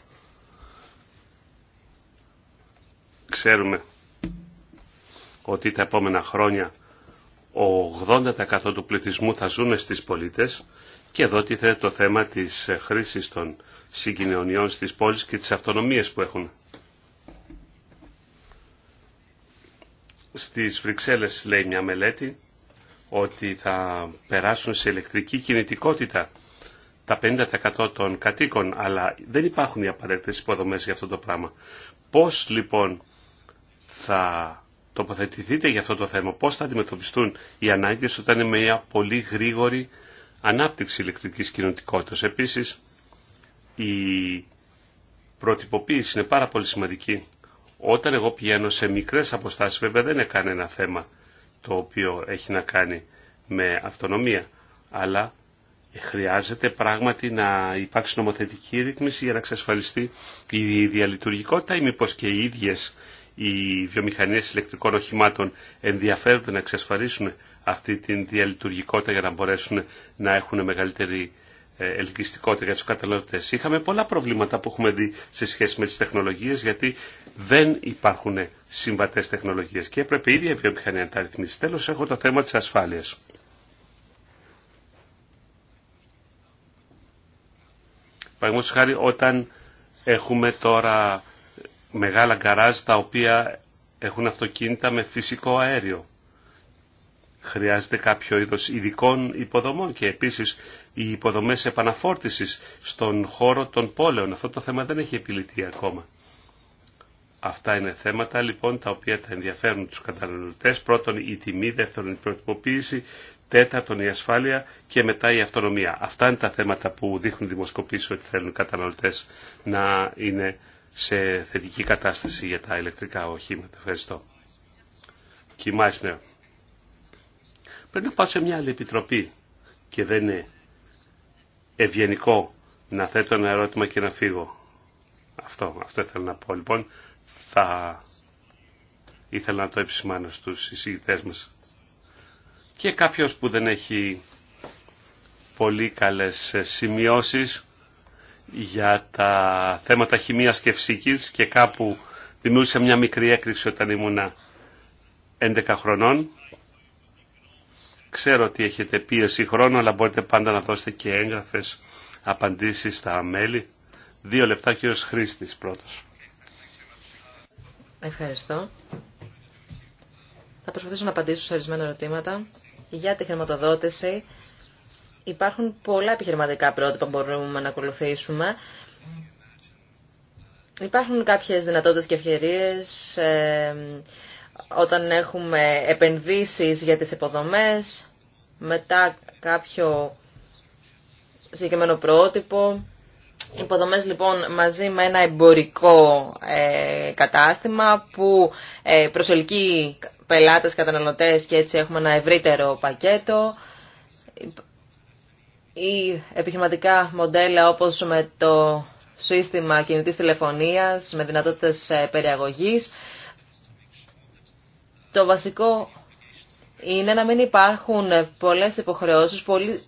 Ξέρουμε ότι τα επόμενα χρόνια ο 80% του πληθυσμού θα ζουν στις πολίτες και εδώ τίθεται το θέμα της χρήσης των συγκοινωνιών στις πόλεις και τις αυτονομίες που έχουν. Στις Βρυξέλλες λέει μια μελέτη ότι θα περάσουν σε ηλεκτρική κινητικότητα τα 50% των κατοίκων, αλλά δεν υπάρχουν οι απαραίτητες υποδομές για αυτό το πράγμα. Πώς λοιπόν θα τοποθετηθείτε για αυτό το θέμα, πώς θα αντιμετωπιστούν οι ανάγκες όταν είναι μια πολύ γρήγορη ανάπτυξη ηλεκτρικής κοινωνικότητας. Επίσης, η προτυποποίηση είναι πάρα πολύ σημαντική. Όταν εγώ πηγαίνω σε μικρές αποστάσεις, βέβαια δεν είναι ένα θέμα το οποίο έχει να κάνει με αυτονομία, αλλά χρειάζεται πράγματι να υπάρξει νομοθετική ρύθμιση για να εξασφαλιστεί η διαλειτουργικότητα ή μήπως και οι ίδιες οι βιομηχανίες ηλεκτρικών οχημάτων ενδιαφέρονται να εξασφαλίσουν αυτή την διαλειτουργικότητα για να μπορέσουν να έχουν μεγαλύτερη ε, ελκυστικότητα για τους καταναλωτές. Είχαμε πολλά προβλήματα που έχουμε δει σε σχέση με τις τεχνολογίες γιατί δεν υπάρχουν συμβατές τεχνολογίες και έπρεπε η ίδια η βιομηχανία να τα ρυθμίσει. Τέλος έχω το θέμα της ασφάλειας. Παραδείγματος χάρη όταν έχουμε τώρα μεγάλα γκαράζ τα οποία έχουν αυτοκίνητα με φυσικό αέριο. Χρειάζεται κάποιο είδος ειδικών υποδομών και επίσης οι υποδομές επαναφόρτισης στον χώρο των πόλεων. Αυτό το θέμα δεν έχει επιλυθεί ακόμα. Αυτά είναι θέματα λοιπόν τα οποία τα ενδιαφέρουν τους καταναλωτές. Πρώτον η τιμή, δεύτερον η προτυποποίηση, τέταρτον η ασφάλεια και μετά η αυτονομία. Αυτά είναι τα θέματα που δείχνουν δημοσκοπήσεις ότι θέλουν οι καταναλωτές να είναι σε θετική κατάσταση για τα ηλεκτρικά οχήματα. Ευχαριστώ. Κοιμάστε. Ναι. Πρέπει να πάω σε μια άλλη επιτροπή και δεν είναι ευγενικό να θέτω ένα ερώτημα και να φύγω. Αυτό, αυτό ήθελα να πω. Λοιπόν, θα ήθελα να το επισημάνω στους εισηγητές μας. Και κάποιος που δεν έχει πολύ καλές σημειώσεις για τα θέματα χημίας και φυσικής και κάπου δημιούργησα μια μικρή έκρηξη όταν ήμουνα 11 χρονών. Ξέρω ότι έχετε πίεση χρόνο αλλά μπορείτε πάντα να δώσετε και έγγραφες απαντήσεις στα μέλη. Δύο λεπτά, κύριος Χρήστης πρώτος. Ευχαριστώ. Θα προσπαθήσω να απαντήσω σε ορισμένα ερωτήματα για τη χρηματοδότηση υπάρχουν πολλά επιχειρηματικά πρότυπα που μπορούμε να ακολουθήσουμε. Υπάρχουν κάποιες δυνατότητες και ευκαιρίες ε, όταν έχουμε επενδύσεις για τις υποδομές, μετά κάποιο συγκεκριμένο πρότυπο. Υποδομές λοιπόν μαζί με ένα εμπορικό ε, κατάστημα που ε, προσελκύει πελάτες, καταναλωτές και έτσι έχουμε ένα ευρύτερο πακέτο ή επιχειρηματικά μοντέλα όπως με το σύστημα κινητής τηλεφωνίας, με δυνατότητες ε, περιαγωγής. Το βασικό είναι να μην υπάρχουν πολλές υποχρεώσεις, πολλοί...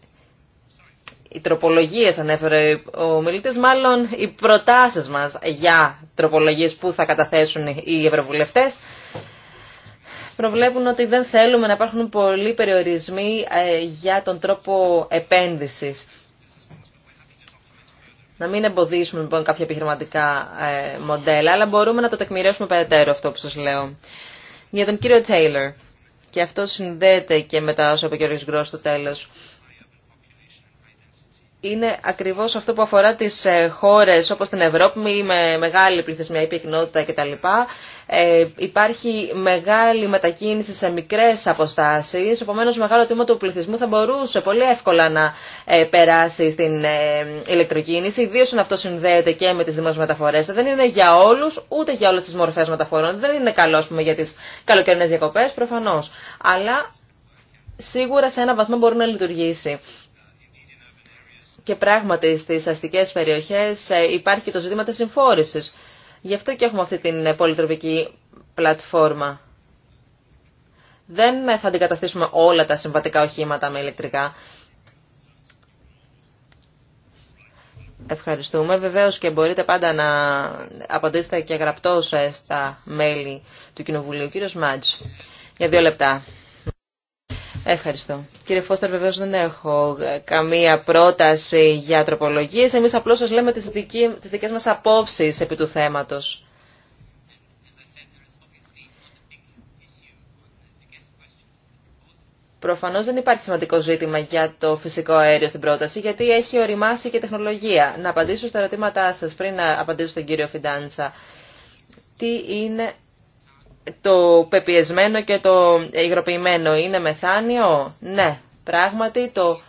οι τροπολογίες ανέφερε ο μιλήτης, μάλλον οι προτάσεις μας για τροπολογίες που θα καταθέσουν οι ευρωβουλευτές προβλέπουν ότι δεν θέλουμε να υπάρχουν πολλοί περιορισμοί ε, για τον τρόπο επένδυσης. Να μην εμποδίσουμε λοιπόν κάποια επιχειρηματικά ε, μοντέλα, αλλά μπορούμε να το τεκμηρέσουμε περαιτέρω αυτό που σας λέω. Για τον κύριο Τέιλορ, και αυτό συνδέεται και με τα όσα είπε ο κ. Γκρό στο τέλος είναι ακριβώς αυτό που αφορά τις ε, χώρες όπως την Ευρώπη με μεγάλη πληθυσμιακή πυκνότητα κτλ. Ε, υπάρχει μεγάλη μετακίνηση σε μικρές αποστάσεις, επομένως μεγάλο τμήμα του πληθυσμού θα μπορούσε πολύ εύκολα να ε, περάσει στην ε, ηλεκτροκίνηση, ιδίω αν αυτό συνδέεται και με τις δημόσιες μεταφορές. Δεν είναι για όλους, ούτε για όλες τις μορφές μεταφορών. Δεν είναι καλό πούμε, για τις καλοκαιρινές διακοπές, προφανώς. Αλλά σίγουρα σε ένα βαθμό μπορεί να λειτουργήσει. Και πράγματι στις αστικές περιοχές ε, υπάρχει και το ζήτημα της συμφόρησης. Γι' αυτό και έχουμε αυτή την πολυτροπική πλατφόρμα. Δεν θα αντικαταστήσουμε όλα τα συμβατικά οχήματα με ηλεκτρικά. Ευχαριστούμε. Βεβαίως και μπορείτε πάντα να απαντήσετε και γραπτώς ε, στα μέλη του Κοινοβουλίου. Κύριος Μάτζ, για δύο λεπτά. Ευχαριστώ. Κύριε Φώστερ, βεβαίω δεν έχω ε, καμία πρόταση για τροπολογίε. Εμεί απλώ σα λέμε τι δικέ μα απόψει επί του θέματο. Προφανώς δεν υπάρχει σημαντικό ζήτημα για το φυσικό αέριο στην πρόταση, γιατί έχει οριμάσει και η τεχνολογία. Να απαντήσω στα ερωτήματά σας πριν να απαντήσω στον κύριο Φιντάντσα. Τι είναι το πεπιεσμένο και το υγροποιημένο είναι μεθάνιο. Ναι, πράγματι το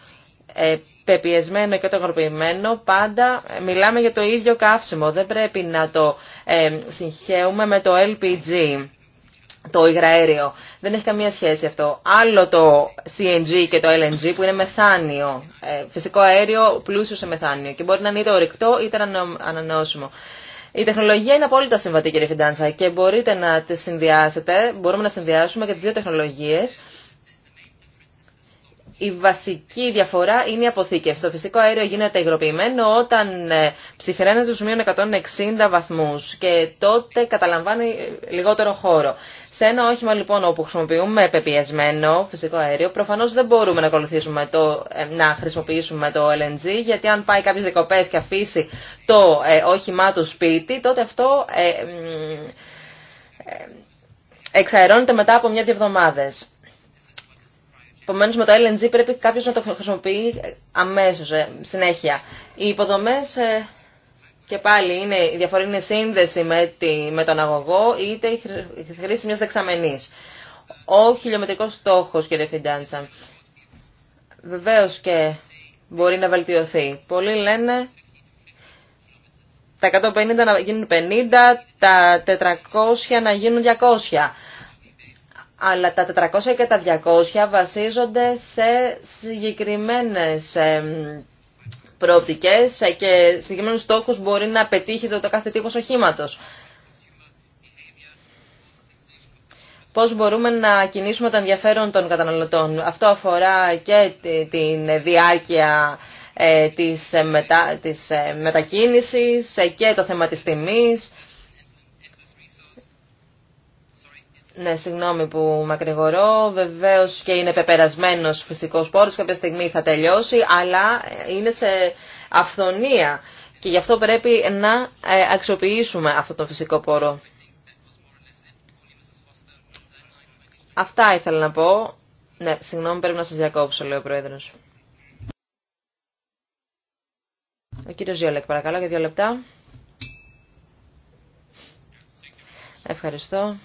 ε, πεπιεσμένο και το υγροποιημένο πάντα ε, μιλάμε για το ίδιο καύσιμο. Δεν πρέπει να το ε, συγχέουμε με το LPG, το υγραέριο. Δεν έχει καμία σχέση αυτό. Άλλο το CNG και το LNG που είναι μεθάνιο, φυσικό αέριο πλούσιο σε μεθάνιο και μπορεί να είναι είτε ορυκτό είτε ανανεώσιμο. Η τεχνολογία είναι απόλυτα συμβατή, κύριε Φιντάντσα, και μπορείτε να τη συνδυάσετε. Μπορούμε να συνδυάσουμε και τι δύο τεχνολογίε η βασική διαφορά είναι η αποθήκευση. Το φυσικό αέριο γίνεται υγροποιημένο όταν ε, ψυχραίνεται στους 160 βαθμούς και τότε καταλαμβάνει λιγότερο χώρο. Σε ένα όχημα λοιπόν όπου χρησιμοποιούμε πεπιεσμένο φυσικό αέριο, προφανώς δεν μπορούμε να ακολουθήσουμε το, ε, να χρησιμοποιήσουμε το LNG, γιατί αν πάει κάποιες δικοπές και αφήσει το ε, όχημά του σπίτι, τότε αυτό εξαερώνεται μετά από μια-δύο εβδομάδες. Επομένω με το LNG πρέπει κάποιο να το χρησιμοποιεί αμέσω, ε, συνέχεια. Οι υποδομέ ε, και πάλι είναι, η διαφορά είναι σύνδεση με, τη, τον αγωγό είτε η χρήση μια δεξαμενή. Ο χιλιομετρικό στόχο, κύριε Φιντάντσα, βεβαίω και μπορεί να βελτιωθεί. Πολλοί λένε τα 150 να γίνουν 50, τα 400 να γίνουν 200 αλλά τα 400 και τα 200 βασίζονται σε συγκεκριμένες προοπτικές και συγκεκριμένους στόχους μπορεί να πετύχει το κάθε τύπο οχήματος. Πώς μπορούμε να κινήσουμε το ενδιαφέρον των καταναλωτών. Αυτό αφορά και την διάρκεια ε, της ε, μετακίνησης ε, και το θέμα της τιμής Ναι, συγγνώμη που μακρηγορώ. Βεβαίω και είναι πεπερασμένο φυσικό πόρο. Κάποια στιγμή θα τελειώσει, αλλά είναι σε αυθονία. Και γι' αυτό πρέπει να ε, αξιοποιήσουμε αυτό το φυσικό πόρο. Αυτά ήθελα να πω. Ναι, συγγνώμη, πρέπει να σας διακόψω, λέει ο Πρόεδρος. Ο κύριος Ζιόλεκ, παρακαλώ, για δύο λεπτά. Ευχαριστώ.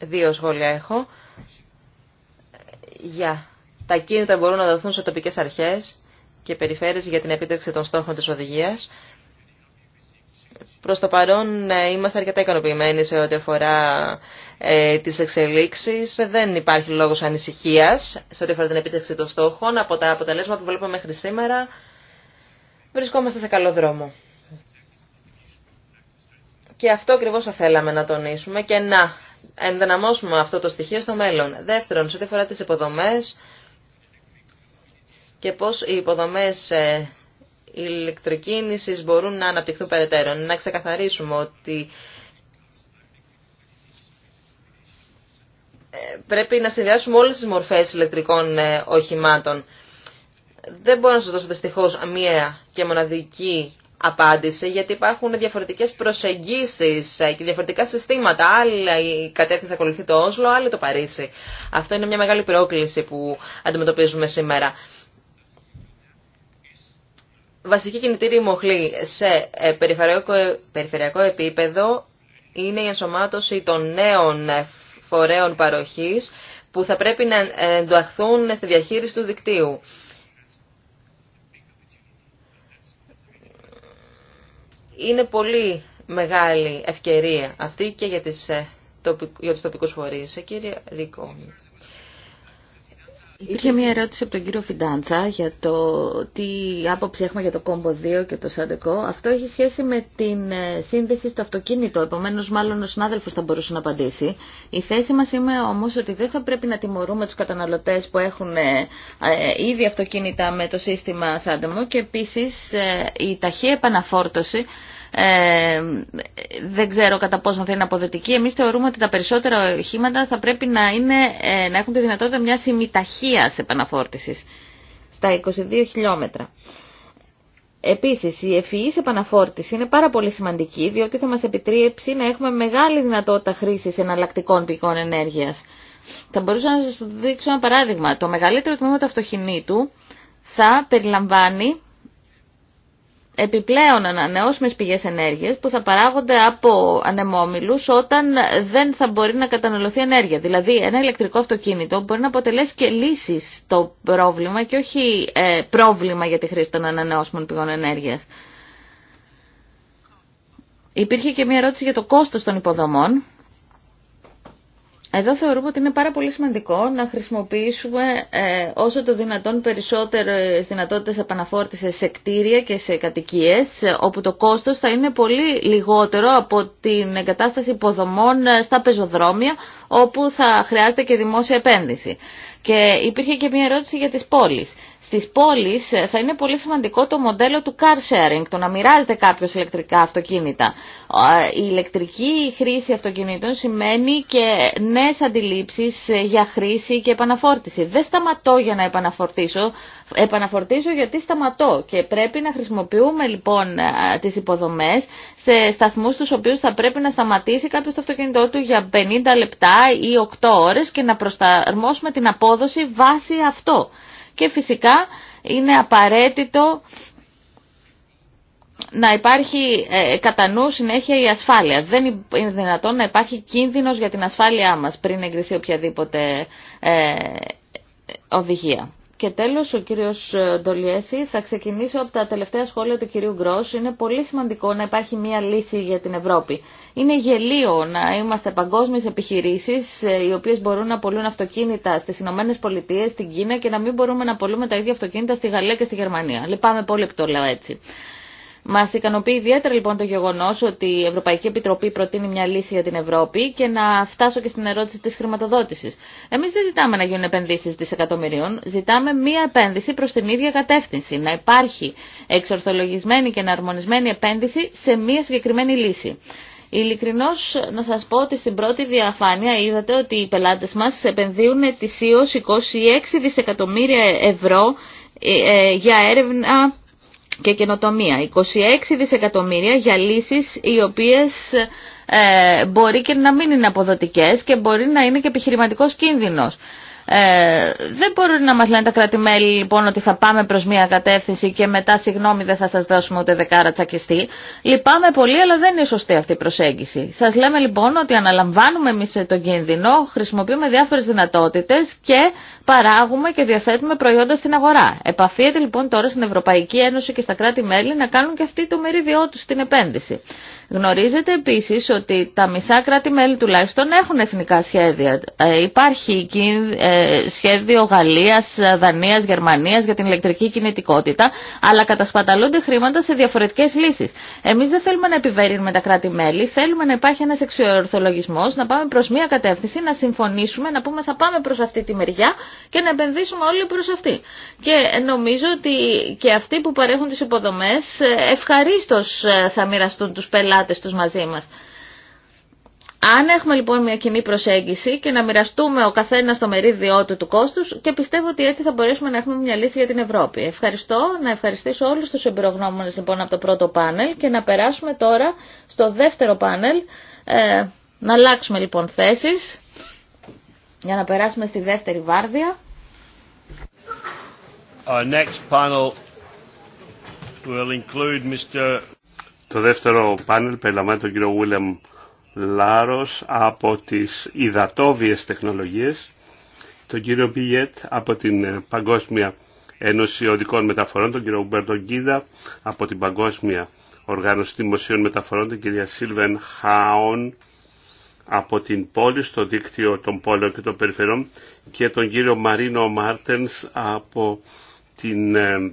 Δύο σχόλια έχω. Για τα κίνητρα μπορούν να δοθούν σε τοπικές αρχές και περιφέρειες για την επίτευξη των στόχων της οδηγία. Προ το παρόν ε, είμαστε αρκετά ικανοποιημένοι σε ό,τι αφορά ε, τις εξελίξεις. Δεν υπάρχει λόγος ανησυχίας σε ό,τι αφορά την επίτευξη των στόχων. Από τα αποτελέσματα που βλέπουμε μέχρι σήμερα βρισκόμαστε σε καλό δρόμο. Και αυτό ακριβώ θα θέλαμε να τονίσουμε και να ενδυναμώσουμε αυτό το στοιχείο στο μέλλον. Δεύτερον, σε ό,τι αφορά τις υποδομές και πώς οι υποδομές ε, ηλεκτροκίνηση μπορούν να αναπτυχθούν περαιτέρω. Να ξεκαθαρίσουμε ότι ε, πρέπει να συνδυάσουμε όλες τις μορφές ηλεκτρικών ε, οχημάτων. Δεν μπορώ να σας δώσω δυστυχώ μία και μοναδική απάντηση, γιατί υπάρχουν διαφορετικές προσεγγίσεις ε, και διαφορετικά συστήματα. Άλλη κατεύθυνση ακολουθεί το Όσλο, άλλη το Παρίσι. Αυτό είναι μια μεγάλη πρόκληση που αντιμετωπίζουμε σήμερα. Βασική κινητήρη μοχλή σε ε, περιφερειακό, περιφερειακό επίπεδο είναι η ενσωμάτωση των νέων φορέων παροχής που θα πρέπει να ενταχθούν στη διαχείριση του δικτύου. είναι πολύ μεγάλη ευκαιρία αυτή και για, τις, ε, για τους τοπικούς φορείς. Ε, κύριε Ρίκο. Υπήρχε μια ερώτηση από τον κύριο Φιντάντσα για το τι άποψη έχουμε για το κόμπο 2 και το σαντεκό. Αυτό έχει σχέση με την ε, σύνδεση στο αυτοκίνητο. Επομένω, μάλλον ο συνάδελφο θα μπορούσε να απαντήσει. Η θέση μα είναι όμω ότι δεν θα πρέπει να τιμωρούμε του καταναλωτέ που έχουν ε, ε, ήδη αυτοκίνητα με το σύστημα σάντεμο και επίση η ταχεία επαναφόρτωση ε, δεν ξέρω κατά πόσο θα είναι αποδοτική. Εμεί θεωρούμε ότι τα περισσότερα οχήματα θα πρέπει να, είναι, ε, να έχουν τη δυνατότητα μια ημιταχεία επαναφόρτηση στα 22 χιλιόμετρα. Επίση, η ευφυή επαναφόρτηση είναι πάρα πολύ σημαντική, διότι θα μα επιτρέψει να έχουμε μεγάλη δυνατότητα χρήση εναλλακτικών πηγών ενέργεια. Θα μπορούσα να σα δείξω ένα παράδειγμα. Το μεγαλύτερο τμήμα του αυτοκινήτου θα περιλαμβάνει επιπλέον ανανεώσιμες πηγές ενέργειας που θα παράγονται από ανεμόμυλους όταν δεν θα μπορεί να καταναλωθεί ενέργεια. Δηλαδή ένα ηλεκτρικό αυτοκίνητο μπορεί να αποτελέσει και λύση στο πρόβλημα και όχι ε, πρόβλημα για τη χρήση των ανανεώσιμων πηγών ενέργειας. Υπήρχε και μια ερώτηση για το κόστος των υποδομών. Εδώ θεωρούμε ότι είναι πάρα πολύ σημαντικό να χρησιμοποιήσουμε ε, όσο το δυνατόν περισσότερες δυνατότητες επαναφόρτησης σε κτίρια και σε κατοικίες, ε, όπου το κόστος θα είναι πολύ λιγότερο από την εγκατάσταση υποδομών ε, στα πεζοδρόμια, όπου θα χρειάζεται και δημόσια επένδυση. Και υπήρχε και μια ερώτηση για τις πόλεις στις πόλεις ε, θα είναι πολύ σημαντικό το μοντέλο του car sharing, το να μοιράζεται κάποιος ηλεκτρικά αυτοκίνητα. Ε, η ηλεκτρική χρήση αυτοκινήτων σημαίνει και νέες αντιλήψεις ε, για χρήση και επαναφόρτιση. Δεν σταματώ για να επαναφορτήσω, επαναφορτήσω γιατί σταματώ και πρέπει να χρησιμοποιούμε λοιπόν τις υποδομές σε σταθμούς στους οποίους θα πρέπει να σταματήσει κάποιο το αυτοκίνητό του για 50 λεπτά ή 8 ώρες και να προσταρμόσουμε την απόδοση βάσει αυτό και φυσικά είναι απαραίτητο να υπάρχει ε, κατά νου συνέχεια η ασφάλεια. Δεν είναι δυνατόν να υπάρχει κίνδυνος για την ασφάλειά μας πριν εγκριθεί οποιαδήποτε ε, οδηγία. Και τέλος, ο κύριος ε, Ντολιέση, θα ξεκινήσω από τα τελευταία σχόλια του κυρίου Γκρός. Είναι πολύ σημαντικό να υπάρχει μία λύση για την Ευρώπη. Είναι γελίο να είμαστε παγκόσμιε επιχειρήσει ε, οι οποίε μπορούν να πολλούν αυτοκίνητα στι Ηνωμένε Πολιτείε, στην Κίνα και να μην μπορούμε να πολλούμε τα ίδια αυτοκίνητα στη Γαλλία και στη Γερμανία. Λυπάμαι πολύ που το λέω έτσι. Μα ικανοποιεί ιδιαίτερα λοιπόν το γεγονό ότι η Ευρωπαϊκή Επιτροπή προτείνει μια λύση για την Ευρώπη και να φτάσω και στην ερώτηση τη χρηματοδότηση. Εμεί δεν ζητάμε να γίνουν επενδύσει δισεκατομμυρίων, ζητάμε μια επένδυση προ την ίδια κατεύθυνση. Να υπάρχει εξορθολογισμένη και εναρμονισμένη επένδυση σε μια συγκεκριμένη λύση. Ειλικρινώς να σας πω ότι στην πρώτη διαφάνεια είδατε ότι οι πελάτες μας επενδύουν ετησίως 26 δισεκατομμύρια ευρώ ε, ε, για έρευνα και καινοτομία. 26 δισεκατομμύρια για λύσεις οι οποίες ε, μπορεί και να μην είναι αποδοτικές και μπορεί να είναι και επιχειρηματικός κίνδυνος. Ε, δεν μπορούν να μας λένε τα κρατημέλη λοιπόν ότι θα πάμε προς μια κατεύθυνση και μετά συγγνώμη δεν θα σας δώσουμε ούτε δεκάρα τσακιστή. Λυπάμαι πολύ αλλά δεν είναι σωστή αυτή η προσέγγιση. Σας λέμε λοιπόν ότι αναλαμβάνουμε εμεί τον κίνδυνο, χρησιμοποιούμε διάφορες δυνατότητες και παράγουμε και διαθέτουμε προϊόντα στην αγορά. Επαφίεται λοιπόν τώρα στην Ευρωπαϊκή Ένωση και στα κράτη-μέλη να κάνουν και αυτοί το μερίδιό τους στην επένδυση. Γνωρίζετε επίσης ότι τα μισά κράτη-μέλη τουλάχιστον έχουν εθνικά σχέδια. Ε, υπάρχει ε, σχέδιο Γαλλία, Δανία, Γερμανίας για την ηλεκτρική κινητικότητα, αλλά κατασπαταλούνται χρήματα σε διαφορετικές λύσεις. Εμείς δεν θέλουμε να επιβαρύνουμε τα κράτη-μέλη, θέλουμε να υπάρχει ένας εξορθολογισμός, να πάμε προς μία κατεύθυνση, να συμφωνήσουμε, να πούμε θα πάμε προς αυτή τη μεριά και να επενδύσουμε όλοι προς αυτή. Και νομίζω ότι και αυτοί που παρέχουν τι υποδομές ευχαρίστως ε, θα μοιραστούν τους πελάτες τους μαζί μας. Αν έχουμε λοιπόν μια κοινή προσέγγιση και να μοιραστούμε ο καθένα το μερίδιό του του κόστου και πιστεύω ότι έτσι θα μπορέσουμε να έχουμε μια λύση για την Ευρώπη. Ευχαριστώ, να ευχαριστήσω όλου του εμπειρογνώμονε λοιπόν από το πρώτο πάνελ και να περάσουμε τώρα στο δεύτερο πάνελ. Ε, να αλλάξουμε λοιπόν θέσει για να περάσουμε στη δεύτερη βάρδια. Το δεύτερο πάνελ περιλαμβάνει τον κύριο William Λάρος από τις υδατόβιες τεχνολογίες, τον κύριο Μπιγιέτ από την ε, Παγκόσμια Ένωση Οδικών Μεταφορών, τον κύριο Ουμπέρτο από την Παγκόσμια Οργάνωση Δημοσίων Μεταφορών, την κυρία Σίλβεν Χάον από την πόλη στο δίκτυο των πόλεων και των περιφερών και τον κύριο Μαρίνο Μάρτενς από την ε,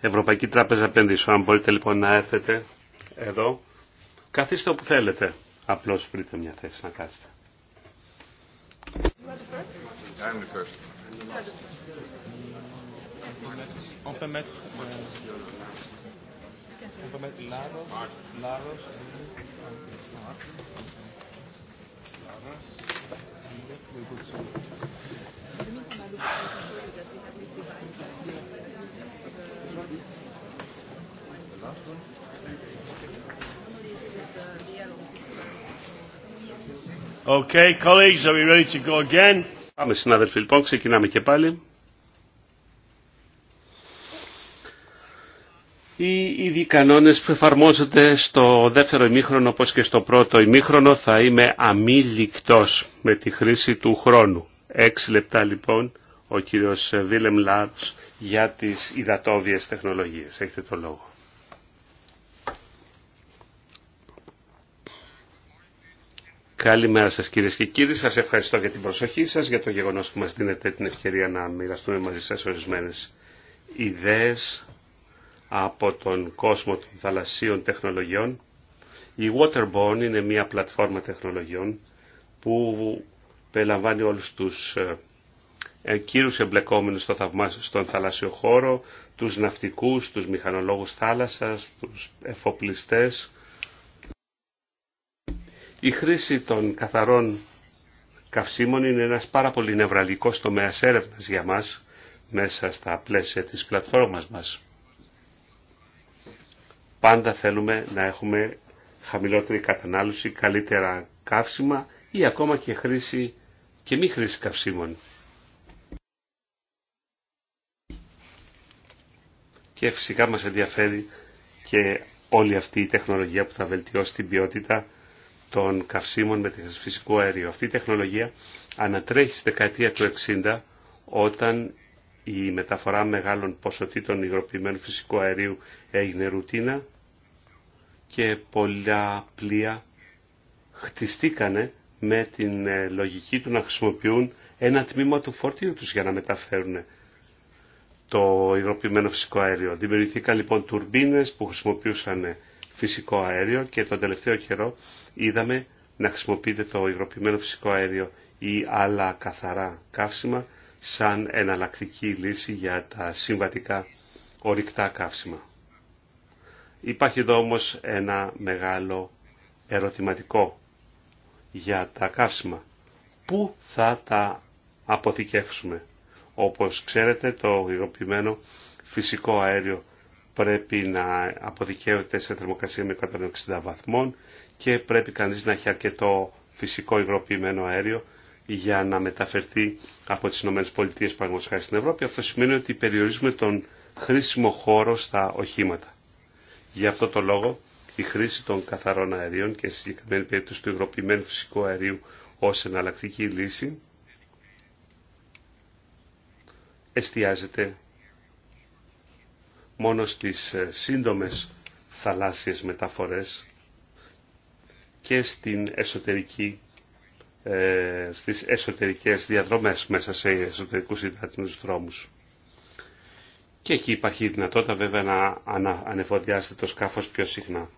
Ευρωπαϊκή Τράπεζα Επενδύσεων. Αν μπορείτε λοιπόν να έρθετε εδώ Καθίστε όπου θέλετε. Απλώς βρείτε μια θέση να κάτσετε. Okay, colleagues, are Πάμε συνάδελφοι λοιπόν, ξεκινάμε και πάλι. Οι ήδη κανόνε που εφαρμόζονται στο δεύτερο ημίχρονο όπως και στο πρώτο ημίχρονο θα είμαι αμήλικτος με τη χρήση του χρόνου. Έξι λεπτά λοιπόν ο κύριος Βίλεμ Λάρτς για τις υδατόβιες τεχνολογίες. Έχετε το λόγο. Καλημέρα σας κύριε και κύριοι, σας ευχαριστώ για την προσοχή σας, για το γεγονός που μας δίνετε την ευκαιρία να μοιραστούμε μαζί σας ορισμένες ιδέες από τον κόσμο των θαλασσίων τεχνολογιών. Η Waterborne είναι μια πλατφόρμα τεχνολογιών που περιλαμβάνει όλους τους ε, ε, κύριους εμπλεκόμενους στον θαλάσσιο χώρο, τους ναυτικούς, τους μηχανολόγους θάλασσας, τους εφοπλιστές, η χρήση των καθαρών καυσίμων είναι ένας πάρα πολύ νευραλικός τομέας έρευνας για μας μέσα στα πλαίσια της πλατφόρμας μας. Πάντα θέλουμε να έχουμε χαμηλότερη κατανάλωση, καλύτερα καύσιμα ή ακόμα και χρήση και μη χρήση καυσίμων. Και φυσικά μας ενδιαφέρει και όλη αυτή η τεχνολογία που θα βελτιώσει την ποιότητα των καυσίμων με φυσικό αέριο. Αυτή η τεχνολογία ανατρέχει στη δεκαετία του 60 όταν η μεταφορά μεγάλων ποσοτήτων υγροποιημένου φυσικού αερίου έγινε ρουτίνα και πολλά πλοία χτιστήκανε με την ε, λογική του να χρησιμοποιούν ένα τμήμα του φορτίου τους για να μεταφέρουν το υγροποιημένο φυσικό αέριο. Δημιουργηθήκαν λοιπόν τουρμπίνες που χρησιμοποιούσαν φυσικό αέριο και τον τελευταίο καιρό είδαμε να χρησιμοποιείται το υγροποιημένο φυσικό αέριο ή άλλα καθαρά καύσιμα σαν εναλλακτική λύση για τα συμβατικά ορυκτά καύσιμα. Υπάρχει εδώ όμως ένα μεγάλο ερωτηματικό για τα καύσιμα. Πού θα τα αποθηκεύσουμε. Όπως ξέρετε το υγροποιημένο φυσικό αέριο πρέπει να αποδικαίωται σε θερμοκρασία με 160 βαθμών και πρέπει κανείς να έχει αρκετό φυσικό υγροποιημένο αέριο για να μεταφερθεί από τις ΗΠΑ στην Ευρώπη. Αυτό σημαίνει ότι περιορίζουμε τον χρήσιμο χώρο στα οχήματα. Γι' αυτό το λόγο η χρήση των καθαρών αερίων και στη συγκεκριμένη περίπτωση του υγροποιημένου φυσικού αερίου ως εναλλακτική λύση εστιάζεται μόνο στις ε, σύντομες θαλάσσιες μεταφορές και στην εσωτερική, ε, στις εσωτερικές διαδρομές μέσα σε εσωτερικούς υδάτινους δρόμους. Και εκεί υπάρχει η δυνατότητα βέβαια να ανα, ανεφοδιάσετε το σκάφος πιο συχνά.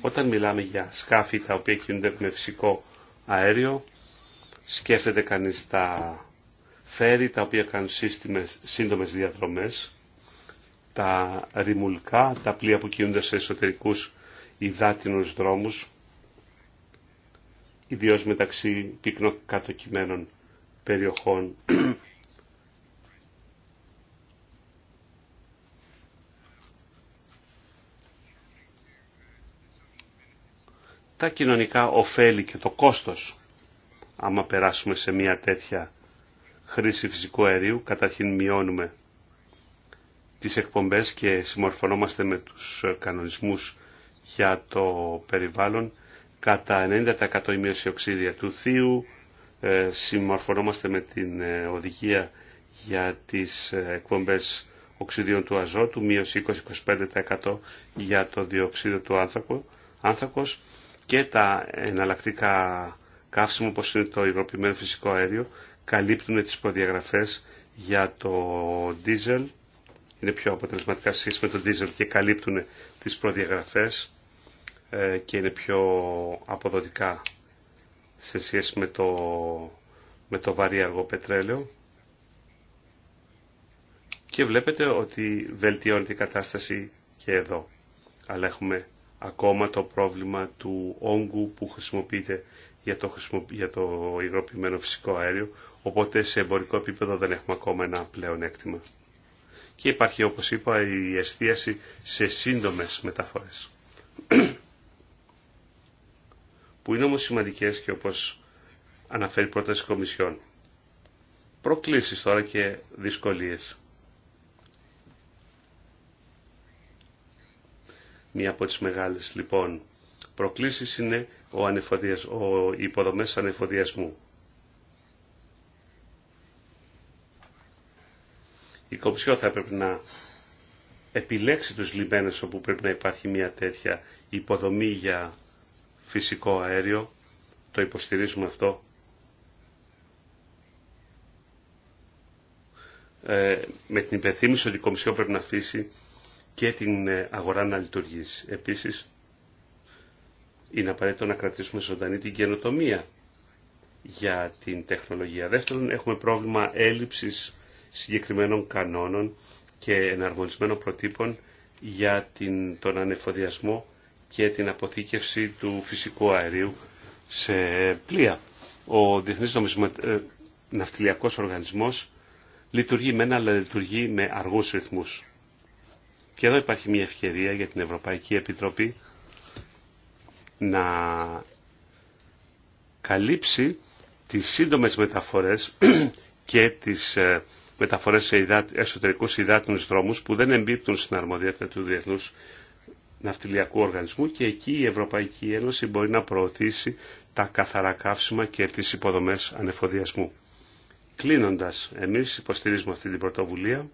Όταν μιλάμε για σκάφη τα οποία κινούνται με φυσικό αέριο, σκέφτεται κανείς τα φέρι τα οποία κάνουν σύστημες, σύντομες διαδρομές, τα ρημουλκά, τα πλοία που κινούνται σε εσωτερικούς υδάτινους δρόμους, ιδίως μεταξύ πυκνοκατοικημένων περιοχών. τα κοινωνικά ωφέλη και το κόστος άμα περάσουμε σε μια τέτοια χρήση φυσικού αερίου, καταρχήν μειώνουμε τις εκπομπές και συμμορφωνόμαστε με τους κανονισμούς για το περιβάλλον. Κατά 90% η μείωση οξύδια του θείου, ε, συμμορφωνόμαστε με την ε, οδηγία για τις ε, εκπομπές οξυδίων του αζότου, μείωση 20-25% για το διοξείδιο του άνθρακο, άνθρακος και τα εναλλακτικά καύσιμο όπως είναι το υγροποιημένο φυσικό αέριο καλύπτουν τις προδιαγραφές για το δίζελ είναι πιο αποτελεσματικά σχέση με το δίζελ και καλύπτουν τις προδιαγραφές ε, και είναι πιο αποδοτικά σε σχέση με το, με το βαρύ αργό πετρέλαιο. Και βλέπετε ότι βελτιώνεται η κατάσταση και εδώ. Αλλά έχουμε ακόμα το πρόβλημα του όγκου που χρησιμοποιείται για το, για το υγροποιημένο φυσικό αέριο, οπότε σε εμπορικό επίπεδο δεν έχουμε ακόμα ένα πλέον έκτημα. Και υπάρχει, όπως είπα, η εστίαση σε σύντομες μεταφορές. [CLEARS THROAT] που είναι όμως σημαντικές και όπως αναφέρει πρόταση Κομισιόν. Προκλήσεις τώρα και δυσκολίες. Μία από τις μεγάλες λοιπόν προκλήσεις είναι ο ανεφοδιασ... ο... οι υποδομές ανεφοδιασμού. Η Κομψιό θα πρέπει να επιλέξει τους λιμένες όπου πρέπει να υπάρχει μια τέτοια υποδομή για φυσικό αέριο. Το υποστηρίζουμε αυτό. Ε, με την υπενθύμηση ότι η Κομισιό πρέπει να αφήσει και την ε, αγορά να λειτουργήσει. Επίσης, είναι απαραίτητο να κρατήσουμε ζωντανή την καινοτομία για την τεχνολογία. Δεύτερον, έχουμε πρόβλημα έλλειψης συγκεκριμένων κανόνων και εναρμονισμένων προτύπων για την, τον ανεφοδιασμό και την αποθήκευση του φυσικού αερίου σε πλοία. Ο Διεθνής Νομισμα... Ε, Ναυτιλιακός Οργανισμός λειτουργεί με ένα, αλλά λειτουργεί με αργούς ρυθμούς. Και εδώ υπάρχει μια ευκαιρία για την Ευρωπαϊκή Επιτροπή να καλύψει τις σύντομες μεταφορές και τις ε, μεταφορές σε εσωτερικούς υδάτινους δρόμους που δεν εμπίπτουν στην αρμοδιότητα του Διεθνούς Ναυτιλιακού Οργανισμού και εκεί η Ευρωπαϊκή Ένωση μπορεί να προωθήσει τα καθαρά καύσιμα και τις υποδομές ανεφοδιασμού. Κλείνοντας, εμείς υποστηρίζουμε αυτή την πρωτοβουλία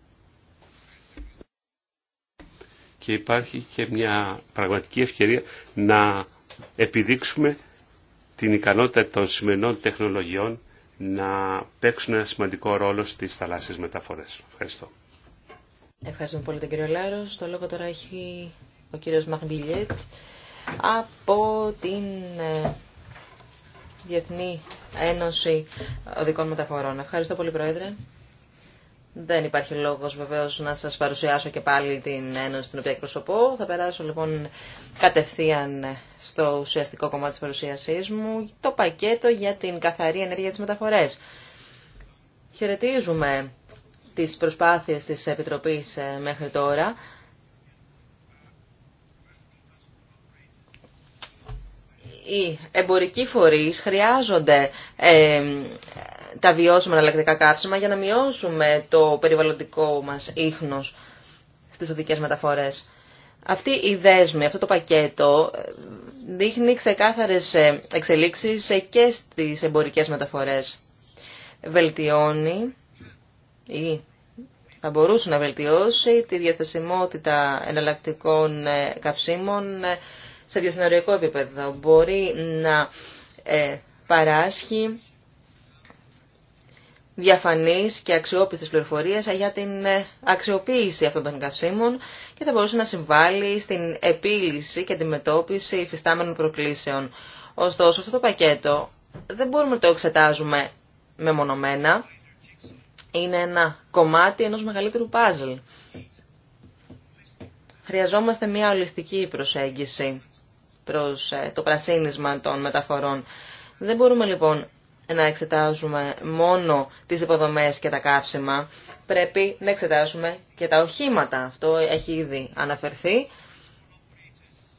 και υπάρχει και μια πραγματική ευκαιρία να επιδείξουμε την ικανότητα των σημερινών τεχνολογιών να παίξουν ένα σημαντικό ρόλο στις θαλάσσιες μεταφορές. Ευχαριστώ. Ευχαριστούμε πολύ τον κύριο Λάρος. Το λόγο τώρα έχει ο κύριος Μαγμπιλιέτ από την ε, Διεθνή Ένωση Οδικών Μεταφορών. Ευχαριστώ πολύ, Πρόεδρε. Δεν υπάρχει λόγος βεβαίως να σας παρουσιάσω και πάλι την ένωση την οποία εκπροσωπώ. Θα περάσω λοιπόν κατευθείαν στο ουσιαστικό κομμάτι της παρουσίασής μου, το πακέτο για την καθαρή ενέργεια της μεταφορές. Χαιρετίζουμε τις προσπάθειες της Επιτροπής ε, μέχρι τώρα. Οι εμπορικοί φορείς χρειάζονται ε, τα βιώσιμα εναλλακτικά καύσιμα για να μειώσουμε το περιβαλλοντικό μας ίχνος στις οδικές μεταφορές. Αυτή η δέσμη, αυτό το πακέτο δείχνει ξεκάθαρες ε, εξελίξεις ε, και στις εμπορικές μεταφορές. Βελτιώνει ή θα μπορούσε να βελτιώσει τη διαθεσιμότητα εναλλακτικών ε, καυσίμων σε διασυνοριακό επίπεδο. Μπορεί να παράσχει διαφανείς και αξιόπιστες πληροφορίες για την ε, αξιοποίηση αυτών των καυσίμων και θα μπορούσε να συμβάλλει στην επίλυση και αντιμετώπιση υφιστάμενων προκλήσεων. Ωστόσο, αυτό το πακέτο δεν μπορούμε να το εξετάζουμε μεμονωμένα. Είναι ένα κομμάτι ενός μεγαλύτερου πάζλ. Χρειαζόμαστε μια ολιστική προσέγγιση προς ε, το πρασίνισμα των μεταφορών. Δεν μπορούμε λοιπόν να εξετάζουμε μόνο τις υποδομές και τα καύσιμα, πρέπει να εξετάζουμε και τα οχήματα. Αυτό έχει ήδη αναφερθεί.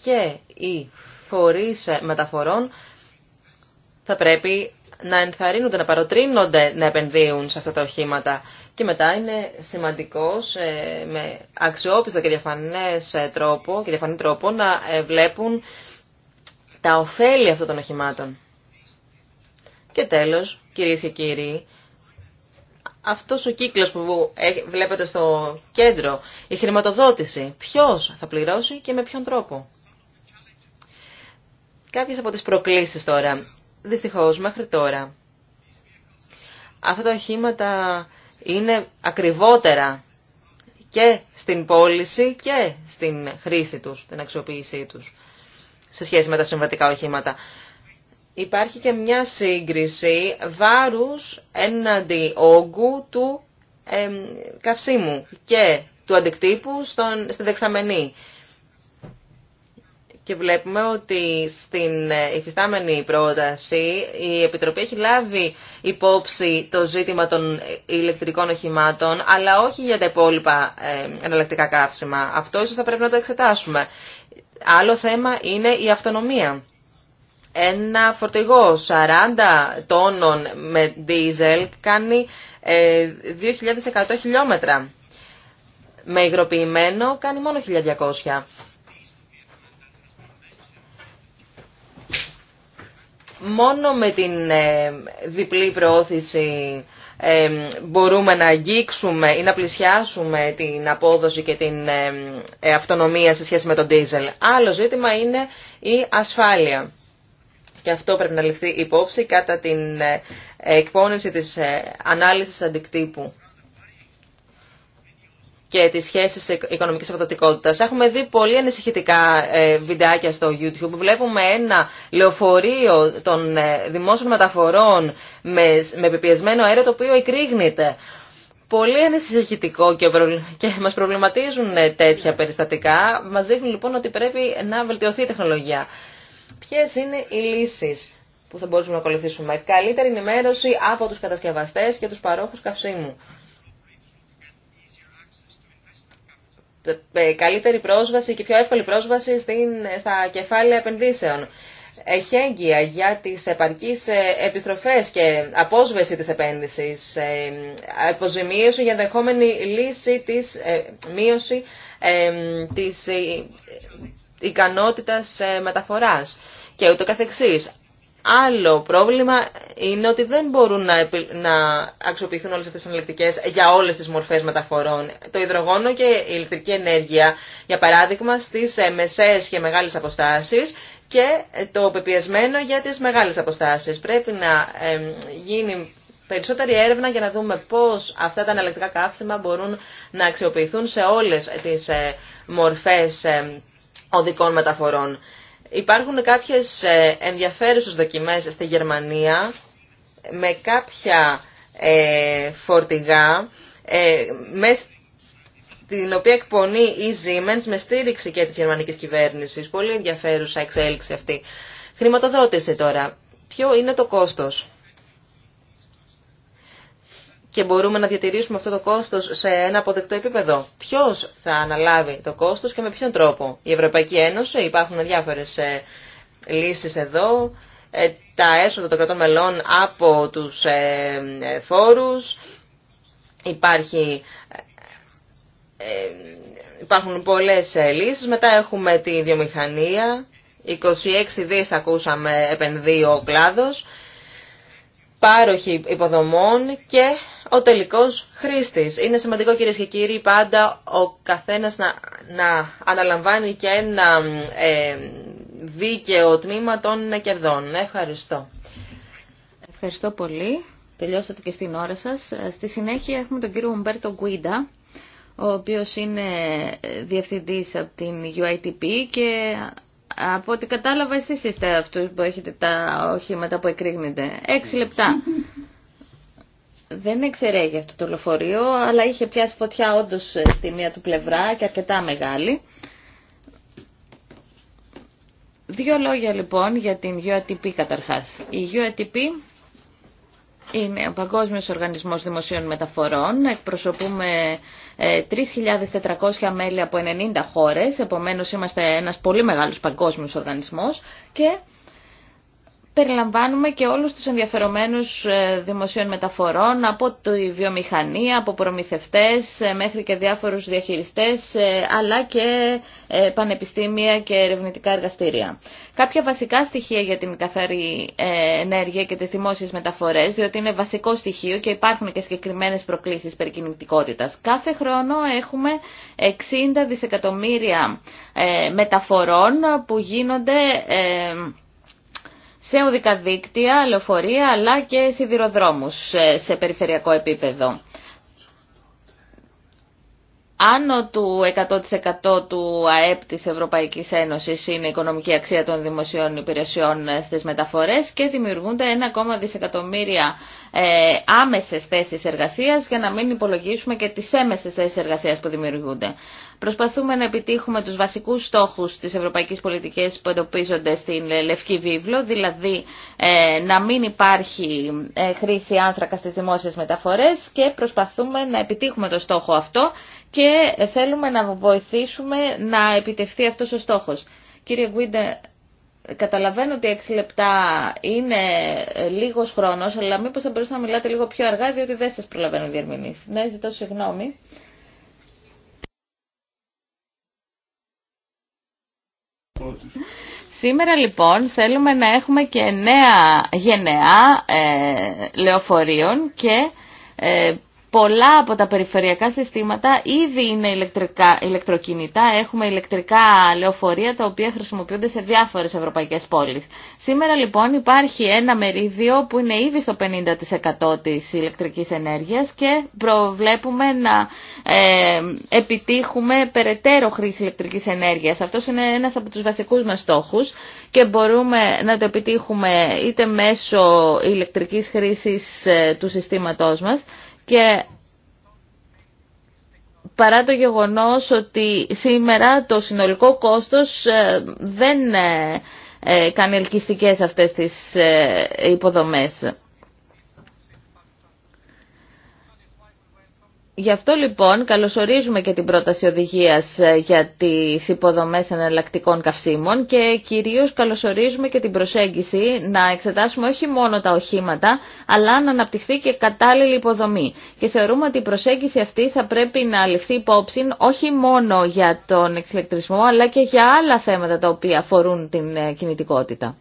Και οι φορείς μεταφορών θα πρέπει να ενθαρρύνονται, να παροτρύνονται να επενδύουν σε αυτά τα οχήματα. Και μετά είναι σημαντικός ε, με αξιόπιστο και διαφανές ε, τρόπο και διαφανή τρόπο να ε, βλέπουν τα ωφέλη αυτών των οχημάτων. Και τέλος, κυρίες και κύριοι, αυτός ο κύκλος που βλέπετε στο κέντρο, η χρηματοδότηση, ποιος θα πληρώσει και με ποιον τρόπο. Κάποιες από τις προκλήσεις τώρα. Δυστυχώς, μέχρι τώρα, αυτά τα οχήματα είναι ακριβότερα και στην πώληση και στην χρήση τους, την αξιοποίησή τους, σε σχέση με τα συμβατικά οχήματα υπάρχει και μια σύγκριση βάρους έναντι όγκου του ε, καυσίμου και του αντικτύπου στον, στη δεξαμενή. Και βλέπουμε ότι στην ε, υφιστάμενη πρόταση η Επιτροπή έχει λάβει υπόψη το ζήτημα των ηλεκτρικών οχημάτων, αλλά όχι για τα υπόλοιπα ε, εναλλακτικά καύσιμα. Αυτό ίσως θα πρέπει να το εξετάσουμε. Άλλο θέμα είναι η αυτονομία ένα φορτηγό 40 τόνων με δίζελ κάνει 2.100 ε, χιλιόμετρα. Με υγροποιημένο κάνει μόνο 1.200. Μόνο με την ε, διπλή προώθηση ε, μπορούμε να αγγίξουμε ή να πλησιάσουμε την απόδοση και την αυτονομία σε σχέση με τον δίζελ. Άλλο ζήτημα είναι η ασφάλεια. Και αυτό πρέπει να ληφθεί υπόψη κατά την ε, εκπόνηση της ε, ανάλυσης αντικτύπου και τις σχέσεις οικονομικής αποδοτικότητας. Έχουμε δει πολύ ανησυχητικά ε, βιντεάκια στο YouTube. Βλέπουμε ένα λεωφορείο των δημόσιων μεταφορών με επιπιεσμένο αέριο το οποίο εκρήγνεται. Πολύ ανησυχητικό και, και μας προβληματίζουν τέτοια περιστατικά. Μας δείχνουν λοιπόν ότι πρέπει να βελτιωθεί η τεχνολογία. Ποιε είναι οι λύσει που θα μπορούσαμε να ακολουθήσουμε. Καλύτερη ενημέρωση από τους κατασκευαστές και τους παρόχους καυσίμου. Ε, καλύτερη πρόσβαση και πιο εύκολη πρόσβαση στην, στα κεφάλαια επενδύσεων. Εχέγγυα για τις επαρκείς ε, επιστροφές και απόσβεση της επένδυσης, ε, αποζημίωση για ενδεχόμενη λύση της μείωση της ικανότητας μεταφοράς και ούτω καθεξής. Άλλο πρόβλημα είναι ότι δεν μπορούν να, να αξιοποιηθούν όλες αυτές τις εναλλακτικές για όλες τις μορφές μεταφορών. Το υδρογόνο και η ηλεκτρική ενέργεια, για παράδειγμα, στις ε, μεσαίες και μεγάλες αποστάσεις και το πεπιεσμένο για τις μεγάλες αποστάσεις. Πρέπει να γίνει περισσότερη έρευνα για να δούμε πώς αυτά τα αναλεκτικά καύσιμα μπορούν να αξιοποιηθούν σε όλες τις ε, μορφές ε, οδικών μεταφορών. Υπάρχουν κάποιες ε, ενδιαφέρουσες δοκιμές στη Γερμανία με κάποια ε, φορτηγά ε, με την οποία εκπονεί η Siemens με στήριξη και της γερμανικής κυβέρνησης. Πολύ ενδιαφέρουσα εξέλιξη αυτή. Χρηματοδότηση τώρα. Ποιο είναι το κόστος και μπορούμε να διατηρήσουμε αυτό το κόστος σε ένα αποδεκτό επίπεδο. Ποιος θα αναλάβει το κόστος και με ποιον τρόπο. Η Ευρωπαϊκή Ένωση, υπάρχουν διάφορες ε, λύσεις εδώ, ε, τα έσοδα των κρατών μελών από τους ε, φόρους, υπάρχει υπάρχουν πολλές λύσεις. Μετά έχουμε τη βιομηχανία. 26 δις ακούσαμε επενδύει ο κλάδος πάροχοι υποδομών και ο τελικός χρήστης. Είναι σημαντικό κυρίε και κύριοι πάντα ο καθένας να, αναλαμβάνει και ένα ε, δίκαιο τμήμα των κερδών. Ευχαριστώ. Ευχαριστώ πολύ. Τελειώσατε και στην ώρα σας. Στη συνέχεια έχουμε τον κύριο Ομπέρτο Γκουίντα, ο οποίος είναι διευθυντής από την UITP και από ό,τι κατάλαβα εσείς είστε αυτού που έχετε τα οχήματα που εκρήγνεται. Έξι λεπτά. Δεν εξαιρέγει αυτό το λεωφορείο, αλλά είχε πιάσει φωτιά όντω στη μία του πλευρά και αρκετά μεγάλη. Δύο λόγια λοιπόν για την UATP καταρχάς. Η UATP είναι ο Παγκόσμιος Οργανισμός Δημοσίων Μεταφορών. Εκπροσωπούμε 3.400 ε, μέλη από 90 χώρες, επομένως είμαστε ένας πολύ μεγάλος παγκόσμιος οργανισμός και περιλαμβάνουμε και όλους τους ενδιαφερομένους ε, δημοσίων μεταφορών από τη βιομηχανία, από προμηθευτές ε, μέχρι και διάφορους διαχειριστές ε, αλλά και πανεπιστήμια και ερευνητικά εργαστήρια. Κάποια βασικά στοιχεία για την καθαρή ενέργεια και τις δημόσιες μεταφορές διότι είναι βασικό στοιχείο και υπάρχουν και συγκεκριμένες προκλήσεις περικινητικότητας. Κάθε χρόνο έχουμε 60 δισεκατομμύρια μεταφορών που γίνονται σε οδικά δίκτυα, λεωφορεία αλλά και σιδηροδρόμους ε, σε περιφερειακό επίπεδο. Άνω του 100% του ΑΕΠ της Ευρωπαϊκής Ένωσης είναι η οικονομική αξία των δημοσίων υπηρεσιών ε, στις μεταφορές και δημιουργούνται 1,2 δισεκατομμύρια ε, άμεσες θέσεις εργασίας για να μην υπολογίσουμε και τις έμεσες θέσεις εργασίας που δημιουργούνται. Προσπαθούμε να επιτύχουμε τους βασικούς στόχους της ευρωπαϊκής πολιτικής που εντοπίζονται στην Λευκή Βίβλο, δηλαδή ε, να μην υπάρχει ε, χρήση άνθρακα στις δημόσιες μεταφορές και προσπαθούμε να επιτύχουμε το στόχο αυτό και θέλουμε να βοηθήσουμε να επιτευχθεί αυτός ο στόχος. Κύριε Γουίντε, καταλαβαίνω ότι 6 λεπτά είναι ε, λίγος χρόνος, αλλά μήπως θα μπορούσατε να μιλάτε λίγο πιο αργά, διότι δεν σας προλαβαίνω διερμηνείς. Ναι, ζητώ συγγνώμη. Σήμερα λοιπόν θέλουμε να έχουμε και νέα γενεά ε, λεωφορείων και ε, Πολλά από τα περιφερειακά συστήματα ήδη είναι ηλεκτρικά, ηλεκτροκινητά, έχουμε ηλεκτρικά λεωφορεία τα οποία χρησιμοποιούνται σε διάφορες ευρωπαϊκές πόλεις. Σήμερα λοιπόν υπάρχει ένα μερίδιο που είναι ήδη στο 50% της ηλεκτρικής ενέργειας και προβλέπουμε να ε, επιτύχουμε περαιτέρω χρήση ηλεκτρικής ενέργειας. Αυτός είναι ένας από τους βασικούς μας στόχους και μπορούμε να το επιτύχουμε είτε μέσω ηλεκτρικής χρήσης ε, του συστήματός μας, και παρά το γεγονός ότι σήμερα το συνολικό κόστος ε, δεν ε, ε, κάνει ελκυστικές αυτές τις υποδομές. Γι' αυτό λοιπόν καλωσορίζουμε και την πρόταση οδηγίας ε, για τις υποδομές εναλλακτικών καυσίμων και κυρίως καλωσορίζουμε και την προσέγγιση να εξετάσουμε όχι μόνο τα οχήματα αλλά να αναπτυχθεί και κατάλληλη υποδομή. Και θεωρούμε ότι η προσέγγιση αυτή θα πρέπει να ληφθεί υπόψη όχι μόνο για τον εξηλεκτρισμό αλλά και για άλλα θέματα τα οποία αφορούν την ε, κινητικότητα.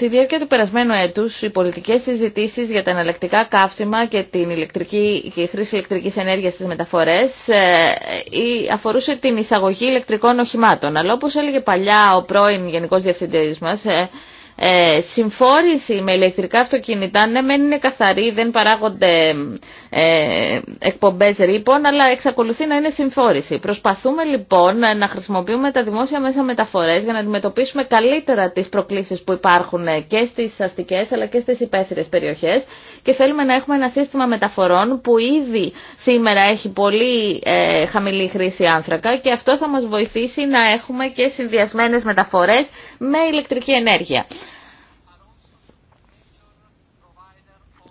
Στη διάρκεια του περασμένου έτους, οι πολιτικές συζητήσεις για τα εναλλακτικά καύσιμα και την ηλεκτρική, και η χρήση ηλεκτρικής ενέργειας στις μεταφορές ε, αφορούσε την εισαγωγή ηλεκτρικών οχημάτων. Αλλά όπως έλεγε παλιά ο πρώην Γενικός Διευθυντής μας, ε, ε, συμφόρηση με ηλεκτρικά αυτοκίνητα, ναι μεν είναι καθαρή, δεν παράγονται ε, εκπομπές ρήπων, αλλά εξακολουθεί να είναι συμφόρηση. Προσπαθούμε λοιπόν να χρησιμοποιούμε τα δημόσια μέσα μεταφορές για να αντιμετωπίσουμε καλύτερα τις προκλήσεις που υπάρχουν και στις αστικές αλλά και στις υπαίθριες περιοχές και θέλουμε να έχουμε ένα σύστημα μεταφορών που ήδη σήμερα έχει πολύ ε, χαμηλή χρήση άνθρακα και αυτό θα μας βοηθήσει να έχουμε και συνδυασμένες μεταφορές με ηλεκτρική ενέργεια.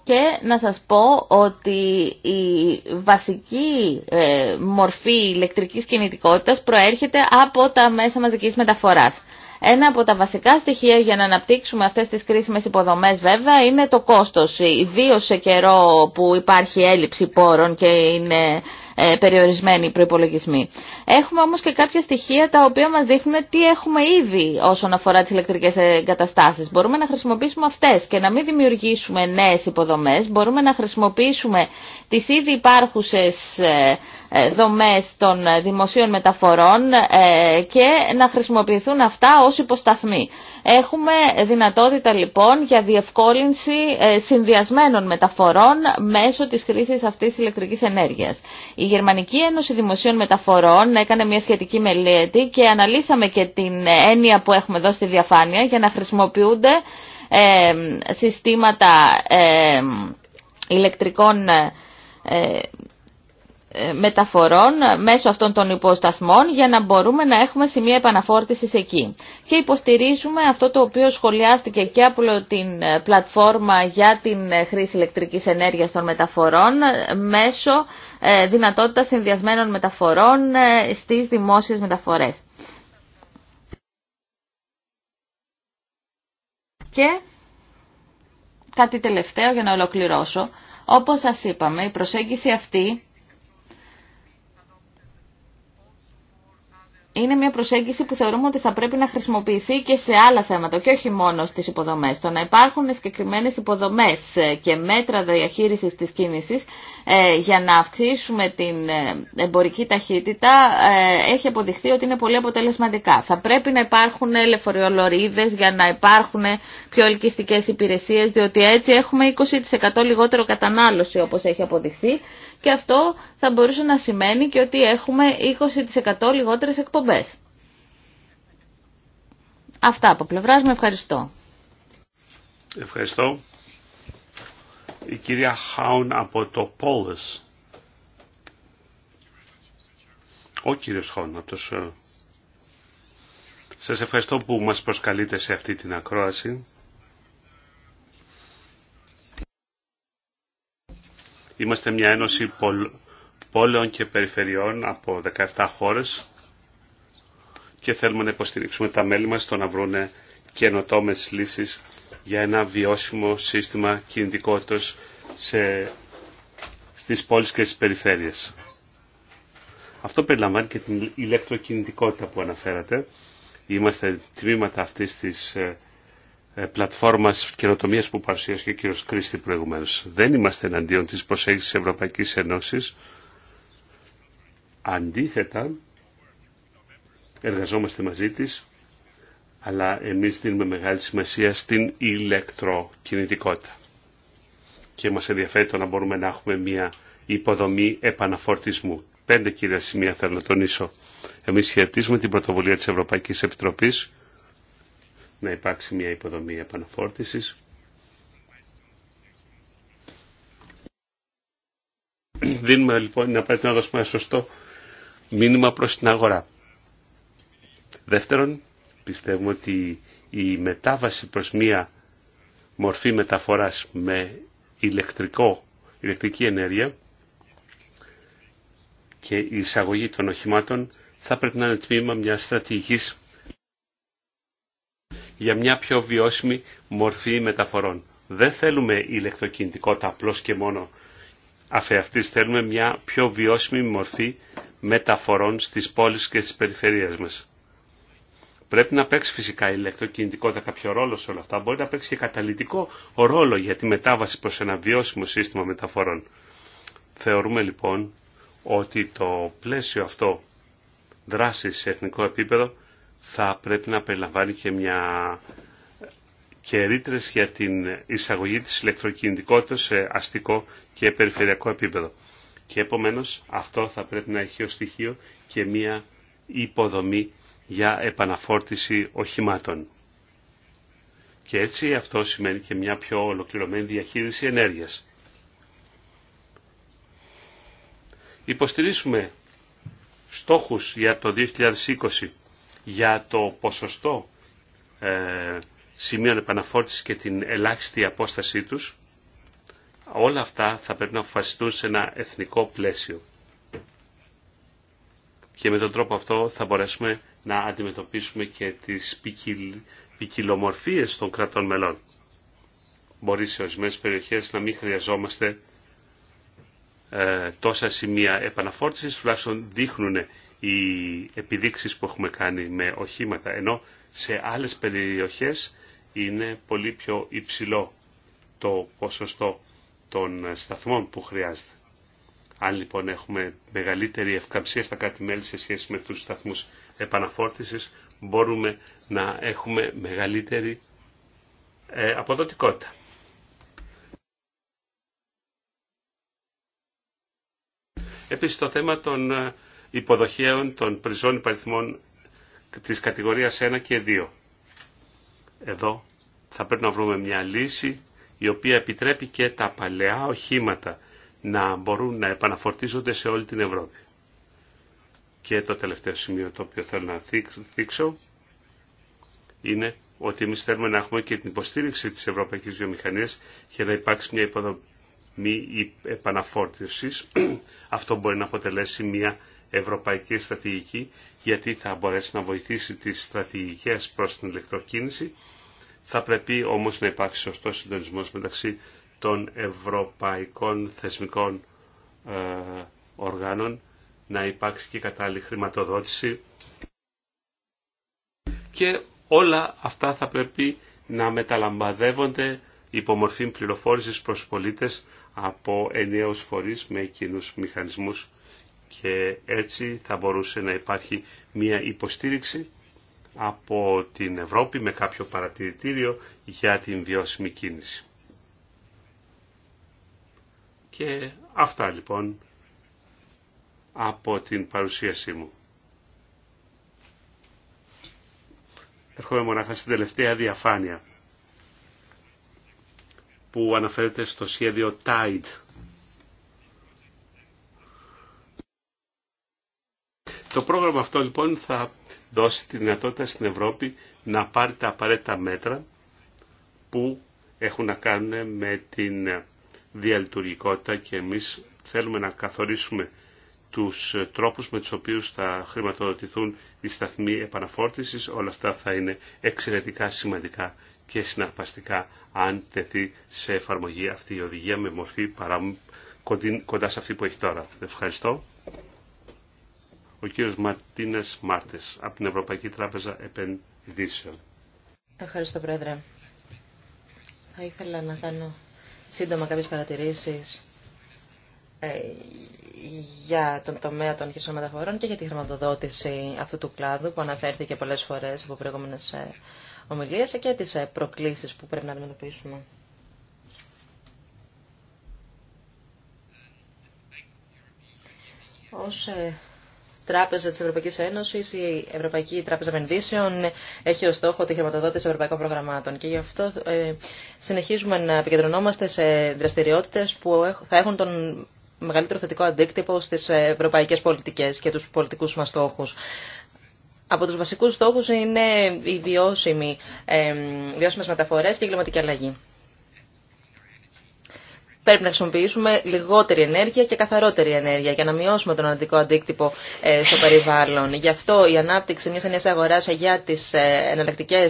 Και να σας πω ότι η βασική ε, μορφή ηλεκτρικής κινητικότητας προέρχεται από τα μέσα μαζικής μεταφοράς. Ένα από τα βασικά στοιχεία για να αναπτύξουμε αυτές τις κρίσιμες υποδομές βέβαια είναι το κόστος. Ιδίω σε καιρό που υπάρχει έλλειψη πόρων και είναι ε, περιορισμένοι προπολογισμοί. Έχουμε όμω και κάποια στοιχεία τα οποία μα δείχνουν τι έχουμε ήδη όσον αφορά τι ηλεκτρικέ εγκαταστάσεις. Μπορούμε να χρησιμοποιήσουμε αυτέ και να μην δημιουργήσουμε νέε υποδομέ. Μπορούμε να χρησιμοποιήσουμε τι ήδη υπάρχουσε ε, ε, δομές των δημοσίων μεταφορών και να χρησιμοποιηθούν αυτά ως υποσταθμοί. Έχουμε δυνατότητα λοιπόν για διευκόλυνση ε, συνδυασμένων μεταφορών μέσω της χρήσης αυτής της ηλεκτρικής ενέργειας. Η Γερμανική Ένωση Δημοσίων Μεταφορών έκανε μια σχετική μελέτη και αναλύσαμε και την έννοια που έχουμε εδώ στη διαφάνεια για να χρησιμοποιούνται ε, συστήματα ε, ηλεκτρικών ε, μεταφορών ε, μέσω αυτών των υποσταθμών για να μπορούμε να έχουμε σημεία επαναφόρτησης εκεί. Και υποστηρίζουμε αυτό το οποίο σχολιάστηκε και από την ε, πλατφόρμα για την χρήση ηλεκτρικής ενέργειας των μεταφορών μέσω δυνατότητας συνδυασμένων μεταφορών στις δημόσιες μεταφορές. Και κάτι τελευταίο για να ολοκληρώσω. Όπως σας είπαμε, η προσέγγιση αυτή είναι μια προσέγγιση που θεωρούμε ότι θα πρέπει να χρησιμοποιηθεί και σε άλλα θέματα και όχι μόνο στις υποδομές. Το να υπάρχουν συγκεκριμένε υποδομές ε, και μέτρα διαχείρισης της κίνησης ε, για να αυξήσουμε την ε, εμπορική ταχύτητα έχει αποδειχθεί ότι είναι πολύ αποτελεσματικά. Θα πρέπει να υπάρχουν λεωφοριολορίδες για να υπάρχουν πιο ελκυστικές υπηρεσίες διότι έτσι έχουμε 20% λιγότερο κατανάλωση όπως έχει αποδειχθεί και αυτό θα μπορούσε να σημαίνει και ότι έχουμε 20% λιγότερες εκπομπές. Αυτά από πλευρά μου. Ευχαριστώ. Ευχαριστώ. Η κυρία Χάουν από το Πόλες. Ο κύριος Χάουν από το Σας ευχαριστώ που μας προσκαλείτε σε αυτή την ακρόαση. Είμαστε μια ένωση πόλεων και περιφερειών από 17 χώρες και θέλουμε να υποστηρίξουμε τα μέλη μας στο να βρουν καινοτόμες λύσεις για ένα βιώσιμο σύστημα κινητικότητας σε, στις πόλεις και στις περιφέρειες. Αυτό περιλαμβάνει και την ηλεκτροκινητικότητα που αναφέρατε. Είμαστε τμήματα αυτής της ε, ε, πλατφόρμας καινοτομία που παρουσίασε και ο κύριος Κρίστη προηγουμένως. Δεν είμαστε εναντίον τη προσέγγισης τη Ευρωπαϊκής Ένωση. Αντίθετα, εργαζόμαστε μαζί της, αλλά εμείς δίνουμε μεγάλη σημασία στην ηλεκτροκινητικότητα. Και μα ενδιαφέρει το να μπορούμε να έχουμε μια υποδομή επαναφορτισμού. Πέντε κύρια σημεία θέλω να τονίσω. εμεί χαιρετίζουμε την πρωτοβουλία τη Ευρωπαϊκή Επιτροπή να υπάρξει μια υποδομή επαναφόρτησης. Δίνουμε λοιπόν να πρέπει να δώσουμε ένα σωστό μήνυμα προς την αγορά. Δεύτερον, πιστεύουμε ότι η μετάβαση προς μια μορφή μεταφοράς με ηλεκτρικό, ηλεκτρική ενέργεια και η εισαγωγή των οχημάτων θα πρέπει να είναι τμήμα μιας στρατηγικής για μια πιο βιώσιμη μορφή μεταφορών. Δεν θέλουμε ηλεκτροκινητικότητα απλώ και μόνο αφεαυτής. Θέλουμε μια πιο βιώσιμη μορφή μεταφορών στις πόλεις και στις περιφερειές μας. Πρέπει να παίξει φυσικά η ηλεκτροκινητικότητα κάποιο ρόλο σε όλα αυτά. Μπορεί να παίξει και καταλητικό ρόλο για τη μετάβαση προς ένα βιώσιμο σύστημα μεταφορών. Θεωρούμε λοιπόν ότι το πλαίσιο αυτό δράσης σε εθνικό επίπεδο θα πρέπει να περιλαμβάνει και μια και για την εισαγωγή της ηλεκτροκινητικότητας σε αστικό και περιφερειακό επίπεδο. Και επομένως αυτό θα πρέπει να έχει ως στοιχείο και μια υποδομή για επαναφόρτιση οχημάτων. Και έτσι αυτό σημαίνει και μια πιο ολοκληρωμένη διαχείριση ενέργειας. Υποστηρίζουμε στόχους για το 2020 για το ποσοστό ε, σημείων επαναφόρτησης και την ελάχιστη απόστασή τους, όλα αυτά θα πρέπει να αποφασιστούν σε ένα εθνικό πλαίσιο. Και με τον τρόπο αυτό θα μπορέσουμε να αντιμετωπίσουμε και τις ποικιλομορφίε των κρατών μελών. Μπορεί σε ορισμένε περιοχές να μην χρειαζόμαστε ε, τόσα σημεία επαναφόρτησης, τουλάχιστον δείχνουν οι επιδείξεις που έχουμε κάνει με οχήματα, ενώ σε άλλες περιοχές είναι πολύ πιο υψηλό το ποσοστό των σταθμών που χρειάζεται. Αν λοιπόν έχουμε μεγαλύτερη ευκαμψία στα κάτι μέλη σε σχέση με τους σταθμούς επαναφόρτησης, μπορούμε να έχουμε μεγαλύτερη ε, αποδοτικότητα. Επίσης το θέμα των ε, υποδοχέων των πριζών υπαριθμών της κατηγορίας 1 και 2. Εδώ θα πρέπει να βρούμε μια λύση η οποία επιτρέπει και τα παλαιά οχήματα να μπορούν να επαναφορτίζονται σε όλη την Ευρώπη. Και το τελευταίο σημείο το οποίο θέλω να δείξω είναι ότι εμεί θέλουμε να έχουμε και την υποστήριξη της ευρωπαϊκής βιομηχανίας για να υπάρξει μια υποδομή επαναφόρτιση. Αυτό μπορεί να αποτελέσει μια ευρωπαϊκή στρατηγική γιατί θα μπορέσει να βοηθήσει τις στρατηγικές προς την ηλεκτροκίνηση. Θα πρέπει όμως να υπάρξει σωστός συντονισμός μεταξύ των ευρωπαϊκών θεσμικών ε, οργάνων, να υπάρξει και κατάλληλη χρηματοδότηση και όλα αυτά θα πρέπει να μεταλαμπαδεύονται υπό μορφή πληροφόρησης προς πολίτες από ενιαίους φορείς με κοινούς μηχανισμούς και έτσι θα μπορούσε να υπάρχει μια υποστήριξη από την Ευρώπη με κάποιο παρατηρητήριο για την βιώσιμη κίνηση. Και αυτά λοιπόν από την παρουσίασή μου. Έρχομαι μονάχα στην τελευταία διαφάνεια που αναφέρεται στο σχέδιο TIDE Το πρόγραμμα αυτό λοιπόν θα δώσει τη δυνατότητα στην Ευρώπη να πάρει τα απαραίτητα μέτρα που έχουν να κάνουν με την διαλειτουργικότητα και εμείς θέλουμε να καθορίσουμε τους τρόπους με τους οποίους θα χρηματοδοτηθούν οι σταθμοί επαναφόρτισης. Όλα αυτά θα είναι εξαιρετικά σημαντικά και συναρπαστικά αν τεθεί σε εφαρμογή αυτή η οδηγία με μορφή παρά κοντά σε αυτή που έχει τώρα. Ευχαριστώ ο κύριος Μαρτίνες Μάρτες από την Ευρωπαϊκή Τράπεζα Επενδύσεων. Ευχαριστώ Πρόεδρε. Θα ήθελα να κάνω σύντομα κάποιες παρατηρήσεις ε, για τον τομέα των χρυσών μεταφορών και για τη χρηματοδότηση αυτού του κλάδου που αναφέρθηκε πολλές φορές από προηγούμενες ε, ομιλίες και τις ε, προκλήσεις που πρέπει να αντιμετωπίσουμε. Ως Τράπεζα της Ευρωπαϊκής Ένωσης, η Ευρωπαϊκή Τράπεζα Επενδύσεων έχει ως στόχο τη χρηματοδότηση ευρωπαϊκών προγραμμάτων και γι' αυτό ε, συνεχίζουμε να επικεντρωνόμαστε σε δραστηριότητε που θα έχουν τον μεγαλύτερο θετικό αντίκτυπο στις ευρωπαϊκές πολιτικές και του πολιτικούς μας στόχους. Από του βασικού στόχου είναι οι βιώσιμε βιώσιμες και η κλιματική αλλαγή. Πρέπει να χρησιμοποιήσουμε λιγότερη ενέργεια και καθαρότερη ενέργεια για να μειώσουμε τον αντικό αντίκτυπο ε, στο περιβάλλον. Γι' αυτό η ανάπτυξη μια ενιαία αγορά για τι ε, εναλλακτικέ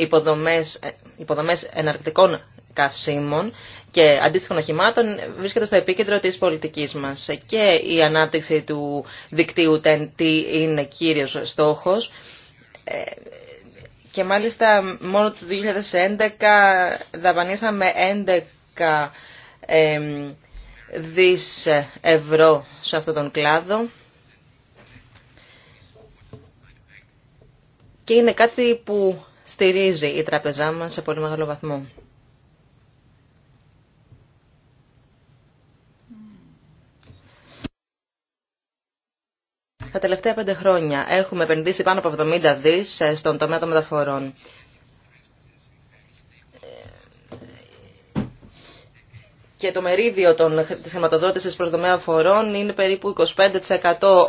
υποδομέ ε, υποδομές εναρκτικών καυσίμων και αντίστοιχων οχημάτων βρίσκεται στο επίκεντρο της πολιτικής μας. Και η ανάπτυξη του δικτύου TNT είναι κύριος στόχος. Και μάλιστα μόνο το 2011 δαπανίσαμε ε, δις ευρώ σε αυτόν τον κλάδο. Και είναι κάτι που στηρίζει η τράπεζά μας σε πολύ μεγάλο βαθμό. Τα τελευταία πέντε χρόνια έχουμε επενδύσει πάνω από 70 δις στον τομέα των μεταφορών. και το μερίδιο των, της χρηματοδότησης προς δομέα φορών είναι περίπου 25%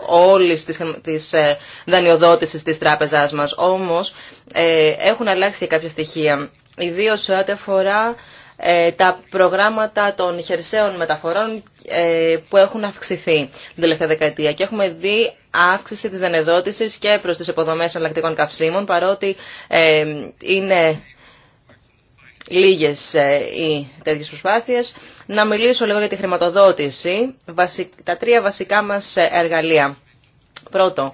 όλης της, της ε, δανειοδότησης της τράπεζάς μας. Όμως ε, έχουν αλλάξει κάποια στοιχεία, ιδίως σε ό,τι αφορά ε, τα προγράμματα των χερσαίων μεταφορών που έχουν αυξηθεί την τελευταία δεκαετία και έχουμε δει αύξηση της δανειοδότησης και προς τις υποδομές εναλλακτικών καυσίμων παρότι είναι λίγες οι ε, τέτοιες προσπάθειες. Να μιλήσω λίγο για τη χρηματοδότηση, τα τρία βασικά μας ε, εργαλεία. Πρώτο,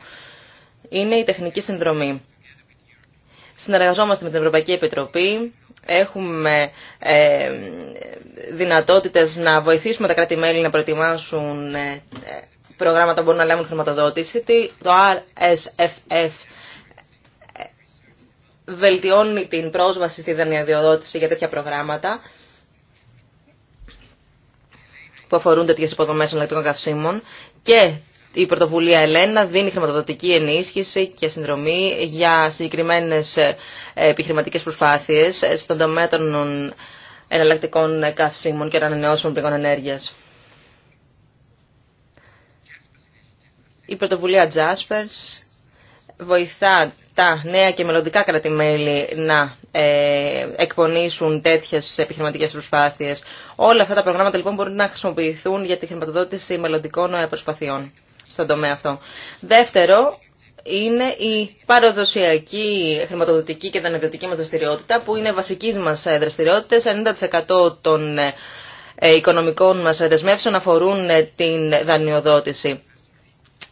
είναι η τεχνική συνδρομή. Συνεργαζόμαστε με την Ευρωπαϊκή Επιτροπή, έχουμε ε, δυνατότητες να βοηθήσουμε τα κράτη-μέλη να προετοιμάσουν ε, προγράμματα που μπορούν να λάβουν χρηματοδότηση. Το RSFF βελτιώνει την πρόσβαση στη δανειοδότηση για τέτοια προγράμματα που αφορούν τέτοιες υποδομές εναλλακτικών καυσίμων και η πρωτοβουλία Ελένα δίνει χρηματοδοτική ενίσχυση και συνδρομή για συγκεκριμένες επιχειρηματικές προσπάθειες στον τομέα των εναλλακτικών καυσίμων και των ανανεώσιμων πηγών ενέργειας. Η πρωτοβουλία Jaspers βοηθά τα νέα και μελλοντικά κρατημέλη να ε, εκπονήσουν τέτοιε επιχειρηματικέ προσπάθειε. Όλα αυτά τα προγράμματα λοιπόν μπορούν να χρησιμοποιηθούν για τη χρηματοδότηση μελλοντικών ε, προσπαθειών στον τομέα αυτό. Δεύτερο, είναι η παραδοσιακή χρηματοδοτική και δανειοδοτική μας δραστηριότητα που είναι βασική μας ε, δραστηριότητα. 90% των ε, οικονομικών μας δεσμεύσεων αφορούν την δανειοδότηση.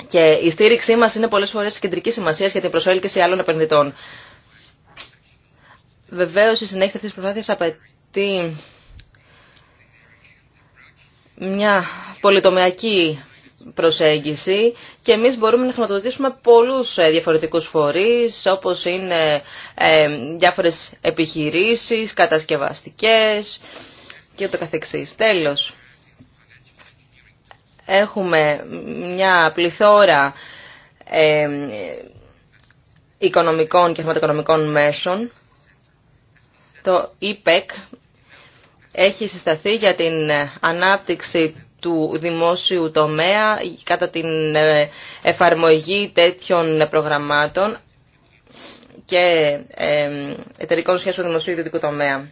Και η στήριξή μας είναι πολλές φορές κεντρική σημασία για την προσέλκυση άλλων επενδυτών. Βεβαίως η συνέχεια αυτής της προσπάθειας απαιτεί μια πολυτομιακή προσέγγιση και εμείς μπορούμε να χρηματοδοτήσουμε πολλούς ε, διαφορετικούς φορείς όπως είναι ε, διάφορες επιχειρήσεις, κατασκευαστικές και το Τέλος έχουμε μια πληθώρα οικονομικών και χρηματοοικονομικών μέσων. Το ΙΠΕΚ έχει συσταθεί για την ανάπτυξη του δημόσιου τομέα κατά την ε, εφαρμογή τέτοιων προγραμμάτων και εταιρικών σχέσεων δημοσίου ιδιωτικού τομέα.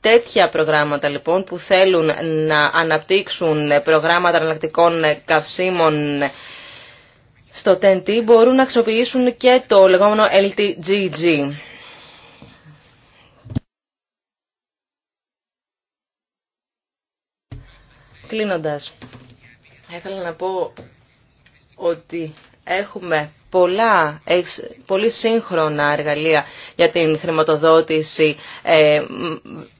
Τέτοια προγράμματα λοιπόν που θέλουν να αναπτύξουν προγράμματα αναλλακτικών καυσίμων στο TNT μπορούν να αξιοποιήσουν και το λεγόμενο LTGG. Κλείνοντας, ήθελα να πω ότι έχουμε πολλά, έχεις πολύ σύγχρονα εργαλεία για την χρηματοδότηση ε,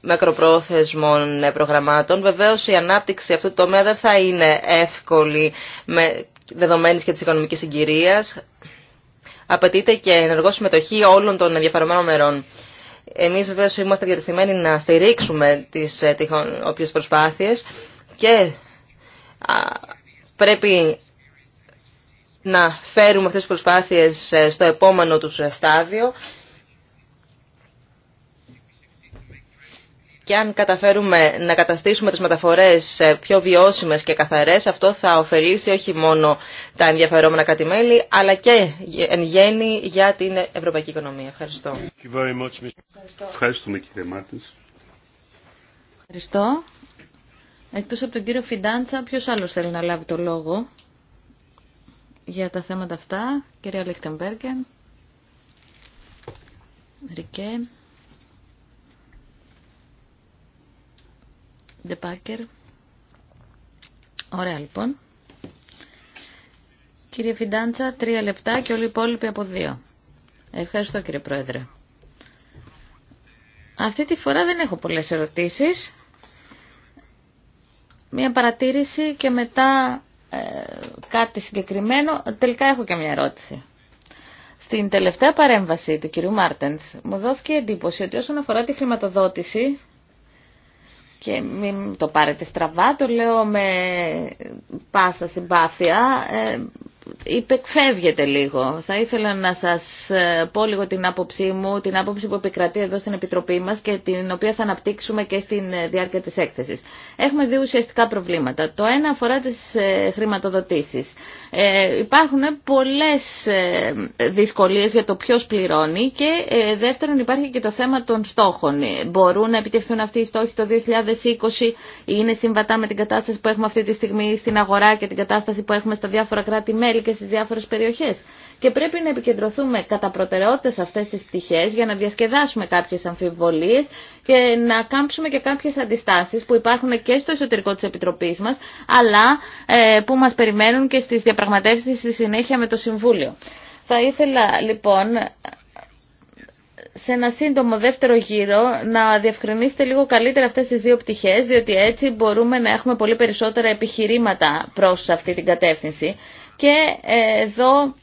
μακροπρόθεσμων ε, προγραμμάτων. Βεβαίως η ανάπτυξη αυτού του τομέα δεν θα είναι εύκολη με δεδομένης και της οικονομικής συγκυρίας. Απαιτείται και ενεργό συμμετοχή όλων των ενδιαφερομένων μερών. Εμείς βεβαίως είμαστε διατεθειμένοι να στηρίξουμε τις ε, τυχόν, όποιες προσπάθειες και πρέπει να φέρουμε αυτές τις προσπάθειες ε, στο επόμενο τους ε, στάδιο και αν καταφέρουμε να καταστήσουμε τις μεταφορές ε, πιο βιώσιμες και καθαρές, αυτό θα ωφελήσει όχι μόνο τα ενδιαφερόμενα μέλη αλλά και εν γέννη για την ευρωπαϊκή οικονομία. Ευχαριστώ. Ευχαριστούμε κύριε Ευχαριστώ. Εκτός από τον κύριο Φιντάντσα, ποιος άλλος θέλει να λάβει το λόγο για τα θέματα αυτά. Κυρία Λίχτεμπέργκεν, Ρικέ, Ντεπάκερ. Ωραία λοιπόν. Κύριε Φιντάντσα, τρία λεπτά και όλοι οι υπόλοιποι από δύο. Ευχαριστώ κύριε Πρόεδρε. Αυτή τη φορά δεν έχω πολλές ερωτήσεις. Μία παρατήρηση και μετά ε, κάτι συγκεκριμένο. Τελικά έχω και μια ερώτηση. Στην τελευταία παρέμβαση του κυρίου Μάρτενς μου δόθηκε εντύπωση ότι όσον αφορά τη χρηματοδότηση και μην το πάρετε στραβά, το λέω με πάσα συμπάθεια, ε, υπεκφεύγεται λίγο. Θα ήθελα να σας ε, πω λίγο την άποψή μου, την άποψη που επικρατεί εδώ στην Επιτροπή μας και την οποία θα αναπτύξουμε και στην ε, διάρκεια της έκθεσης. Έχουμε δύο ουσιαστικά προβλήματα. Το ένα αφορά τις ε, χρηματοδοτήσεις. Ε, υπάρχουν πολλές δυσκολίες για το ποιο πληρώνει και δεύτερον υπάρχει και το θέμα των στόχων. Μπορούν να επιτευχθούν αυτοί οι στόχοι το 2020 είναι συμβατά με την κατάσταση που έχουμε αυτή τη στιγμή στην αγορά και την κατάσταση που έχουμε στα διάφορα κράτη-μέλη και στις διάφορες περιοχές. Και πρέπει να επικεντρωθούμε κατά προτεραιότητα σε αυτές τις πτυχές για να διασκεδάσουμε κάποιες αμφιβολίες και να κάμψουμε και κάποιες αντιστάσεις που υπάρχουν και στο εσωτερικό της Επιτροπής μας, αλλά ε, που μας περιμένουν και στις διαπραγματεύσεις στη συνέχεια με το Συμβούλιο. Θα ήθελα λοιπόν σε ένα σύντομο δεύτερο γύρο να διευκρινίσετε λίγο καλύτερα αυτές τις δύο πτυχές, διότι έτσι μπορούμε να έχουμε πολύ περισσότερα επιχειρήματα προς αυτή την κατεύθυνση. Και ε, εδώ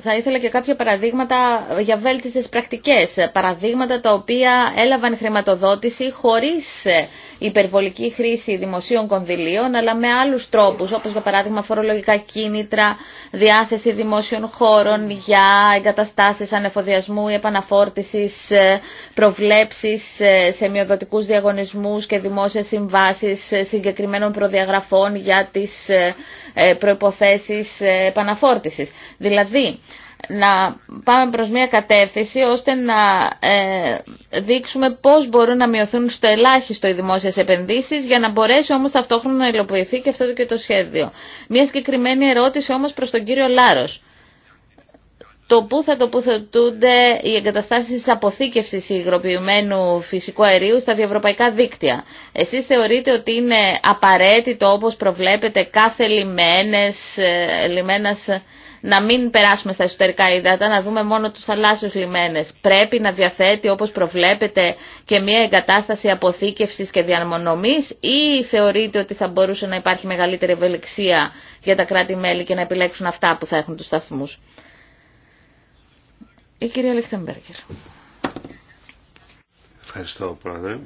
θα ήθελα και κάποια παραδείγματα για βέλτιστες πρακτικές, παραδείγματα τα οποία έλαβαν χρηματοδότηση χωρίς ε, υπερβολική χρήση δημοσίων κονδυλίων, αλλά με άλλους τρόπους, όπως για παράδειγμα φορολογικά κίνητρα, διάθεση δημόσιων χώρων για εγκαταστάσεις ανεφοδιασμού ή επαναφόρτησης, ε, προβλέψεις ε, σε μειοδοτικούς διαγωνισμούς και δημόσιες συμβάσεις ε, συγκεκριμένων προδιαγραφών για τις προϋποθέσεις επαναφόρτησης. Δηλαδή, να πάμε προς μια κατεύθυνση ώστε να ε, δείξουμε πώς μπορούν να μειωθούν στο ελάχιστο οι δημόσιες επενδύσεις για να μπορέσει όμως ταυτόχρονα να υλοποιηθεί και αυτό και το σχέδιο. Μια συγκεκριμένη ερώτηση όμως προς τον κύριο Λάρος. Το πού θα τοποθετούνται οι εγκαταστάσεις αποθήκευσης υγροποιημένου φυσικού αερίου στα διευρωπαϊκά δίκτυα. Εσείς θεωρείτε ότι είναι απαραίτητο όπως προβλέπετε κάθε λιμένες, ε, λιμένας να μην περάσουμε στα εσωτερικά ύδατα, να δούμε μόνο τους θαλάσσιους λιμένες. Πρέπει να διαθέτει όπως προβλέπετε και μια εγκατάσταση αποθήκευσης και διαμονωμής ή θεωρείτε ότι θα μπορούσε να υπάρχει μεγαλύτερη ευελιξία για τα κράτη-μέλη και να επιλέξουν αυτά που θα έχουν τους σταθμούς. Η κυρία Λιχτεμπέργκερ. Ευχαριστώ, Πρόεδρε.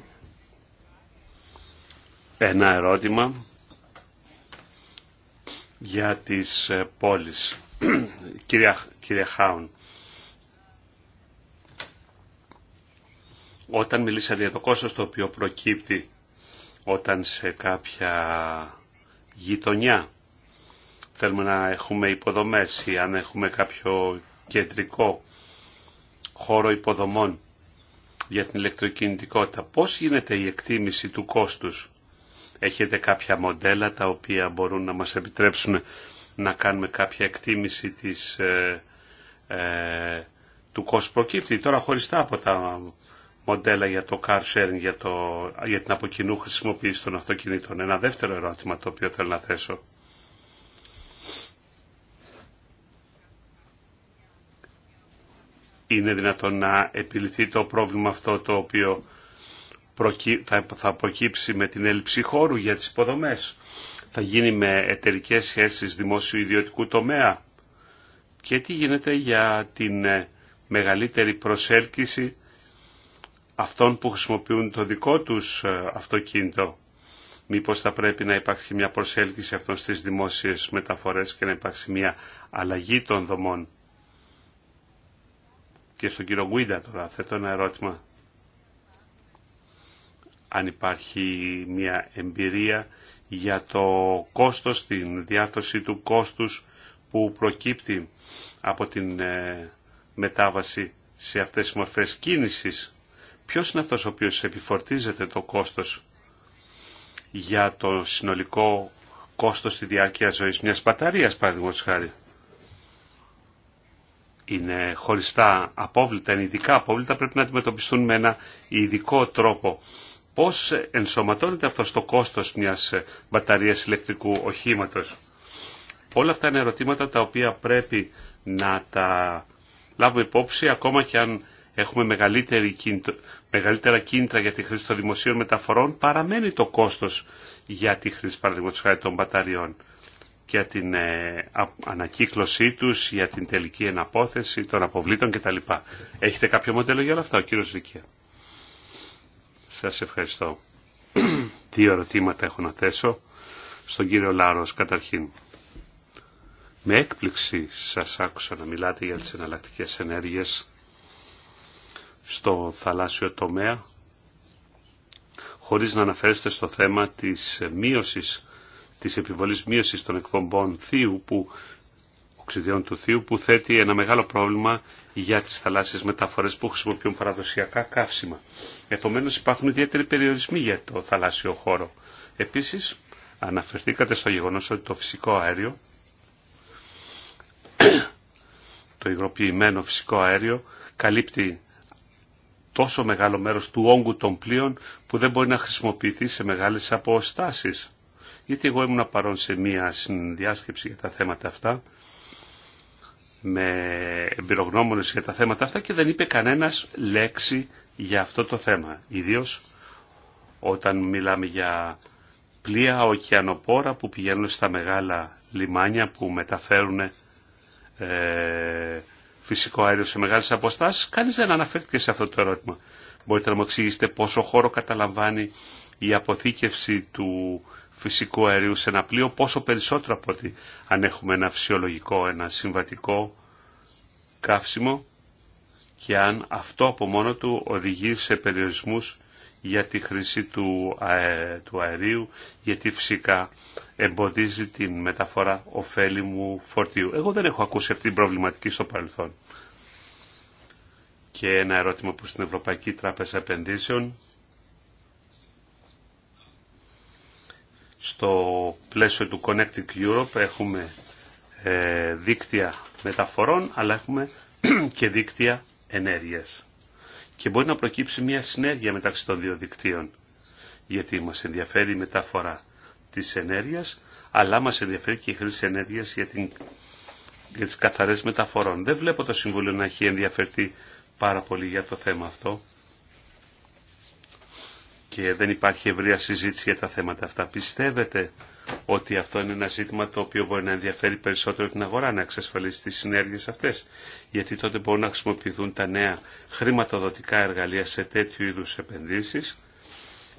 Ένα ερώτημα για τις ε, πόλεις. [COUGHS] κυρία, Χάουν. Όταν μιλήσατε για το κόστος το οποίο προκύπτει όταν σε κάποια γειτονιά θέλουμε να έχουμε υποδομές ή αν έχουμε κάποιο κεντρικό χώρο υποδομών για την ηλεκτροκινητικότητα. Πώς γίνεται η εκτίμηση του κόστους. Έχετε κάποια μοντέλα τα οποία μπορούν να μας επιτρέψουν να κάνουμε κάποια εκτίμηση της, ε, ε του κόσμου προκύπτει. Τώρα χωριστά από τα μοντέλα για το car sharing, για, το, για την αποκοινού χρησιμοποίηση των αυτοκινήτων. Ένα δεύτερο ερώτημα το οποίο θέλω να θέσω. Είναι δυνατόν να επιληθεί το πρόβλημα αυτό το οποίο θα αποκύψει με την έλλειψη χώρου για τις υποδομές θα γίνει με εταιρικε σχέσει δημόσιου δημόσιο-ιδιωτικού τομέα και τι γίνεται για την ε, μεγαλύτερη προσέλκυση αυτών που χρησιμοποιούν το δικό τους ε, αυτοκίνητο. Μήπως θα πρέπει να υπάρχει μια προσέλκυση αυτών στις δημόσιες μεταφορές και να υπάρξει μια αλλαγή των δομών. Και στον κύριο Γκουίντα τώρα θέτω ένα ερώτημα. Αν υπάρχει μια εμπειρία για το κόστος, την διάρθρωση του κόστους που προκύπτει από την ε, μετάβαση σε αυτές τις μορφές κίνησης. Ποιος είναι αυτός ο οποίος επιφορτίζεται το κόστος για το συνολικό κόστος στη διάρκεια ζωής μιας μπαταρίας, παραδείγματος χάρη. Είναι χωριστά απόβλητα, είναι ειδικά απόβλητα, πρέπει να αντιμετωπιστούν με ένα ειδικό τρόπο Πώς ενσωματώνεται αυτό το κόστος μιας μπαταρίας ηλεκτρικού οχήματος. Όλα αυτά είναι ερωτήματα τα οποία πρέπει να τα λάβουμε υπόψη ακόμα και αν έχουμε μεγαλύτερη μεγαλύτερα κίνητρα για τη χρήση των δημοσίων μεταφορών παραμένει το κόστος για τη χρήση παραδείγματος χάρη των μπαταριών για την ε, ανακύκλωσή τους, για την τελική εναπόθεση των αποβλήτων κτλ. Έχετε κάποιο μοντέλο για όλα αυτά, ο κύριος σας ευχαριστώ. [CLEARS THROAT] Δύο ερωτήματα έχω να θέσω στον κύριο Λάρος καταρχήν. Με έκπληξη σας άκουσα να μιλάτε για τις εναλλακτικέ ενέργειες στο θαλάσσιο τομέα χωρίς να αναφέρεστε στο θέμα της μείωσης της επιβολής μείωσης των εκπομπών θείου που οξυδιών του θείου που θέτει ένα μεγάλο πρόβλημα για τις θαλάσσιες μεταφορές που χρησιμοποιούν παραδοσιακά καύσιμα. Επομένω υπάρχουν ιδιαίτεροι περιορισμοί για το θαλάσσιο χώρο. Επίσης αναφερθήκατε στο γεγονός ότι το φυσικό αέριο, [COUGHS] το υγροποιημένο φυσικό αέριο καλύπτει τόσο μεγάλο μέρος του όγκου των πλοίων που δεν μπορεί να χρησιμοποιηθεί σε μεγάλες αποστάσεις. Γιατί εγώ ήμουν παρόν σε μία συνδιάσκεψη για τα θέματα αυτά με εμπειρογνώμονες για τα θέματα αυτά και δεν είπε κανένας λέξη για αυτό το θέμα. Ιδίως όταν μιλάμε για πλοία ωκεανοπόρα που πηγαίνουν στα μεγάλα λιμάνια που μεταφέρουν ε, φυσικό αέριο σε μεγάλες αποστάσεις, κανείς δεν αναφέρθηκε σε αυτό το ερώτημα. Μπορείτε να μου εξηγήσετε πόσο χώρο καταλαμβάνει η αποθήκευση του φυσικού αερίου σε ένα πλοίο, πόσο περισσότερο από ότι αν έχουμε ένα φυσιολογικό, ένα συμβατικό καύσιμο και αν αυτό από μόνο του οδηγεί σε περιορισμούς για τη χρήση του, αερίου, γιατί φυσικά εμποδίζει την μεταφορά ωφέλιμου φορτίου. Εγώ δεν έχω ακούσει αυτή την προβληματική στο παρελθόν. Και ένα ερώτημα που στην Ευρωπαϊκή Τράπεζα Επενδύσεων Στο πλαίσιο του Connecting Europe έχουμε ε, δίκτυα μεταφορών αλλά έχουμε [CLEARS THROAT] και δίκτυα ενέργειας. Και μπορεί να προκύψει μια συνέργεια μεταξύ των δύο δικτύων γιατί μας ενδιαφέρει η μεταφορά της ενέργειας αλλά μας ενδιαφέρει και η χρήση ενέργειας για, την, για τις καθαρές μεταφορών. Δεν βλέπω το Συμβούλιο να έχει ενδιαφερθεί πάρα πολύ για το θέμα αυτό και δεν υπάρχει ευρεία συζήτηση για τα θέματα αυτά. Πιστεύετε ότι αυτό είναι ένα ζήτημα το οποίο μπορεί να ενδιαφέρει περισσότερο την αγορά να εξασφαλίσει τις συνέργειες αυτές. Γιατί τότε μπορούν να χρησιμοποιηθούν τα νέα χρηματοδοτικά εργαλεία σε τέτοιου είδους επενδύσεις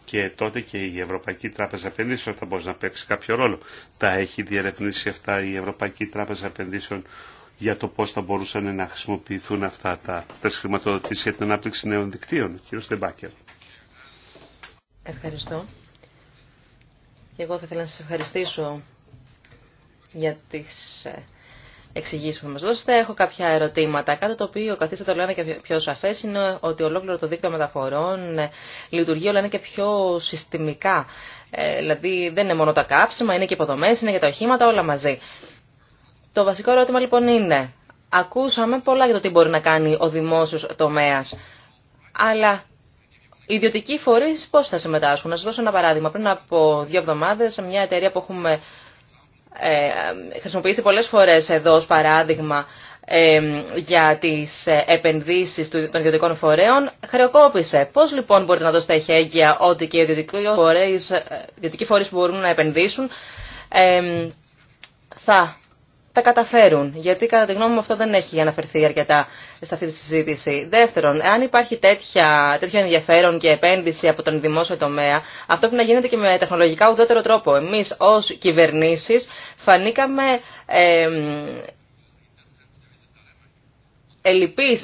και τότε και η Ευρωπαϊκή Τράπεζα Επενδύσεων θα μπορεί να παίξει κάποιο ρόλο. Τα έχει διερευνήσει αυτά η Ευρωπαϊκή Τράπεζα Επενδύσεων για το πώς θα μπορούσαν να χρησιμοποιηθούν αυτά τα, χρηματοδοτήσει για την ανάπτυξη νέων δικτύων. Κύριο Στεμπάκερ. Ευχαριστώ. Και εγώ θα ήθελα να σας ευχαριστήσω για τις ε, εξηγήσεις που μας δώσετε. Έχω κάποια ερωτήματα. Κάτι το οποίο καθίστε το λένε και πιο σαφές είναι ότι ολόκληρο το δίκτυο μεταφορών ε, λειτουργεί όλα είναι και πιο συστημικά. Ε, δηλαδή δεν είναι μόνο τα κάψιμα, είναι και υποδομές, είναι και τα οχήματα, όλα μαζί. Το βασικό ερώτημα λοιπόν είναι, ακούσαμε πολλά για το τι μπορεί να κάνει ο δημόσιος τομέας, αλλά οι ιδιωτικοί φορεί πώ θα συμμετάσχουν. Να σα δώσω ένα παράδειγμα. Πριν από δύο εβδομάδε, μια εταιρεία που έχουμε ε, χρησιμοποιήσει πολλέ φορέ εδώ ω παράδειγμα ε, για τι ε, επενδύσει των ιδιωτικών φορέων, χρεοκόπησε. Πώ λοιπόν μπορείτε να δώσετε εχέγγυα ότι και οι ιδιωτικοί φορεί ε, που μπορούν να επενδύσουν ε, θα τα καταφέρουν. Γιατί κατά τη γνώμη μου αυτό δεν έχει αναφερθεί αρκετά σε αυτή τη συζήτηση. Δεύτερον, αν υπάρχει τέτοια, τέτοιο ενδιαφέρον και επένδυση από τον δημόσιο τομέα, αυτό πρέπει να γίνεται και με τεχνολογικά ουδέτερο τρόπο. Εμεί ω κυβερνήσει φανήκαμε. Ε,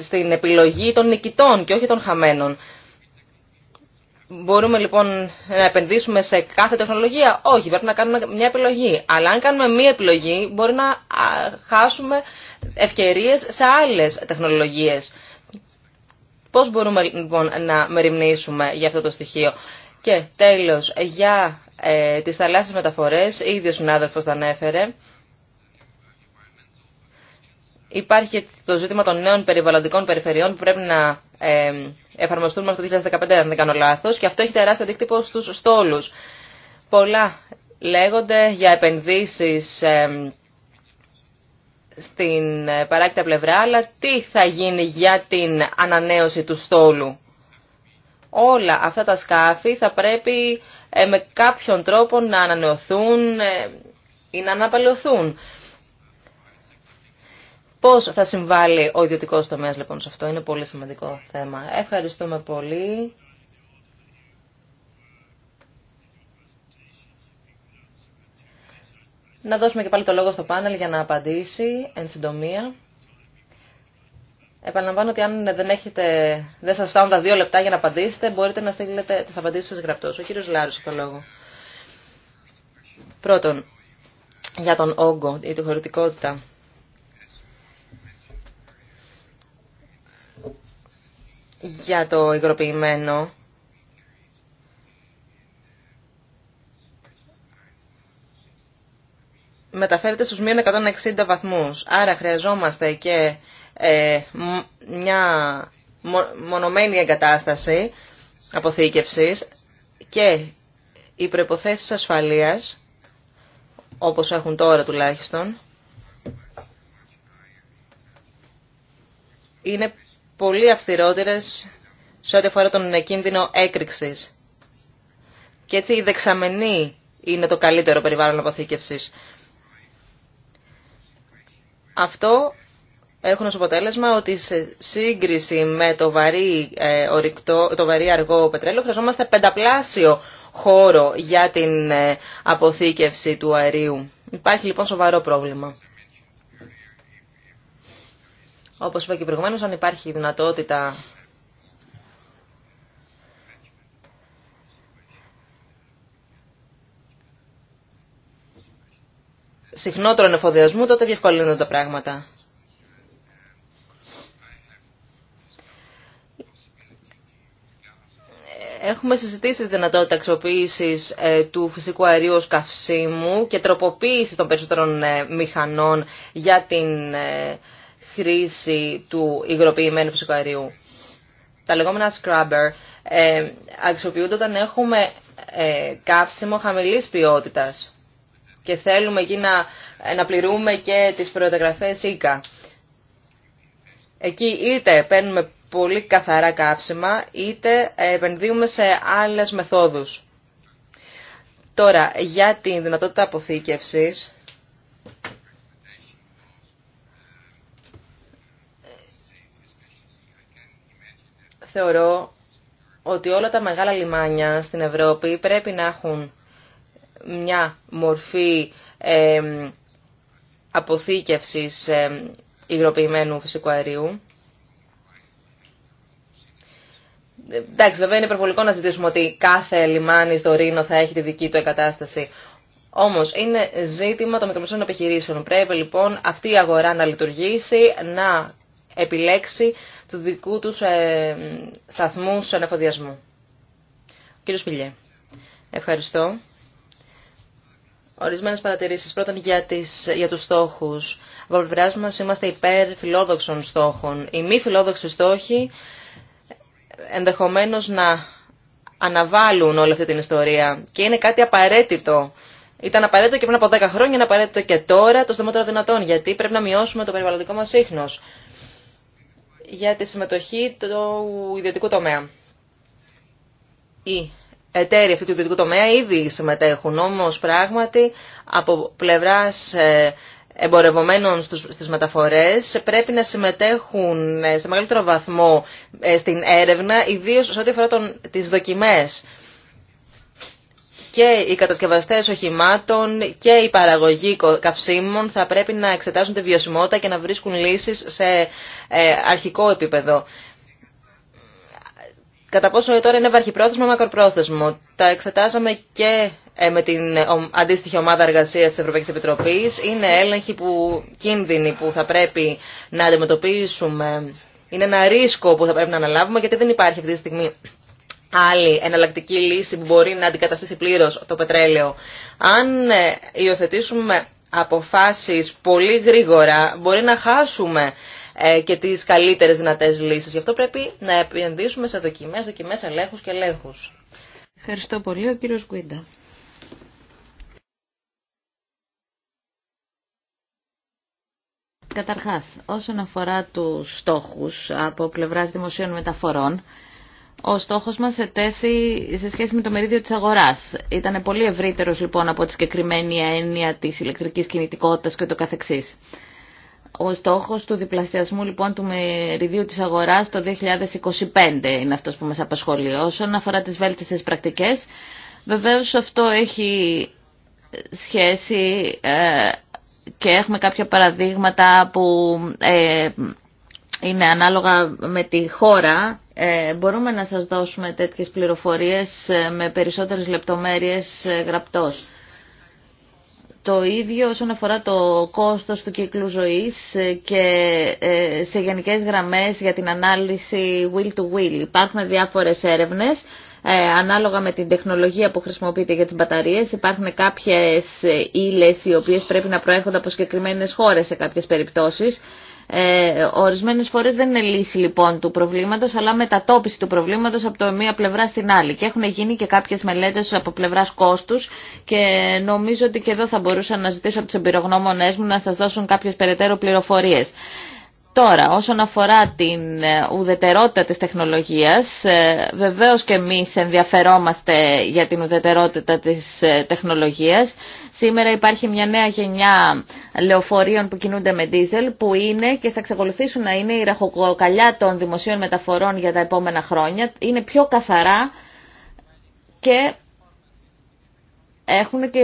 στην επιλογή των νικητών και όχι των χαμένων. Μπορούμε λοιπόν να επενδύσουμε σε κάθε τεχνολογία. Όχι, πρέπει να κάνουμε μια επιλογή. Αλλά αν κάνουμε μια επιλογή μπορεί να χάσουμε ευκαιρίες σε άλλες τεχνολογίες. Πώς μπορούμε λοιπόν να μεριμνήσουμε για αυτό το στοιχείο. Και τέλος, για ε, τις θαλάσσιες μεταφορές, ήδη ο συνάδελφος τα ανέφερε. Υπάρχει το ζήτημα των νέων περιβαλλοντικών περιφερειών που πρέπει να ε, εφαρμοστούν μέχρι το 2015, αν δεν κάνω λάθος, και αυτό έχει τεράστιο αντίκτυπο στους στόλους. Πολλά λέγονται για επενδύσεις ε, στην παράκτητα πλευρά, αλλά τι θα γίνει για την ανανέωση του στόλου. Όλα αυτά τα σκάφη θα πρέπει ε, με κάποιον τρόπο να ανανεωθούν ή να αναπαλαιωθούν. Πώς θα συμβάλλει ο ιδιωτικό τομέα λοιπόν σε αυτό. Είναι πολύ σημαντικό θέμα. Ευχαριστούμε πολύ. Να δώσουμε και πάλι το λόγο στο πάνελ για να απαντήσει εν συντομία. Επαναλαμβάνω ότι αν δεν, έχετε, δεν σας φτάνουν τα δύο λεπτά για να απαντήσετε, μπορείτε να στείλετε τις απαντήσεις σας γραπτός. Ο κύριος Λάρους το λόγο. Πρώτον, για τον όγκο ή τη χωρητικότητα. για το υγροποιημένο. μεταφέρεται στους μειών 160 βαθμούς. Άρα χρειαζόμαστε και ε, μια μονομένη εγκατάσταση αποθήκευσης και οι προϋποθέσεις ασφαλείας, όπως έχουν τώρα τουλάχιστον, είναι πολύ αυστηρότερες σε ό,τι αφορά τον κίνδυνο έκρηξης. Και έτσι η δεξαμενή είναι το καλύτερο περιβάλλον αποθήκευσης. Αυτό έχουν ως αποτέλεσμα ότι σε σύγκριση με το βαρύ, ε, το βαρύ αργό πετρέλαιο χρειαζόμαστε πενταπλάσιο χώρο για την ε, αποθήκευση του αερίου. Υπάρχει λοιπόν σοβαρό πρόβλημα. Όπως είπα και προηγουμένως, αν υπάρχει δυνατότητα συχνότερων εφοδιασμού, τότε διευκολύνουν τα πράγματα. Έχουμε συζητήσει τη δυνατότητα αξιοποίηση ε, του φυσικού αερίου ως καυσίμου και τροποποίηση των περισσότερων ε, μηχανών για την ε, χρήση του υγροποιημένου φυσικού Τα λεγόμενα scrubber ε, αξιοποιούνται όταν έχουμε ε, καύσιμο χαμηλής ποιότητας και θέλουμε εκεί να, ε, να πληρούμε και τις προεταγραφές ΙΚΑ. Εκεί είτε παίρνουμε πολύ καθαρά κάψιμα, είτε ε, επενδύουμε σε άλλες μεθόδους. Τώρα, για την δυνατότητα αποθήκευσης, θεωρώ ότι όλα τα μεγάλα λιμάνια στην Ευρώπη πρέπει να έχουν μια μορφή αποθήκευσης υγροποιημένου φυσικού αερίου. Εντάξει, βέβαια είναι υπερβολικό να ζητήσουμε ότι κάθε λιμάνι στο Ρήνο θα έχει τη δική του εγκατάσταση. Όμως είναι ζήτημα των μικρομεσαίων επιχειρήσεων. Πρέπει λοιπόν αυτή η αγορά να λειτουργήσει, να επιλέξει του δικού τους ε, σταθμού αναφοδιασμού. Κύριος Πηλιέ, ευχαριστώ. Ορισμένε παρατηρήσει. Πρώτον, για, τις, για του στόχου. Από μα είμαστε υπέρ φιλόδοξων στόχων. Οι μη φιλόδοξοι στόχοι ενδεχομένω να αναβάλουν όλη αυτή την ιστορία. Και είναι κάτι απαραίτητο. Ήταν απαραίτητο και πριν από 10 χρόνια, είναι απαραίτητο και τώρα, το στομότερο δυνατόν. Γιατί πρέπει να μειώσουμε το περιβαλλοντικό μα ίχνος για τη συμμετοχή του ιδιωτικού τομέα. Οι εταίροι αυτού του ιδιωτικού τομέα ήδη συμμετέχουν, όμως πράγματι από πλευράς ε, εμπορευομένων στις μεταφορές πρέπει να συμμετέχουν ε, σε μεγαλύτερο βαθμό ε, στην έρευνα, ιδίως σε ό,τι αφορά τις δοκιμές και οι κατασκευαστές οχημάτων και η παραγωγή καυσίμων θα πρέπει να εξετάσουν τη βιωσιμότητα και να βρίσκουν λύσεις σε ε, αρχικό επίπεδο. Κατά πόσο τώρα είναι βαρχιπρόθεσμο, μακροπρόθεσμο. Τα εξετάσαμε και ε, με την αντίστοιχη ομάδα εργασία τη Ευρωπαϊκή Επιτροπή. Είναι έλεγχοι που, κίνδυνοι που θα πρέπει να αντιμετωπίσουμε. Είναι ένα ρίσκο που θα πρέπει να αναλάβουμε γιατί δεν υπάρχει αυτή τη στιγμή άλλη εναλλακτική λύση που μπορεί να αντικαταστήσει πλήρω το πετρέλαιο. Αν ε, υιοθετήσουμε αποφάσεις πολύ γρήγορα, μπορεί να χάσουμε ε, και τις καλύτερες δυνατές λύσεις. Γι' αυτό πρέπει να επενδύσουμε σε δοκιμές, δοκιμές ελέγχους και ελέγχους. Ευχαριστώ πολύ, ο κύριος Γκουίντα. Καταρχάς, όσον αφορά τους στόχους από πλευράς δημοσίων μεταφορών, ο στόχος μας ετέθη σε σχέση με το μερίδιο της αγοράς. Ήταν πολύ ευρύτερος λοιπόν από τη συγκεκριμένη έννοια της ηλεκτρικής κινητικότητας και το καθεξής. Ο στόχος του διπλασιασμού λοιπόν του μεριδίου της αγοράς το 2025 είναι αυτός που μας απασχολεί. Όσον αφορά τις βέλτιστες πρακτικές, βεβαίως αυτό έχει σχέση ε, και έχουμε κάποια παραδείγματα που... Ε, είναι ανάλογα με τη χώρα, ε, μπορούμε να σας δώσουμε τέτοιες πληροφορίες ε, με περισσότερες λεπτομέρειες ε, γραπτός. Το ίδιο όσον αφορά το κόστος του κύκλου ζωής και σε γενικές γραμμές για την ανάλυση will-to-will. -will. Υπάρχουν υπαρχουν έρευνες ανάλογα με την τεχνολογία που χρησιμοποιείται για τις μπαταρίες. Υπάρχουν κάποιες ύλες οι οποίες πρέπει να προέρχονται από συγκεκριμένε χώρες σε κάποιες περιπτώσεις ε, ορισμένες φορές δεν είναι λύση λοιπόν του προβλήματος, αλλά μετατόπιση του προβλήματος από το μία πλευρά στην άλλη. Και έχουν γίνει και κάποιες μελέτες από πλευράς κόστους και νομίζω ότι και εδώ θα μπορούσα να ζητήσω από τους εμπειρογνώμονές μου να σας δώσουν κάποιες περαιτέρω πληροφορίες. Τώρα, όσον αφορά την ε, ουδετερότητα της τεχνολογίας, ε, βεβαίως και εμείς ενδιαφερόμαστε για την ουδετερότητα της ε, τεχνολογίας. Σήμερα υπάρχει μια νέα γενιά λεωφορείων που κινούνται με δίζελ, που είναι και θα εξακολουθήσουν να είναι η ραχοκοκαλιά των δημοσίων μεταφορών για τα επόμενα χρόνια. Είναι πιο καθαρά και έχουν και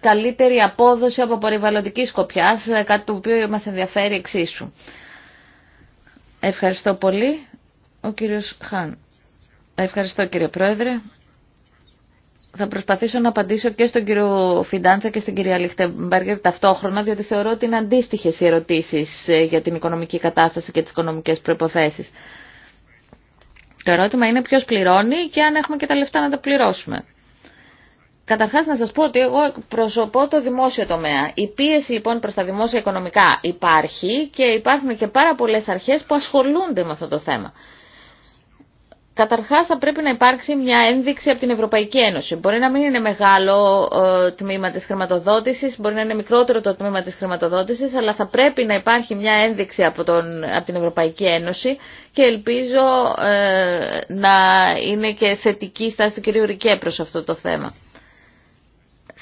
καλύτερη απόδοση από περιβαλλοντική σκοπιά, κάτι το οποίο μας ενδιαφέρει εξίσου. Ευχαριστώ πολύ. Ο κύριος Χάν. Ευχαριστώ κύριε Πρόεδρε. Θα προσπαθήσω να απαντήσω και στον κύριο Φιντάντσα και στην κυρία Λιχτεμπέργκερ ταυτόχρονα, διότι θεωρώ ότι είναι αντίστοιχε οι ερωτήσει ε, για την οικονομική κατάσταση και τι οικονομικέ προποθέσει. Το ερώτημα είναι ποιο πληρώνει και αν έχουμε και τα λεφτά να τα πληρώσουμε. Καταρχάς να σας πω ότι εγώ προσωπώ το δημόσιο τομέα. Η πίεση λοιπόν προς τα δημόσια οικονομικά υπάρχει και υπάρχουν και πάρα πολλές αρχές που ασχολούνται με αυτό το θέμα. Καταρχάς θα πρέπει να υπάρξει μια ένδειξη από την Ευρωπαϊκή Ένωση. Μπορεί να μην είναι μεγάλο ε, τμήμα της χρηματοδότησης, μπορεί να είναι μικρότερο το τμήμα της χρηματοδότησης, αλλά θα πρέπει να υπάρχει μια ένδειξη από, τον, από την Ευρωπαϊκή Ένωση και ελπίζω ε, να είναι και θετική στάση του κ. Ρικέ προς αυτό το θέμα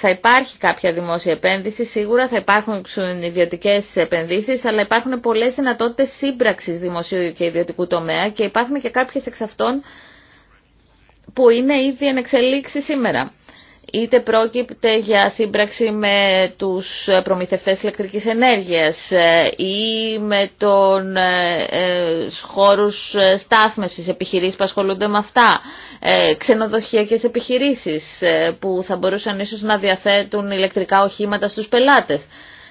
θα υπάρχει κάποια δημόσια επένδυση, σίγουρα θα υπάρχουν ιδιωτικέ επενδύσει, αλλά υπάρχουν πολλέ δυνατότητε σύμπραξη δημοσίου και ιδιωτικού τομέα και υπάρχουν και κάποιε εξ αυτών που είναι ήδη εν σήμερα είτε πρόκειται για σύμπραξη με τους προμηθευτές ηλεκτρικής ενέργειας ε, ή με τον ε, ε, χώρους στάθμευσης, επιχειρήσεις που ασχολούνται με αυτά, ξενοδοχειακές επιχειρήσεις που θα μπορούσαν ίσως να διαθέτουν ηλεκτρικά οχήματα στους πελάτες.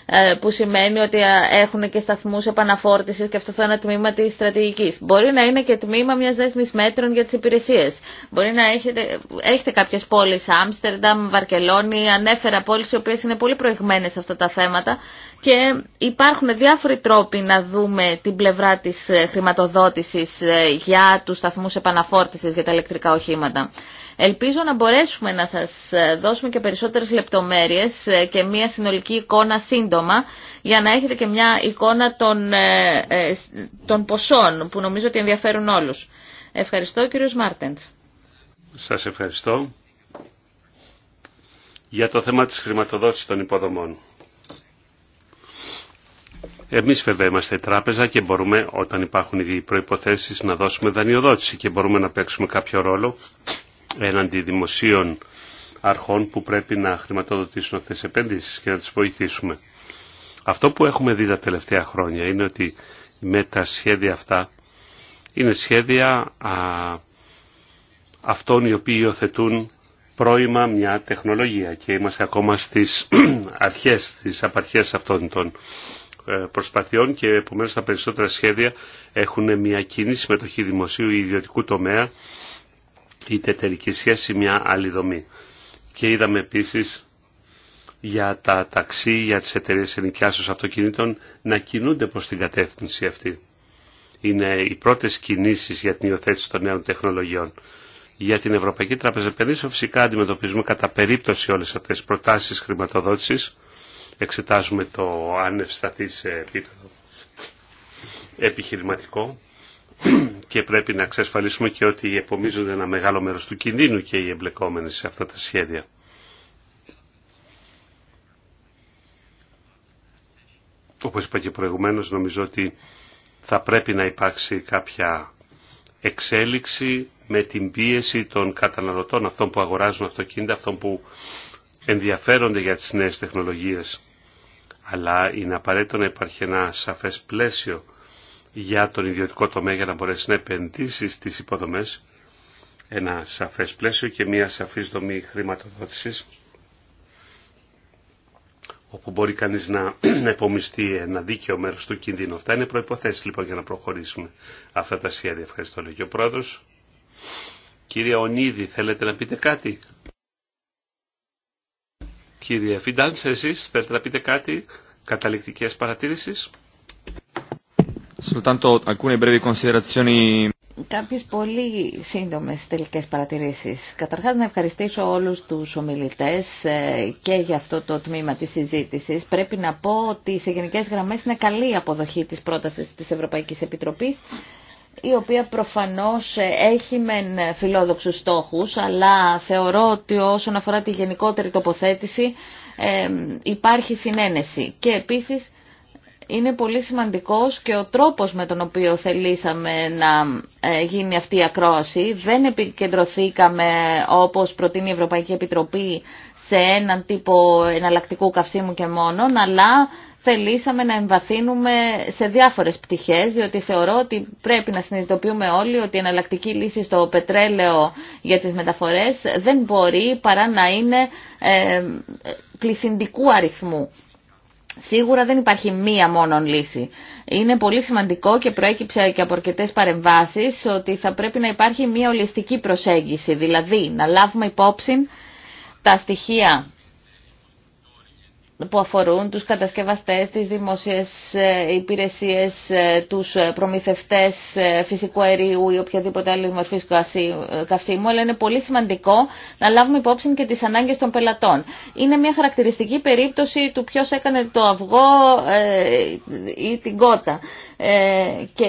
Ε, που σημαίνει ότι ε, έχουν και σταθμούς επαναφόρτησης και αυτό θα είναι τμήμα της στρατηγικής. Μπορεί να είναι και τμήμα μιας δέσμης μέτρων για τις υπηρεσίες. Μπορεί να έχετε, έχετε κάποιες πόλεις, Άμστερνταμ, Βαρκελόνη, ανέφερα πόλεις οι οποίες είναι πολύ προηγμένες σε αυτά τα θέματα και υπάρχουν διάφοροι τρόποι να δούμε την πλευρά της ε, χρηματοδότησης για τους σταθμούς επαναφόρτησης για τα ηλεκτρικά οχήματα. Ελπίζω να μπορέσουμε να σας ε, δώσουμε και περισσότερες λεπτομέρειες ε, και μια συνολική εικόνα σύντομα για να έχετε και μια εικόνα ε, των, ποσών που νομίζω ότι ενδιαφέρουν όλους. Ευχαριστώ κύριος Μάρτεντς. Σας ευχαριστώ για το θέμα της χρηματοδότησης των υποδομών. Εμείς βέβαια είμαστε τράπεζα και μπορούμε όταν υπάρχουν οι προϋποθέσεις να δώσουμε δανειοδότηση και μπορούμε να παίξουμε κάποιο ρόλο έναντι δημοσίων αρχών που πρέπει να χρηματοδοτήσουν αυτές τις επένδυσεις και να τις βοηθήσουμε. Αυτό που έχουμε δει τα τελευταία χρόνια είναι ότι με τα σχέδια αυτά είναι σχέδια α, αυτών οι οποίοι υιοθετούν πρώιμα μια τεχνολογία και είμαστε ακόμα στις [CLEARS THROAT] αρχές, στις απαρχές αυτών των ε, προσπαθειών και επομένως τα περισσότερα σχέδια έχουν μια κοινή συμμετοχή δημοσίου ή ιδιωτικού τομέα η τετερική σχέση μια άλλη δομή. Και είδαμε επίσης για τα ταξί, για τις εταιρείες ενοικιάσεως αυτοκινήτων να κινούνται προς την κατεύθυνση αυτή. Είναι οι πρώτες κινήσεις για την υιοθέτηση των νέων τεχνολογιών. Για την Ευρωπαϊκή Τράπεζα Επενδύσεων φυσικά αντιμετωπίζουμε κατά περίπτωση όλες αυτές τις προτάσεις χρηματοδότησης. Εξετάζουμε το αν ευσταθεί σε επίπεδο επιχειρηματικό [CLEARS THROAT] και πρέπει να εξασφαλίσουμε και ότι επομίζονται ένα μεγάλο μέρος του κινδύνου και οι εμπλεκόμενοι σε αυτά τα σχέδια. Όπως είπα και προηγουμένως, νομίζω ότι θα πρέπει να υπάρξει κάποια εξέλιξη με την πίεση των καταναλωτών, αυτών που αγοράζουν αυτοκίνητα, αυτών που ενδιαφέρονται για τις νέες τεχνολογίες. Αλλά είναι απαραίτητο να υπάρχει ένα σαφές πλαίσιο για τον ιδιωτικό τομέα για να μπορέσει να επενδύσει στις υποδομές ένα σαφές πλαίσιο και μια σαφής δομή χρηματοδότησης όπου μπορεί κανείς να, [CLEARS THROAT] να επομιστεί ένα δίκαιο μέρος του κινδύνου. Αυτά είναι προϋποθέσεις λοιπόν για να προχωρήσουμε αυτά τα σχέδια. Ευχαριστώ λέει και ο πρόεδρος. Κύριε Ονίδη, θέλετε να πείτε κάτι. Κύριε Φιντάντς, εσείς θέλετε να πείτε κάτι. Καταληκτικές παρατήρησεις. Soltanto alcune brevi considerazioni. Κάποιες πολύ σύντομες τελικές παρατηρήσεις. Καταρχάς να ευχαριστήσω όλους τους ομιλητές ε, και για αυτό το τμήμα της συζήτησης. Πρέπει να πω ότι σε γενικές γραμμές είναι καλή αποδοχή της πρότασης της Ευρωπαϊκής Επιτροπής η οποία προφανώς ε, έχει μεν φιλόδοξους στόχους, αλλά θεωρώ ότι όσον αφορά τη γενικότερη τοποθέτηση ε, υπάρχει συνένεση. Και επίσης είναι πολύ σημαντικός και ο τρόπος με τον οποίο θελήσαμε να ε, γίνει αυτή η ακρόαση. Δεν επικεντρωθήκαμε όπως προτείνει η Ευρωπαϊκή Επιτροπή σε έναν τύπο εναλλακτικού καυσίμου και μόνο, αλλά θελήσαμε να εμβαθύνουμε σε διάφορες πτυχές, διότι θεωρώ ότι πρέπει να συνειδητοποιούμε όλοι ότι η εναλλακτική λύση στο πετρέλαιο για τις μεταφορές δεν μπορεί παρά να είναι ε, πληθυντικού αριθμού. Σίγουρα δεν υπάρχει μία μόνον λύση. Είναι πολύ σημαντικό και προέκυψε και από αρκετέ παρεμβάσει ότι θα πρέπει να υπάρχει μία ολιστική προσέγγιση, δηλαδή να λάβουμε υπόψη τα στοιχεία που αφορούν τους κατασκευαστές, τις δημόσιες ε, υπηρεσίες, ε, τους ε, προμηθευτές φυσικού αερίου ή οποιαδήποτε άλλη μορφή καυσίμου, αλλά είναι πολύ σημαντικό να λάβουμε υπόψη και τις ανάγκες των πελατών. Είναι μια χαρακτηριστική περίπτωση του ποιος έκανε το αυγό ή την κότα. Ε, και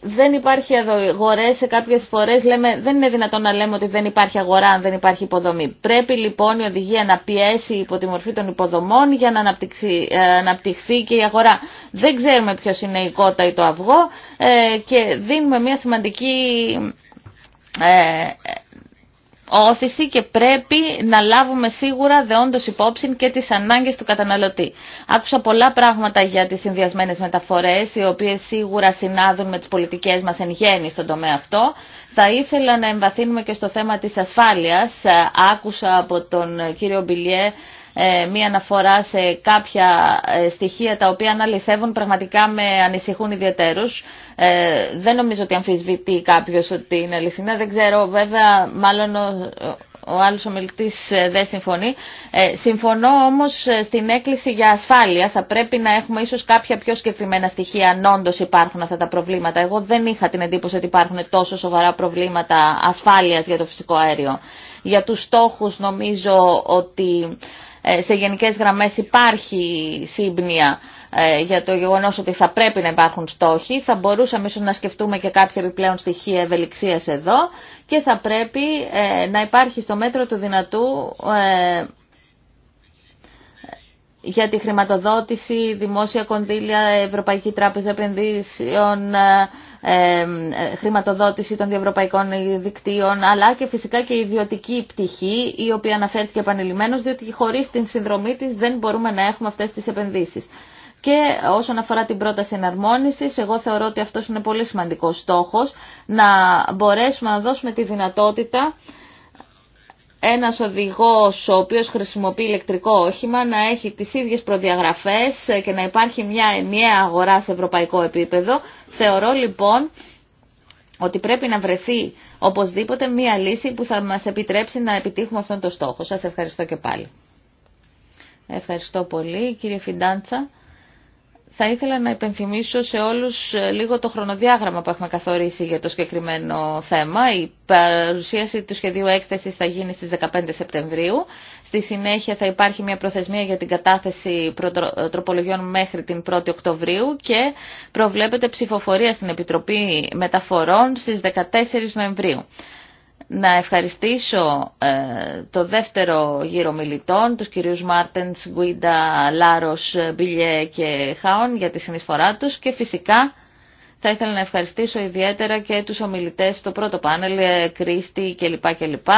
δεν υπάρχει αγορέ σε κάποιες φορές λέμε, δεν είναι δυνατόν να λέμε ότι δεν υπάρχει αγορά αν δεν υπάρχει υποδομή. Πρέπει λοιπόν η οδηγία να πιέσει υπό τη μορφή των υποδομών για να ε, αναπτυχθεί και η αγορά. Δεν ξέρουμε ποιο είναι η κότα ή το αυγό ε, και δίνουμε μια σημαντική όθηση και πρέπει να λάβουμε σίγουρα δεόντως υπόψη και τις ανάγκες του καταναλωτή. Άκουσα πολλά πράγματα για τις συνδυασμένες μεταφορές, οι οποίες σίγουρα συνάδουν με τις πολιτικές μας εν γέννη στον τομέα αυτό. Θα ήθελα να εμβαθύνουμε και στο θέμα της ασφάλειας. Άκουσα από τον κύριο Μπιλιέ ε, μία αναφορά σε κάποια ε, στοιχεία τα οποία αναλυθεύουν πραγματικά με ανησυχούν ιδιαίτερους. Ε, δεν νομίζω ότι αμφισβητεί κάποιος ότι είναι αληθινά. Δεν ξέρω βέβαια μάλλον ο άλλος ομιλητής δεν συμφωνεί. συμφωνώ όμως στην έκκληση για ασφάλεια. Θα πρέπει να έχουμε ίσως κάποια πιο συγκεκριμένα στοιχεία αν όντω υπάρχουν αυτά τα προβλήματα. Εγώ δεν είχα την εντύπωση ότι υπάρχουν τόσο σοβαρά προβλήματα ασφάλειας για το φυσικό αέριο. Για τους στόχους νομίζω ότι ε, σε γενικές γραμμές υπάρχει σύμπνοια ε, για το γεγονός ότι θα πρέπει να υπάρχουν στόχοι, θα μπορούσαμε ίσως να σκεφτούμε και κάποια επιπλέον στοιχεία ευελιξίας εδώ και θα πρέπει ε, να υπάρχει στο μέτρο του δυνατού για τη χρηματοδότηση, δημόσια κονδύλια, Ευρωπαϊκή Τράπεζα Επενδύσεων, ε, χρηματοδότηση των διευρωπαϊκών δικτύων, αλλά και φυσικά και η ιδιωτική πτυχή, η οποία αναφέρθηκε επανειλημμένω, διότι χωρίς την συνδρομή της δεν μπορούμε να έχουμε αυτές τις επενδύσεις. Και όσον αφορά την πρόταση εναρμόνιση, εγώ θεωρώ ότι αυτό είναι πολύ σημαντικός στόχος, να μπορέσουμε να δώσουμε τη δυνατότητα ένας οδηγός ο οποίος χρησιμοποιεί ηλεκτρικό όχημα να έχει τις ίδιες προδιαγραφές και να υπάρχει μια ενιαία αγορά σε ευρωπαϊκό επίπεδο. Θεωρώ λοιπόν ότι πρέπει να βρεθεί οπωσδήποτε μια λύση που θα μας επιτρέψει να επιτύχουμε αυτόν τον στόχο. Σας ευχαριστώ και πάλι. Ευχαριστώ πολύ κύριε Φιντάντσα. Θα ήθελα να υπενθυμίσω σε όλους ε, λίγο το χρονοδιάγραμμα που έχουμε καθορίσει για το συγκεκριμένο θέμα. Η παρουσίαση του σχεδίου έκθεσης θα γίνει στις 15 Σεπτεμβρίου. Στη συνέχεια θα υπάρχει μια προθεσμία για την κατάθεση τροπολογιών μέχρι την 1η Οκτωβρίου και προβλέπεται ψηφοφορία στην Επιτροπή Μεταφορών στις 14 Νοεμβρίου να ευχαριστήσω ε, το δεύτερο γύρο μιλητών, τους κυρίους Μάρτενς, Γκουίντα, Λάρος, Μπιλιέ και Χάον για τη συνεισφορά τους και φυσικά θα ήθελα να ευχαριστήσω ιδιαίτερα και τους ομιλητές στο πρώτο πάνελ, ε, Κρίστη κλπ. κλπ.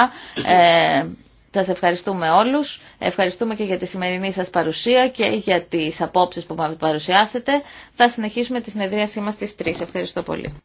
Ε, σας ευχαριστούμε όλους, ευχαριστούμε και για τη σημερινή σας παρουσία και για τις απόψεις που μας παρουσιάσετε. Θα συνεχίσουμε τη συνεδρίασή μας στις 3. Ευχαριστώ πολύ.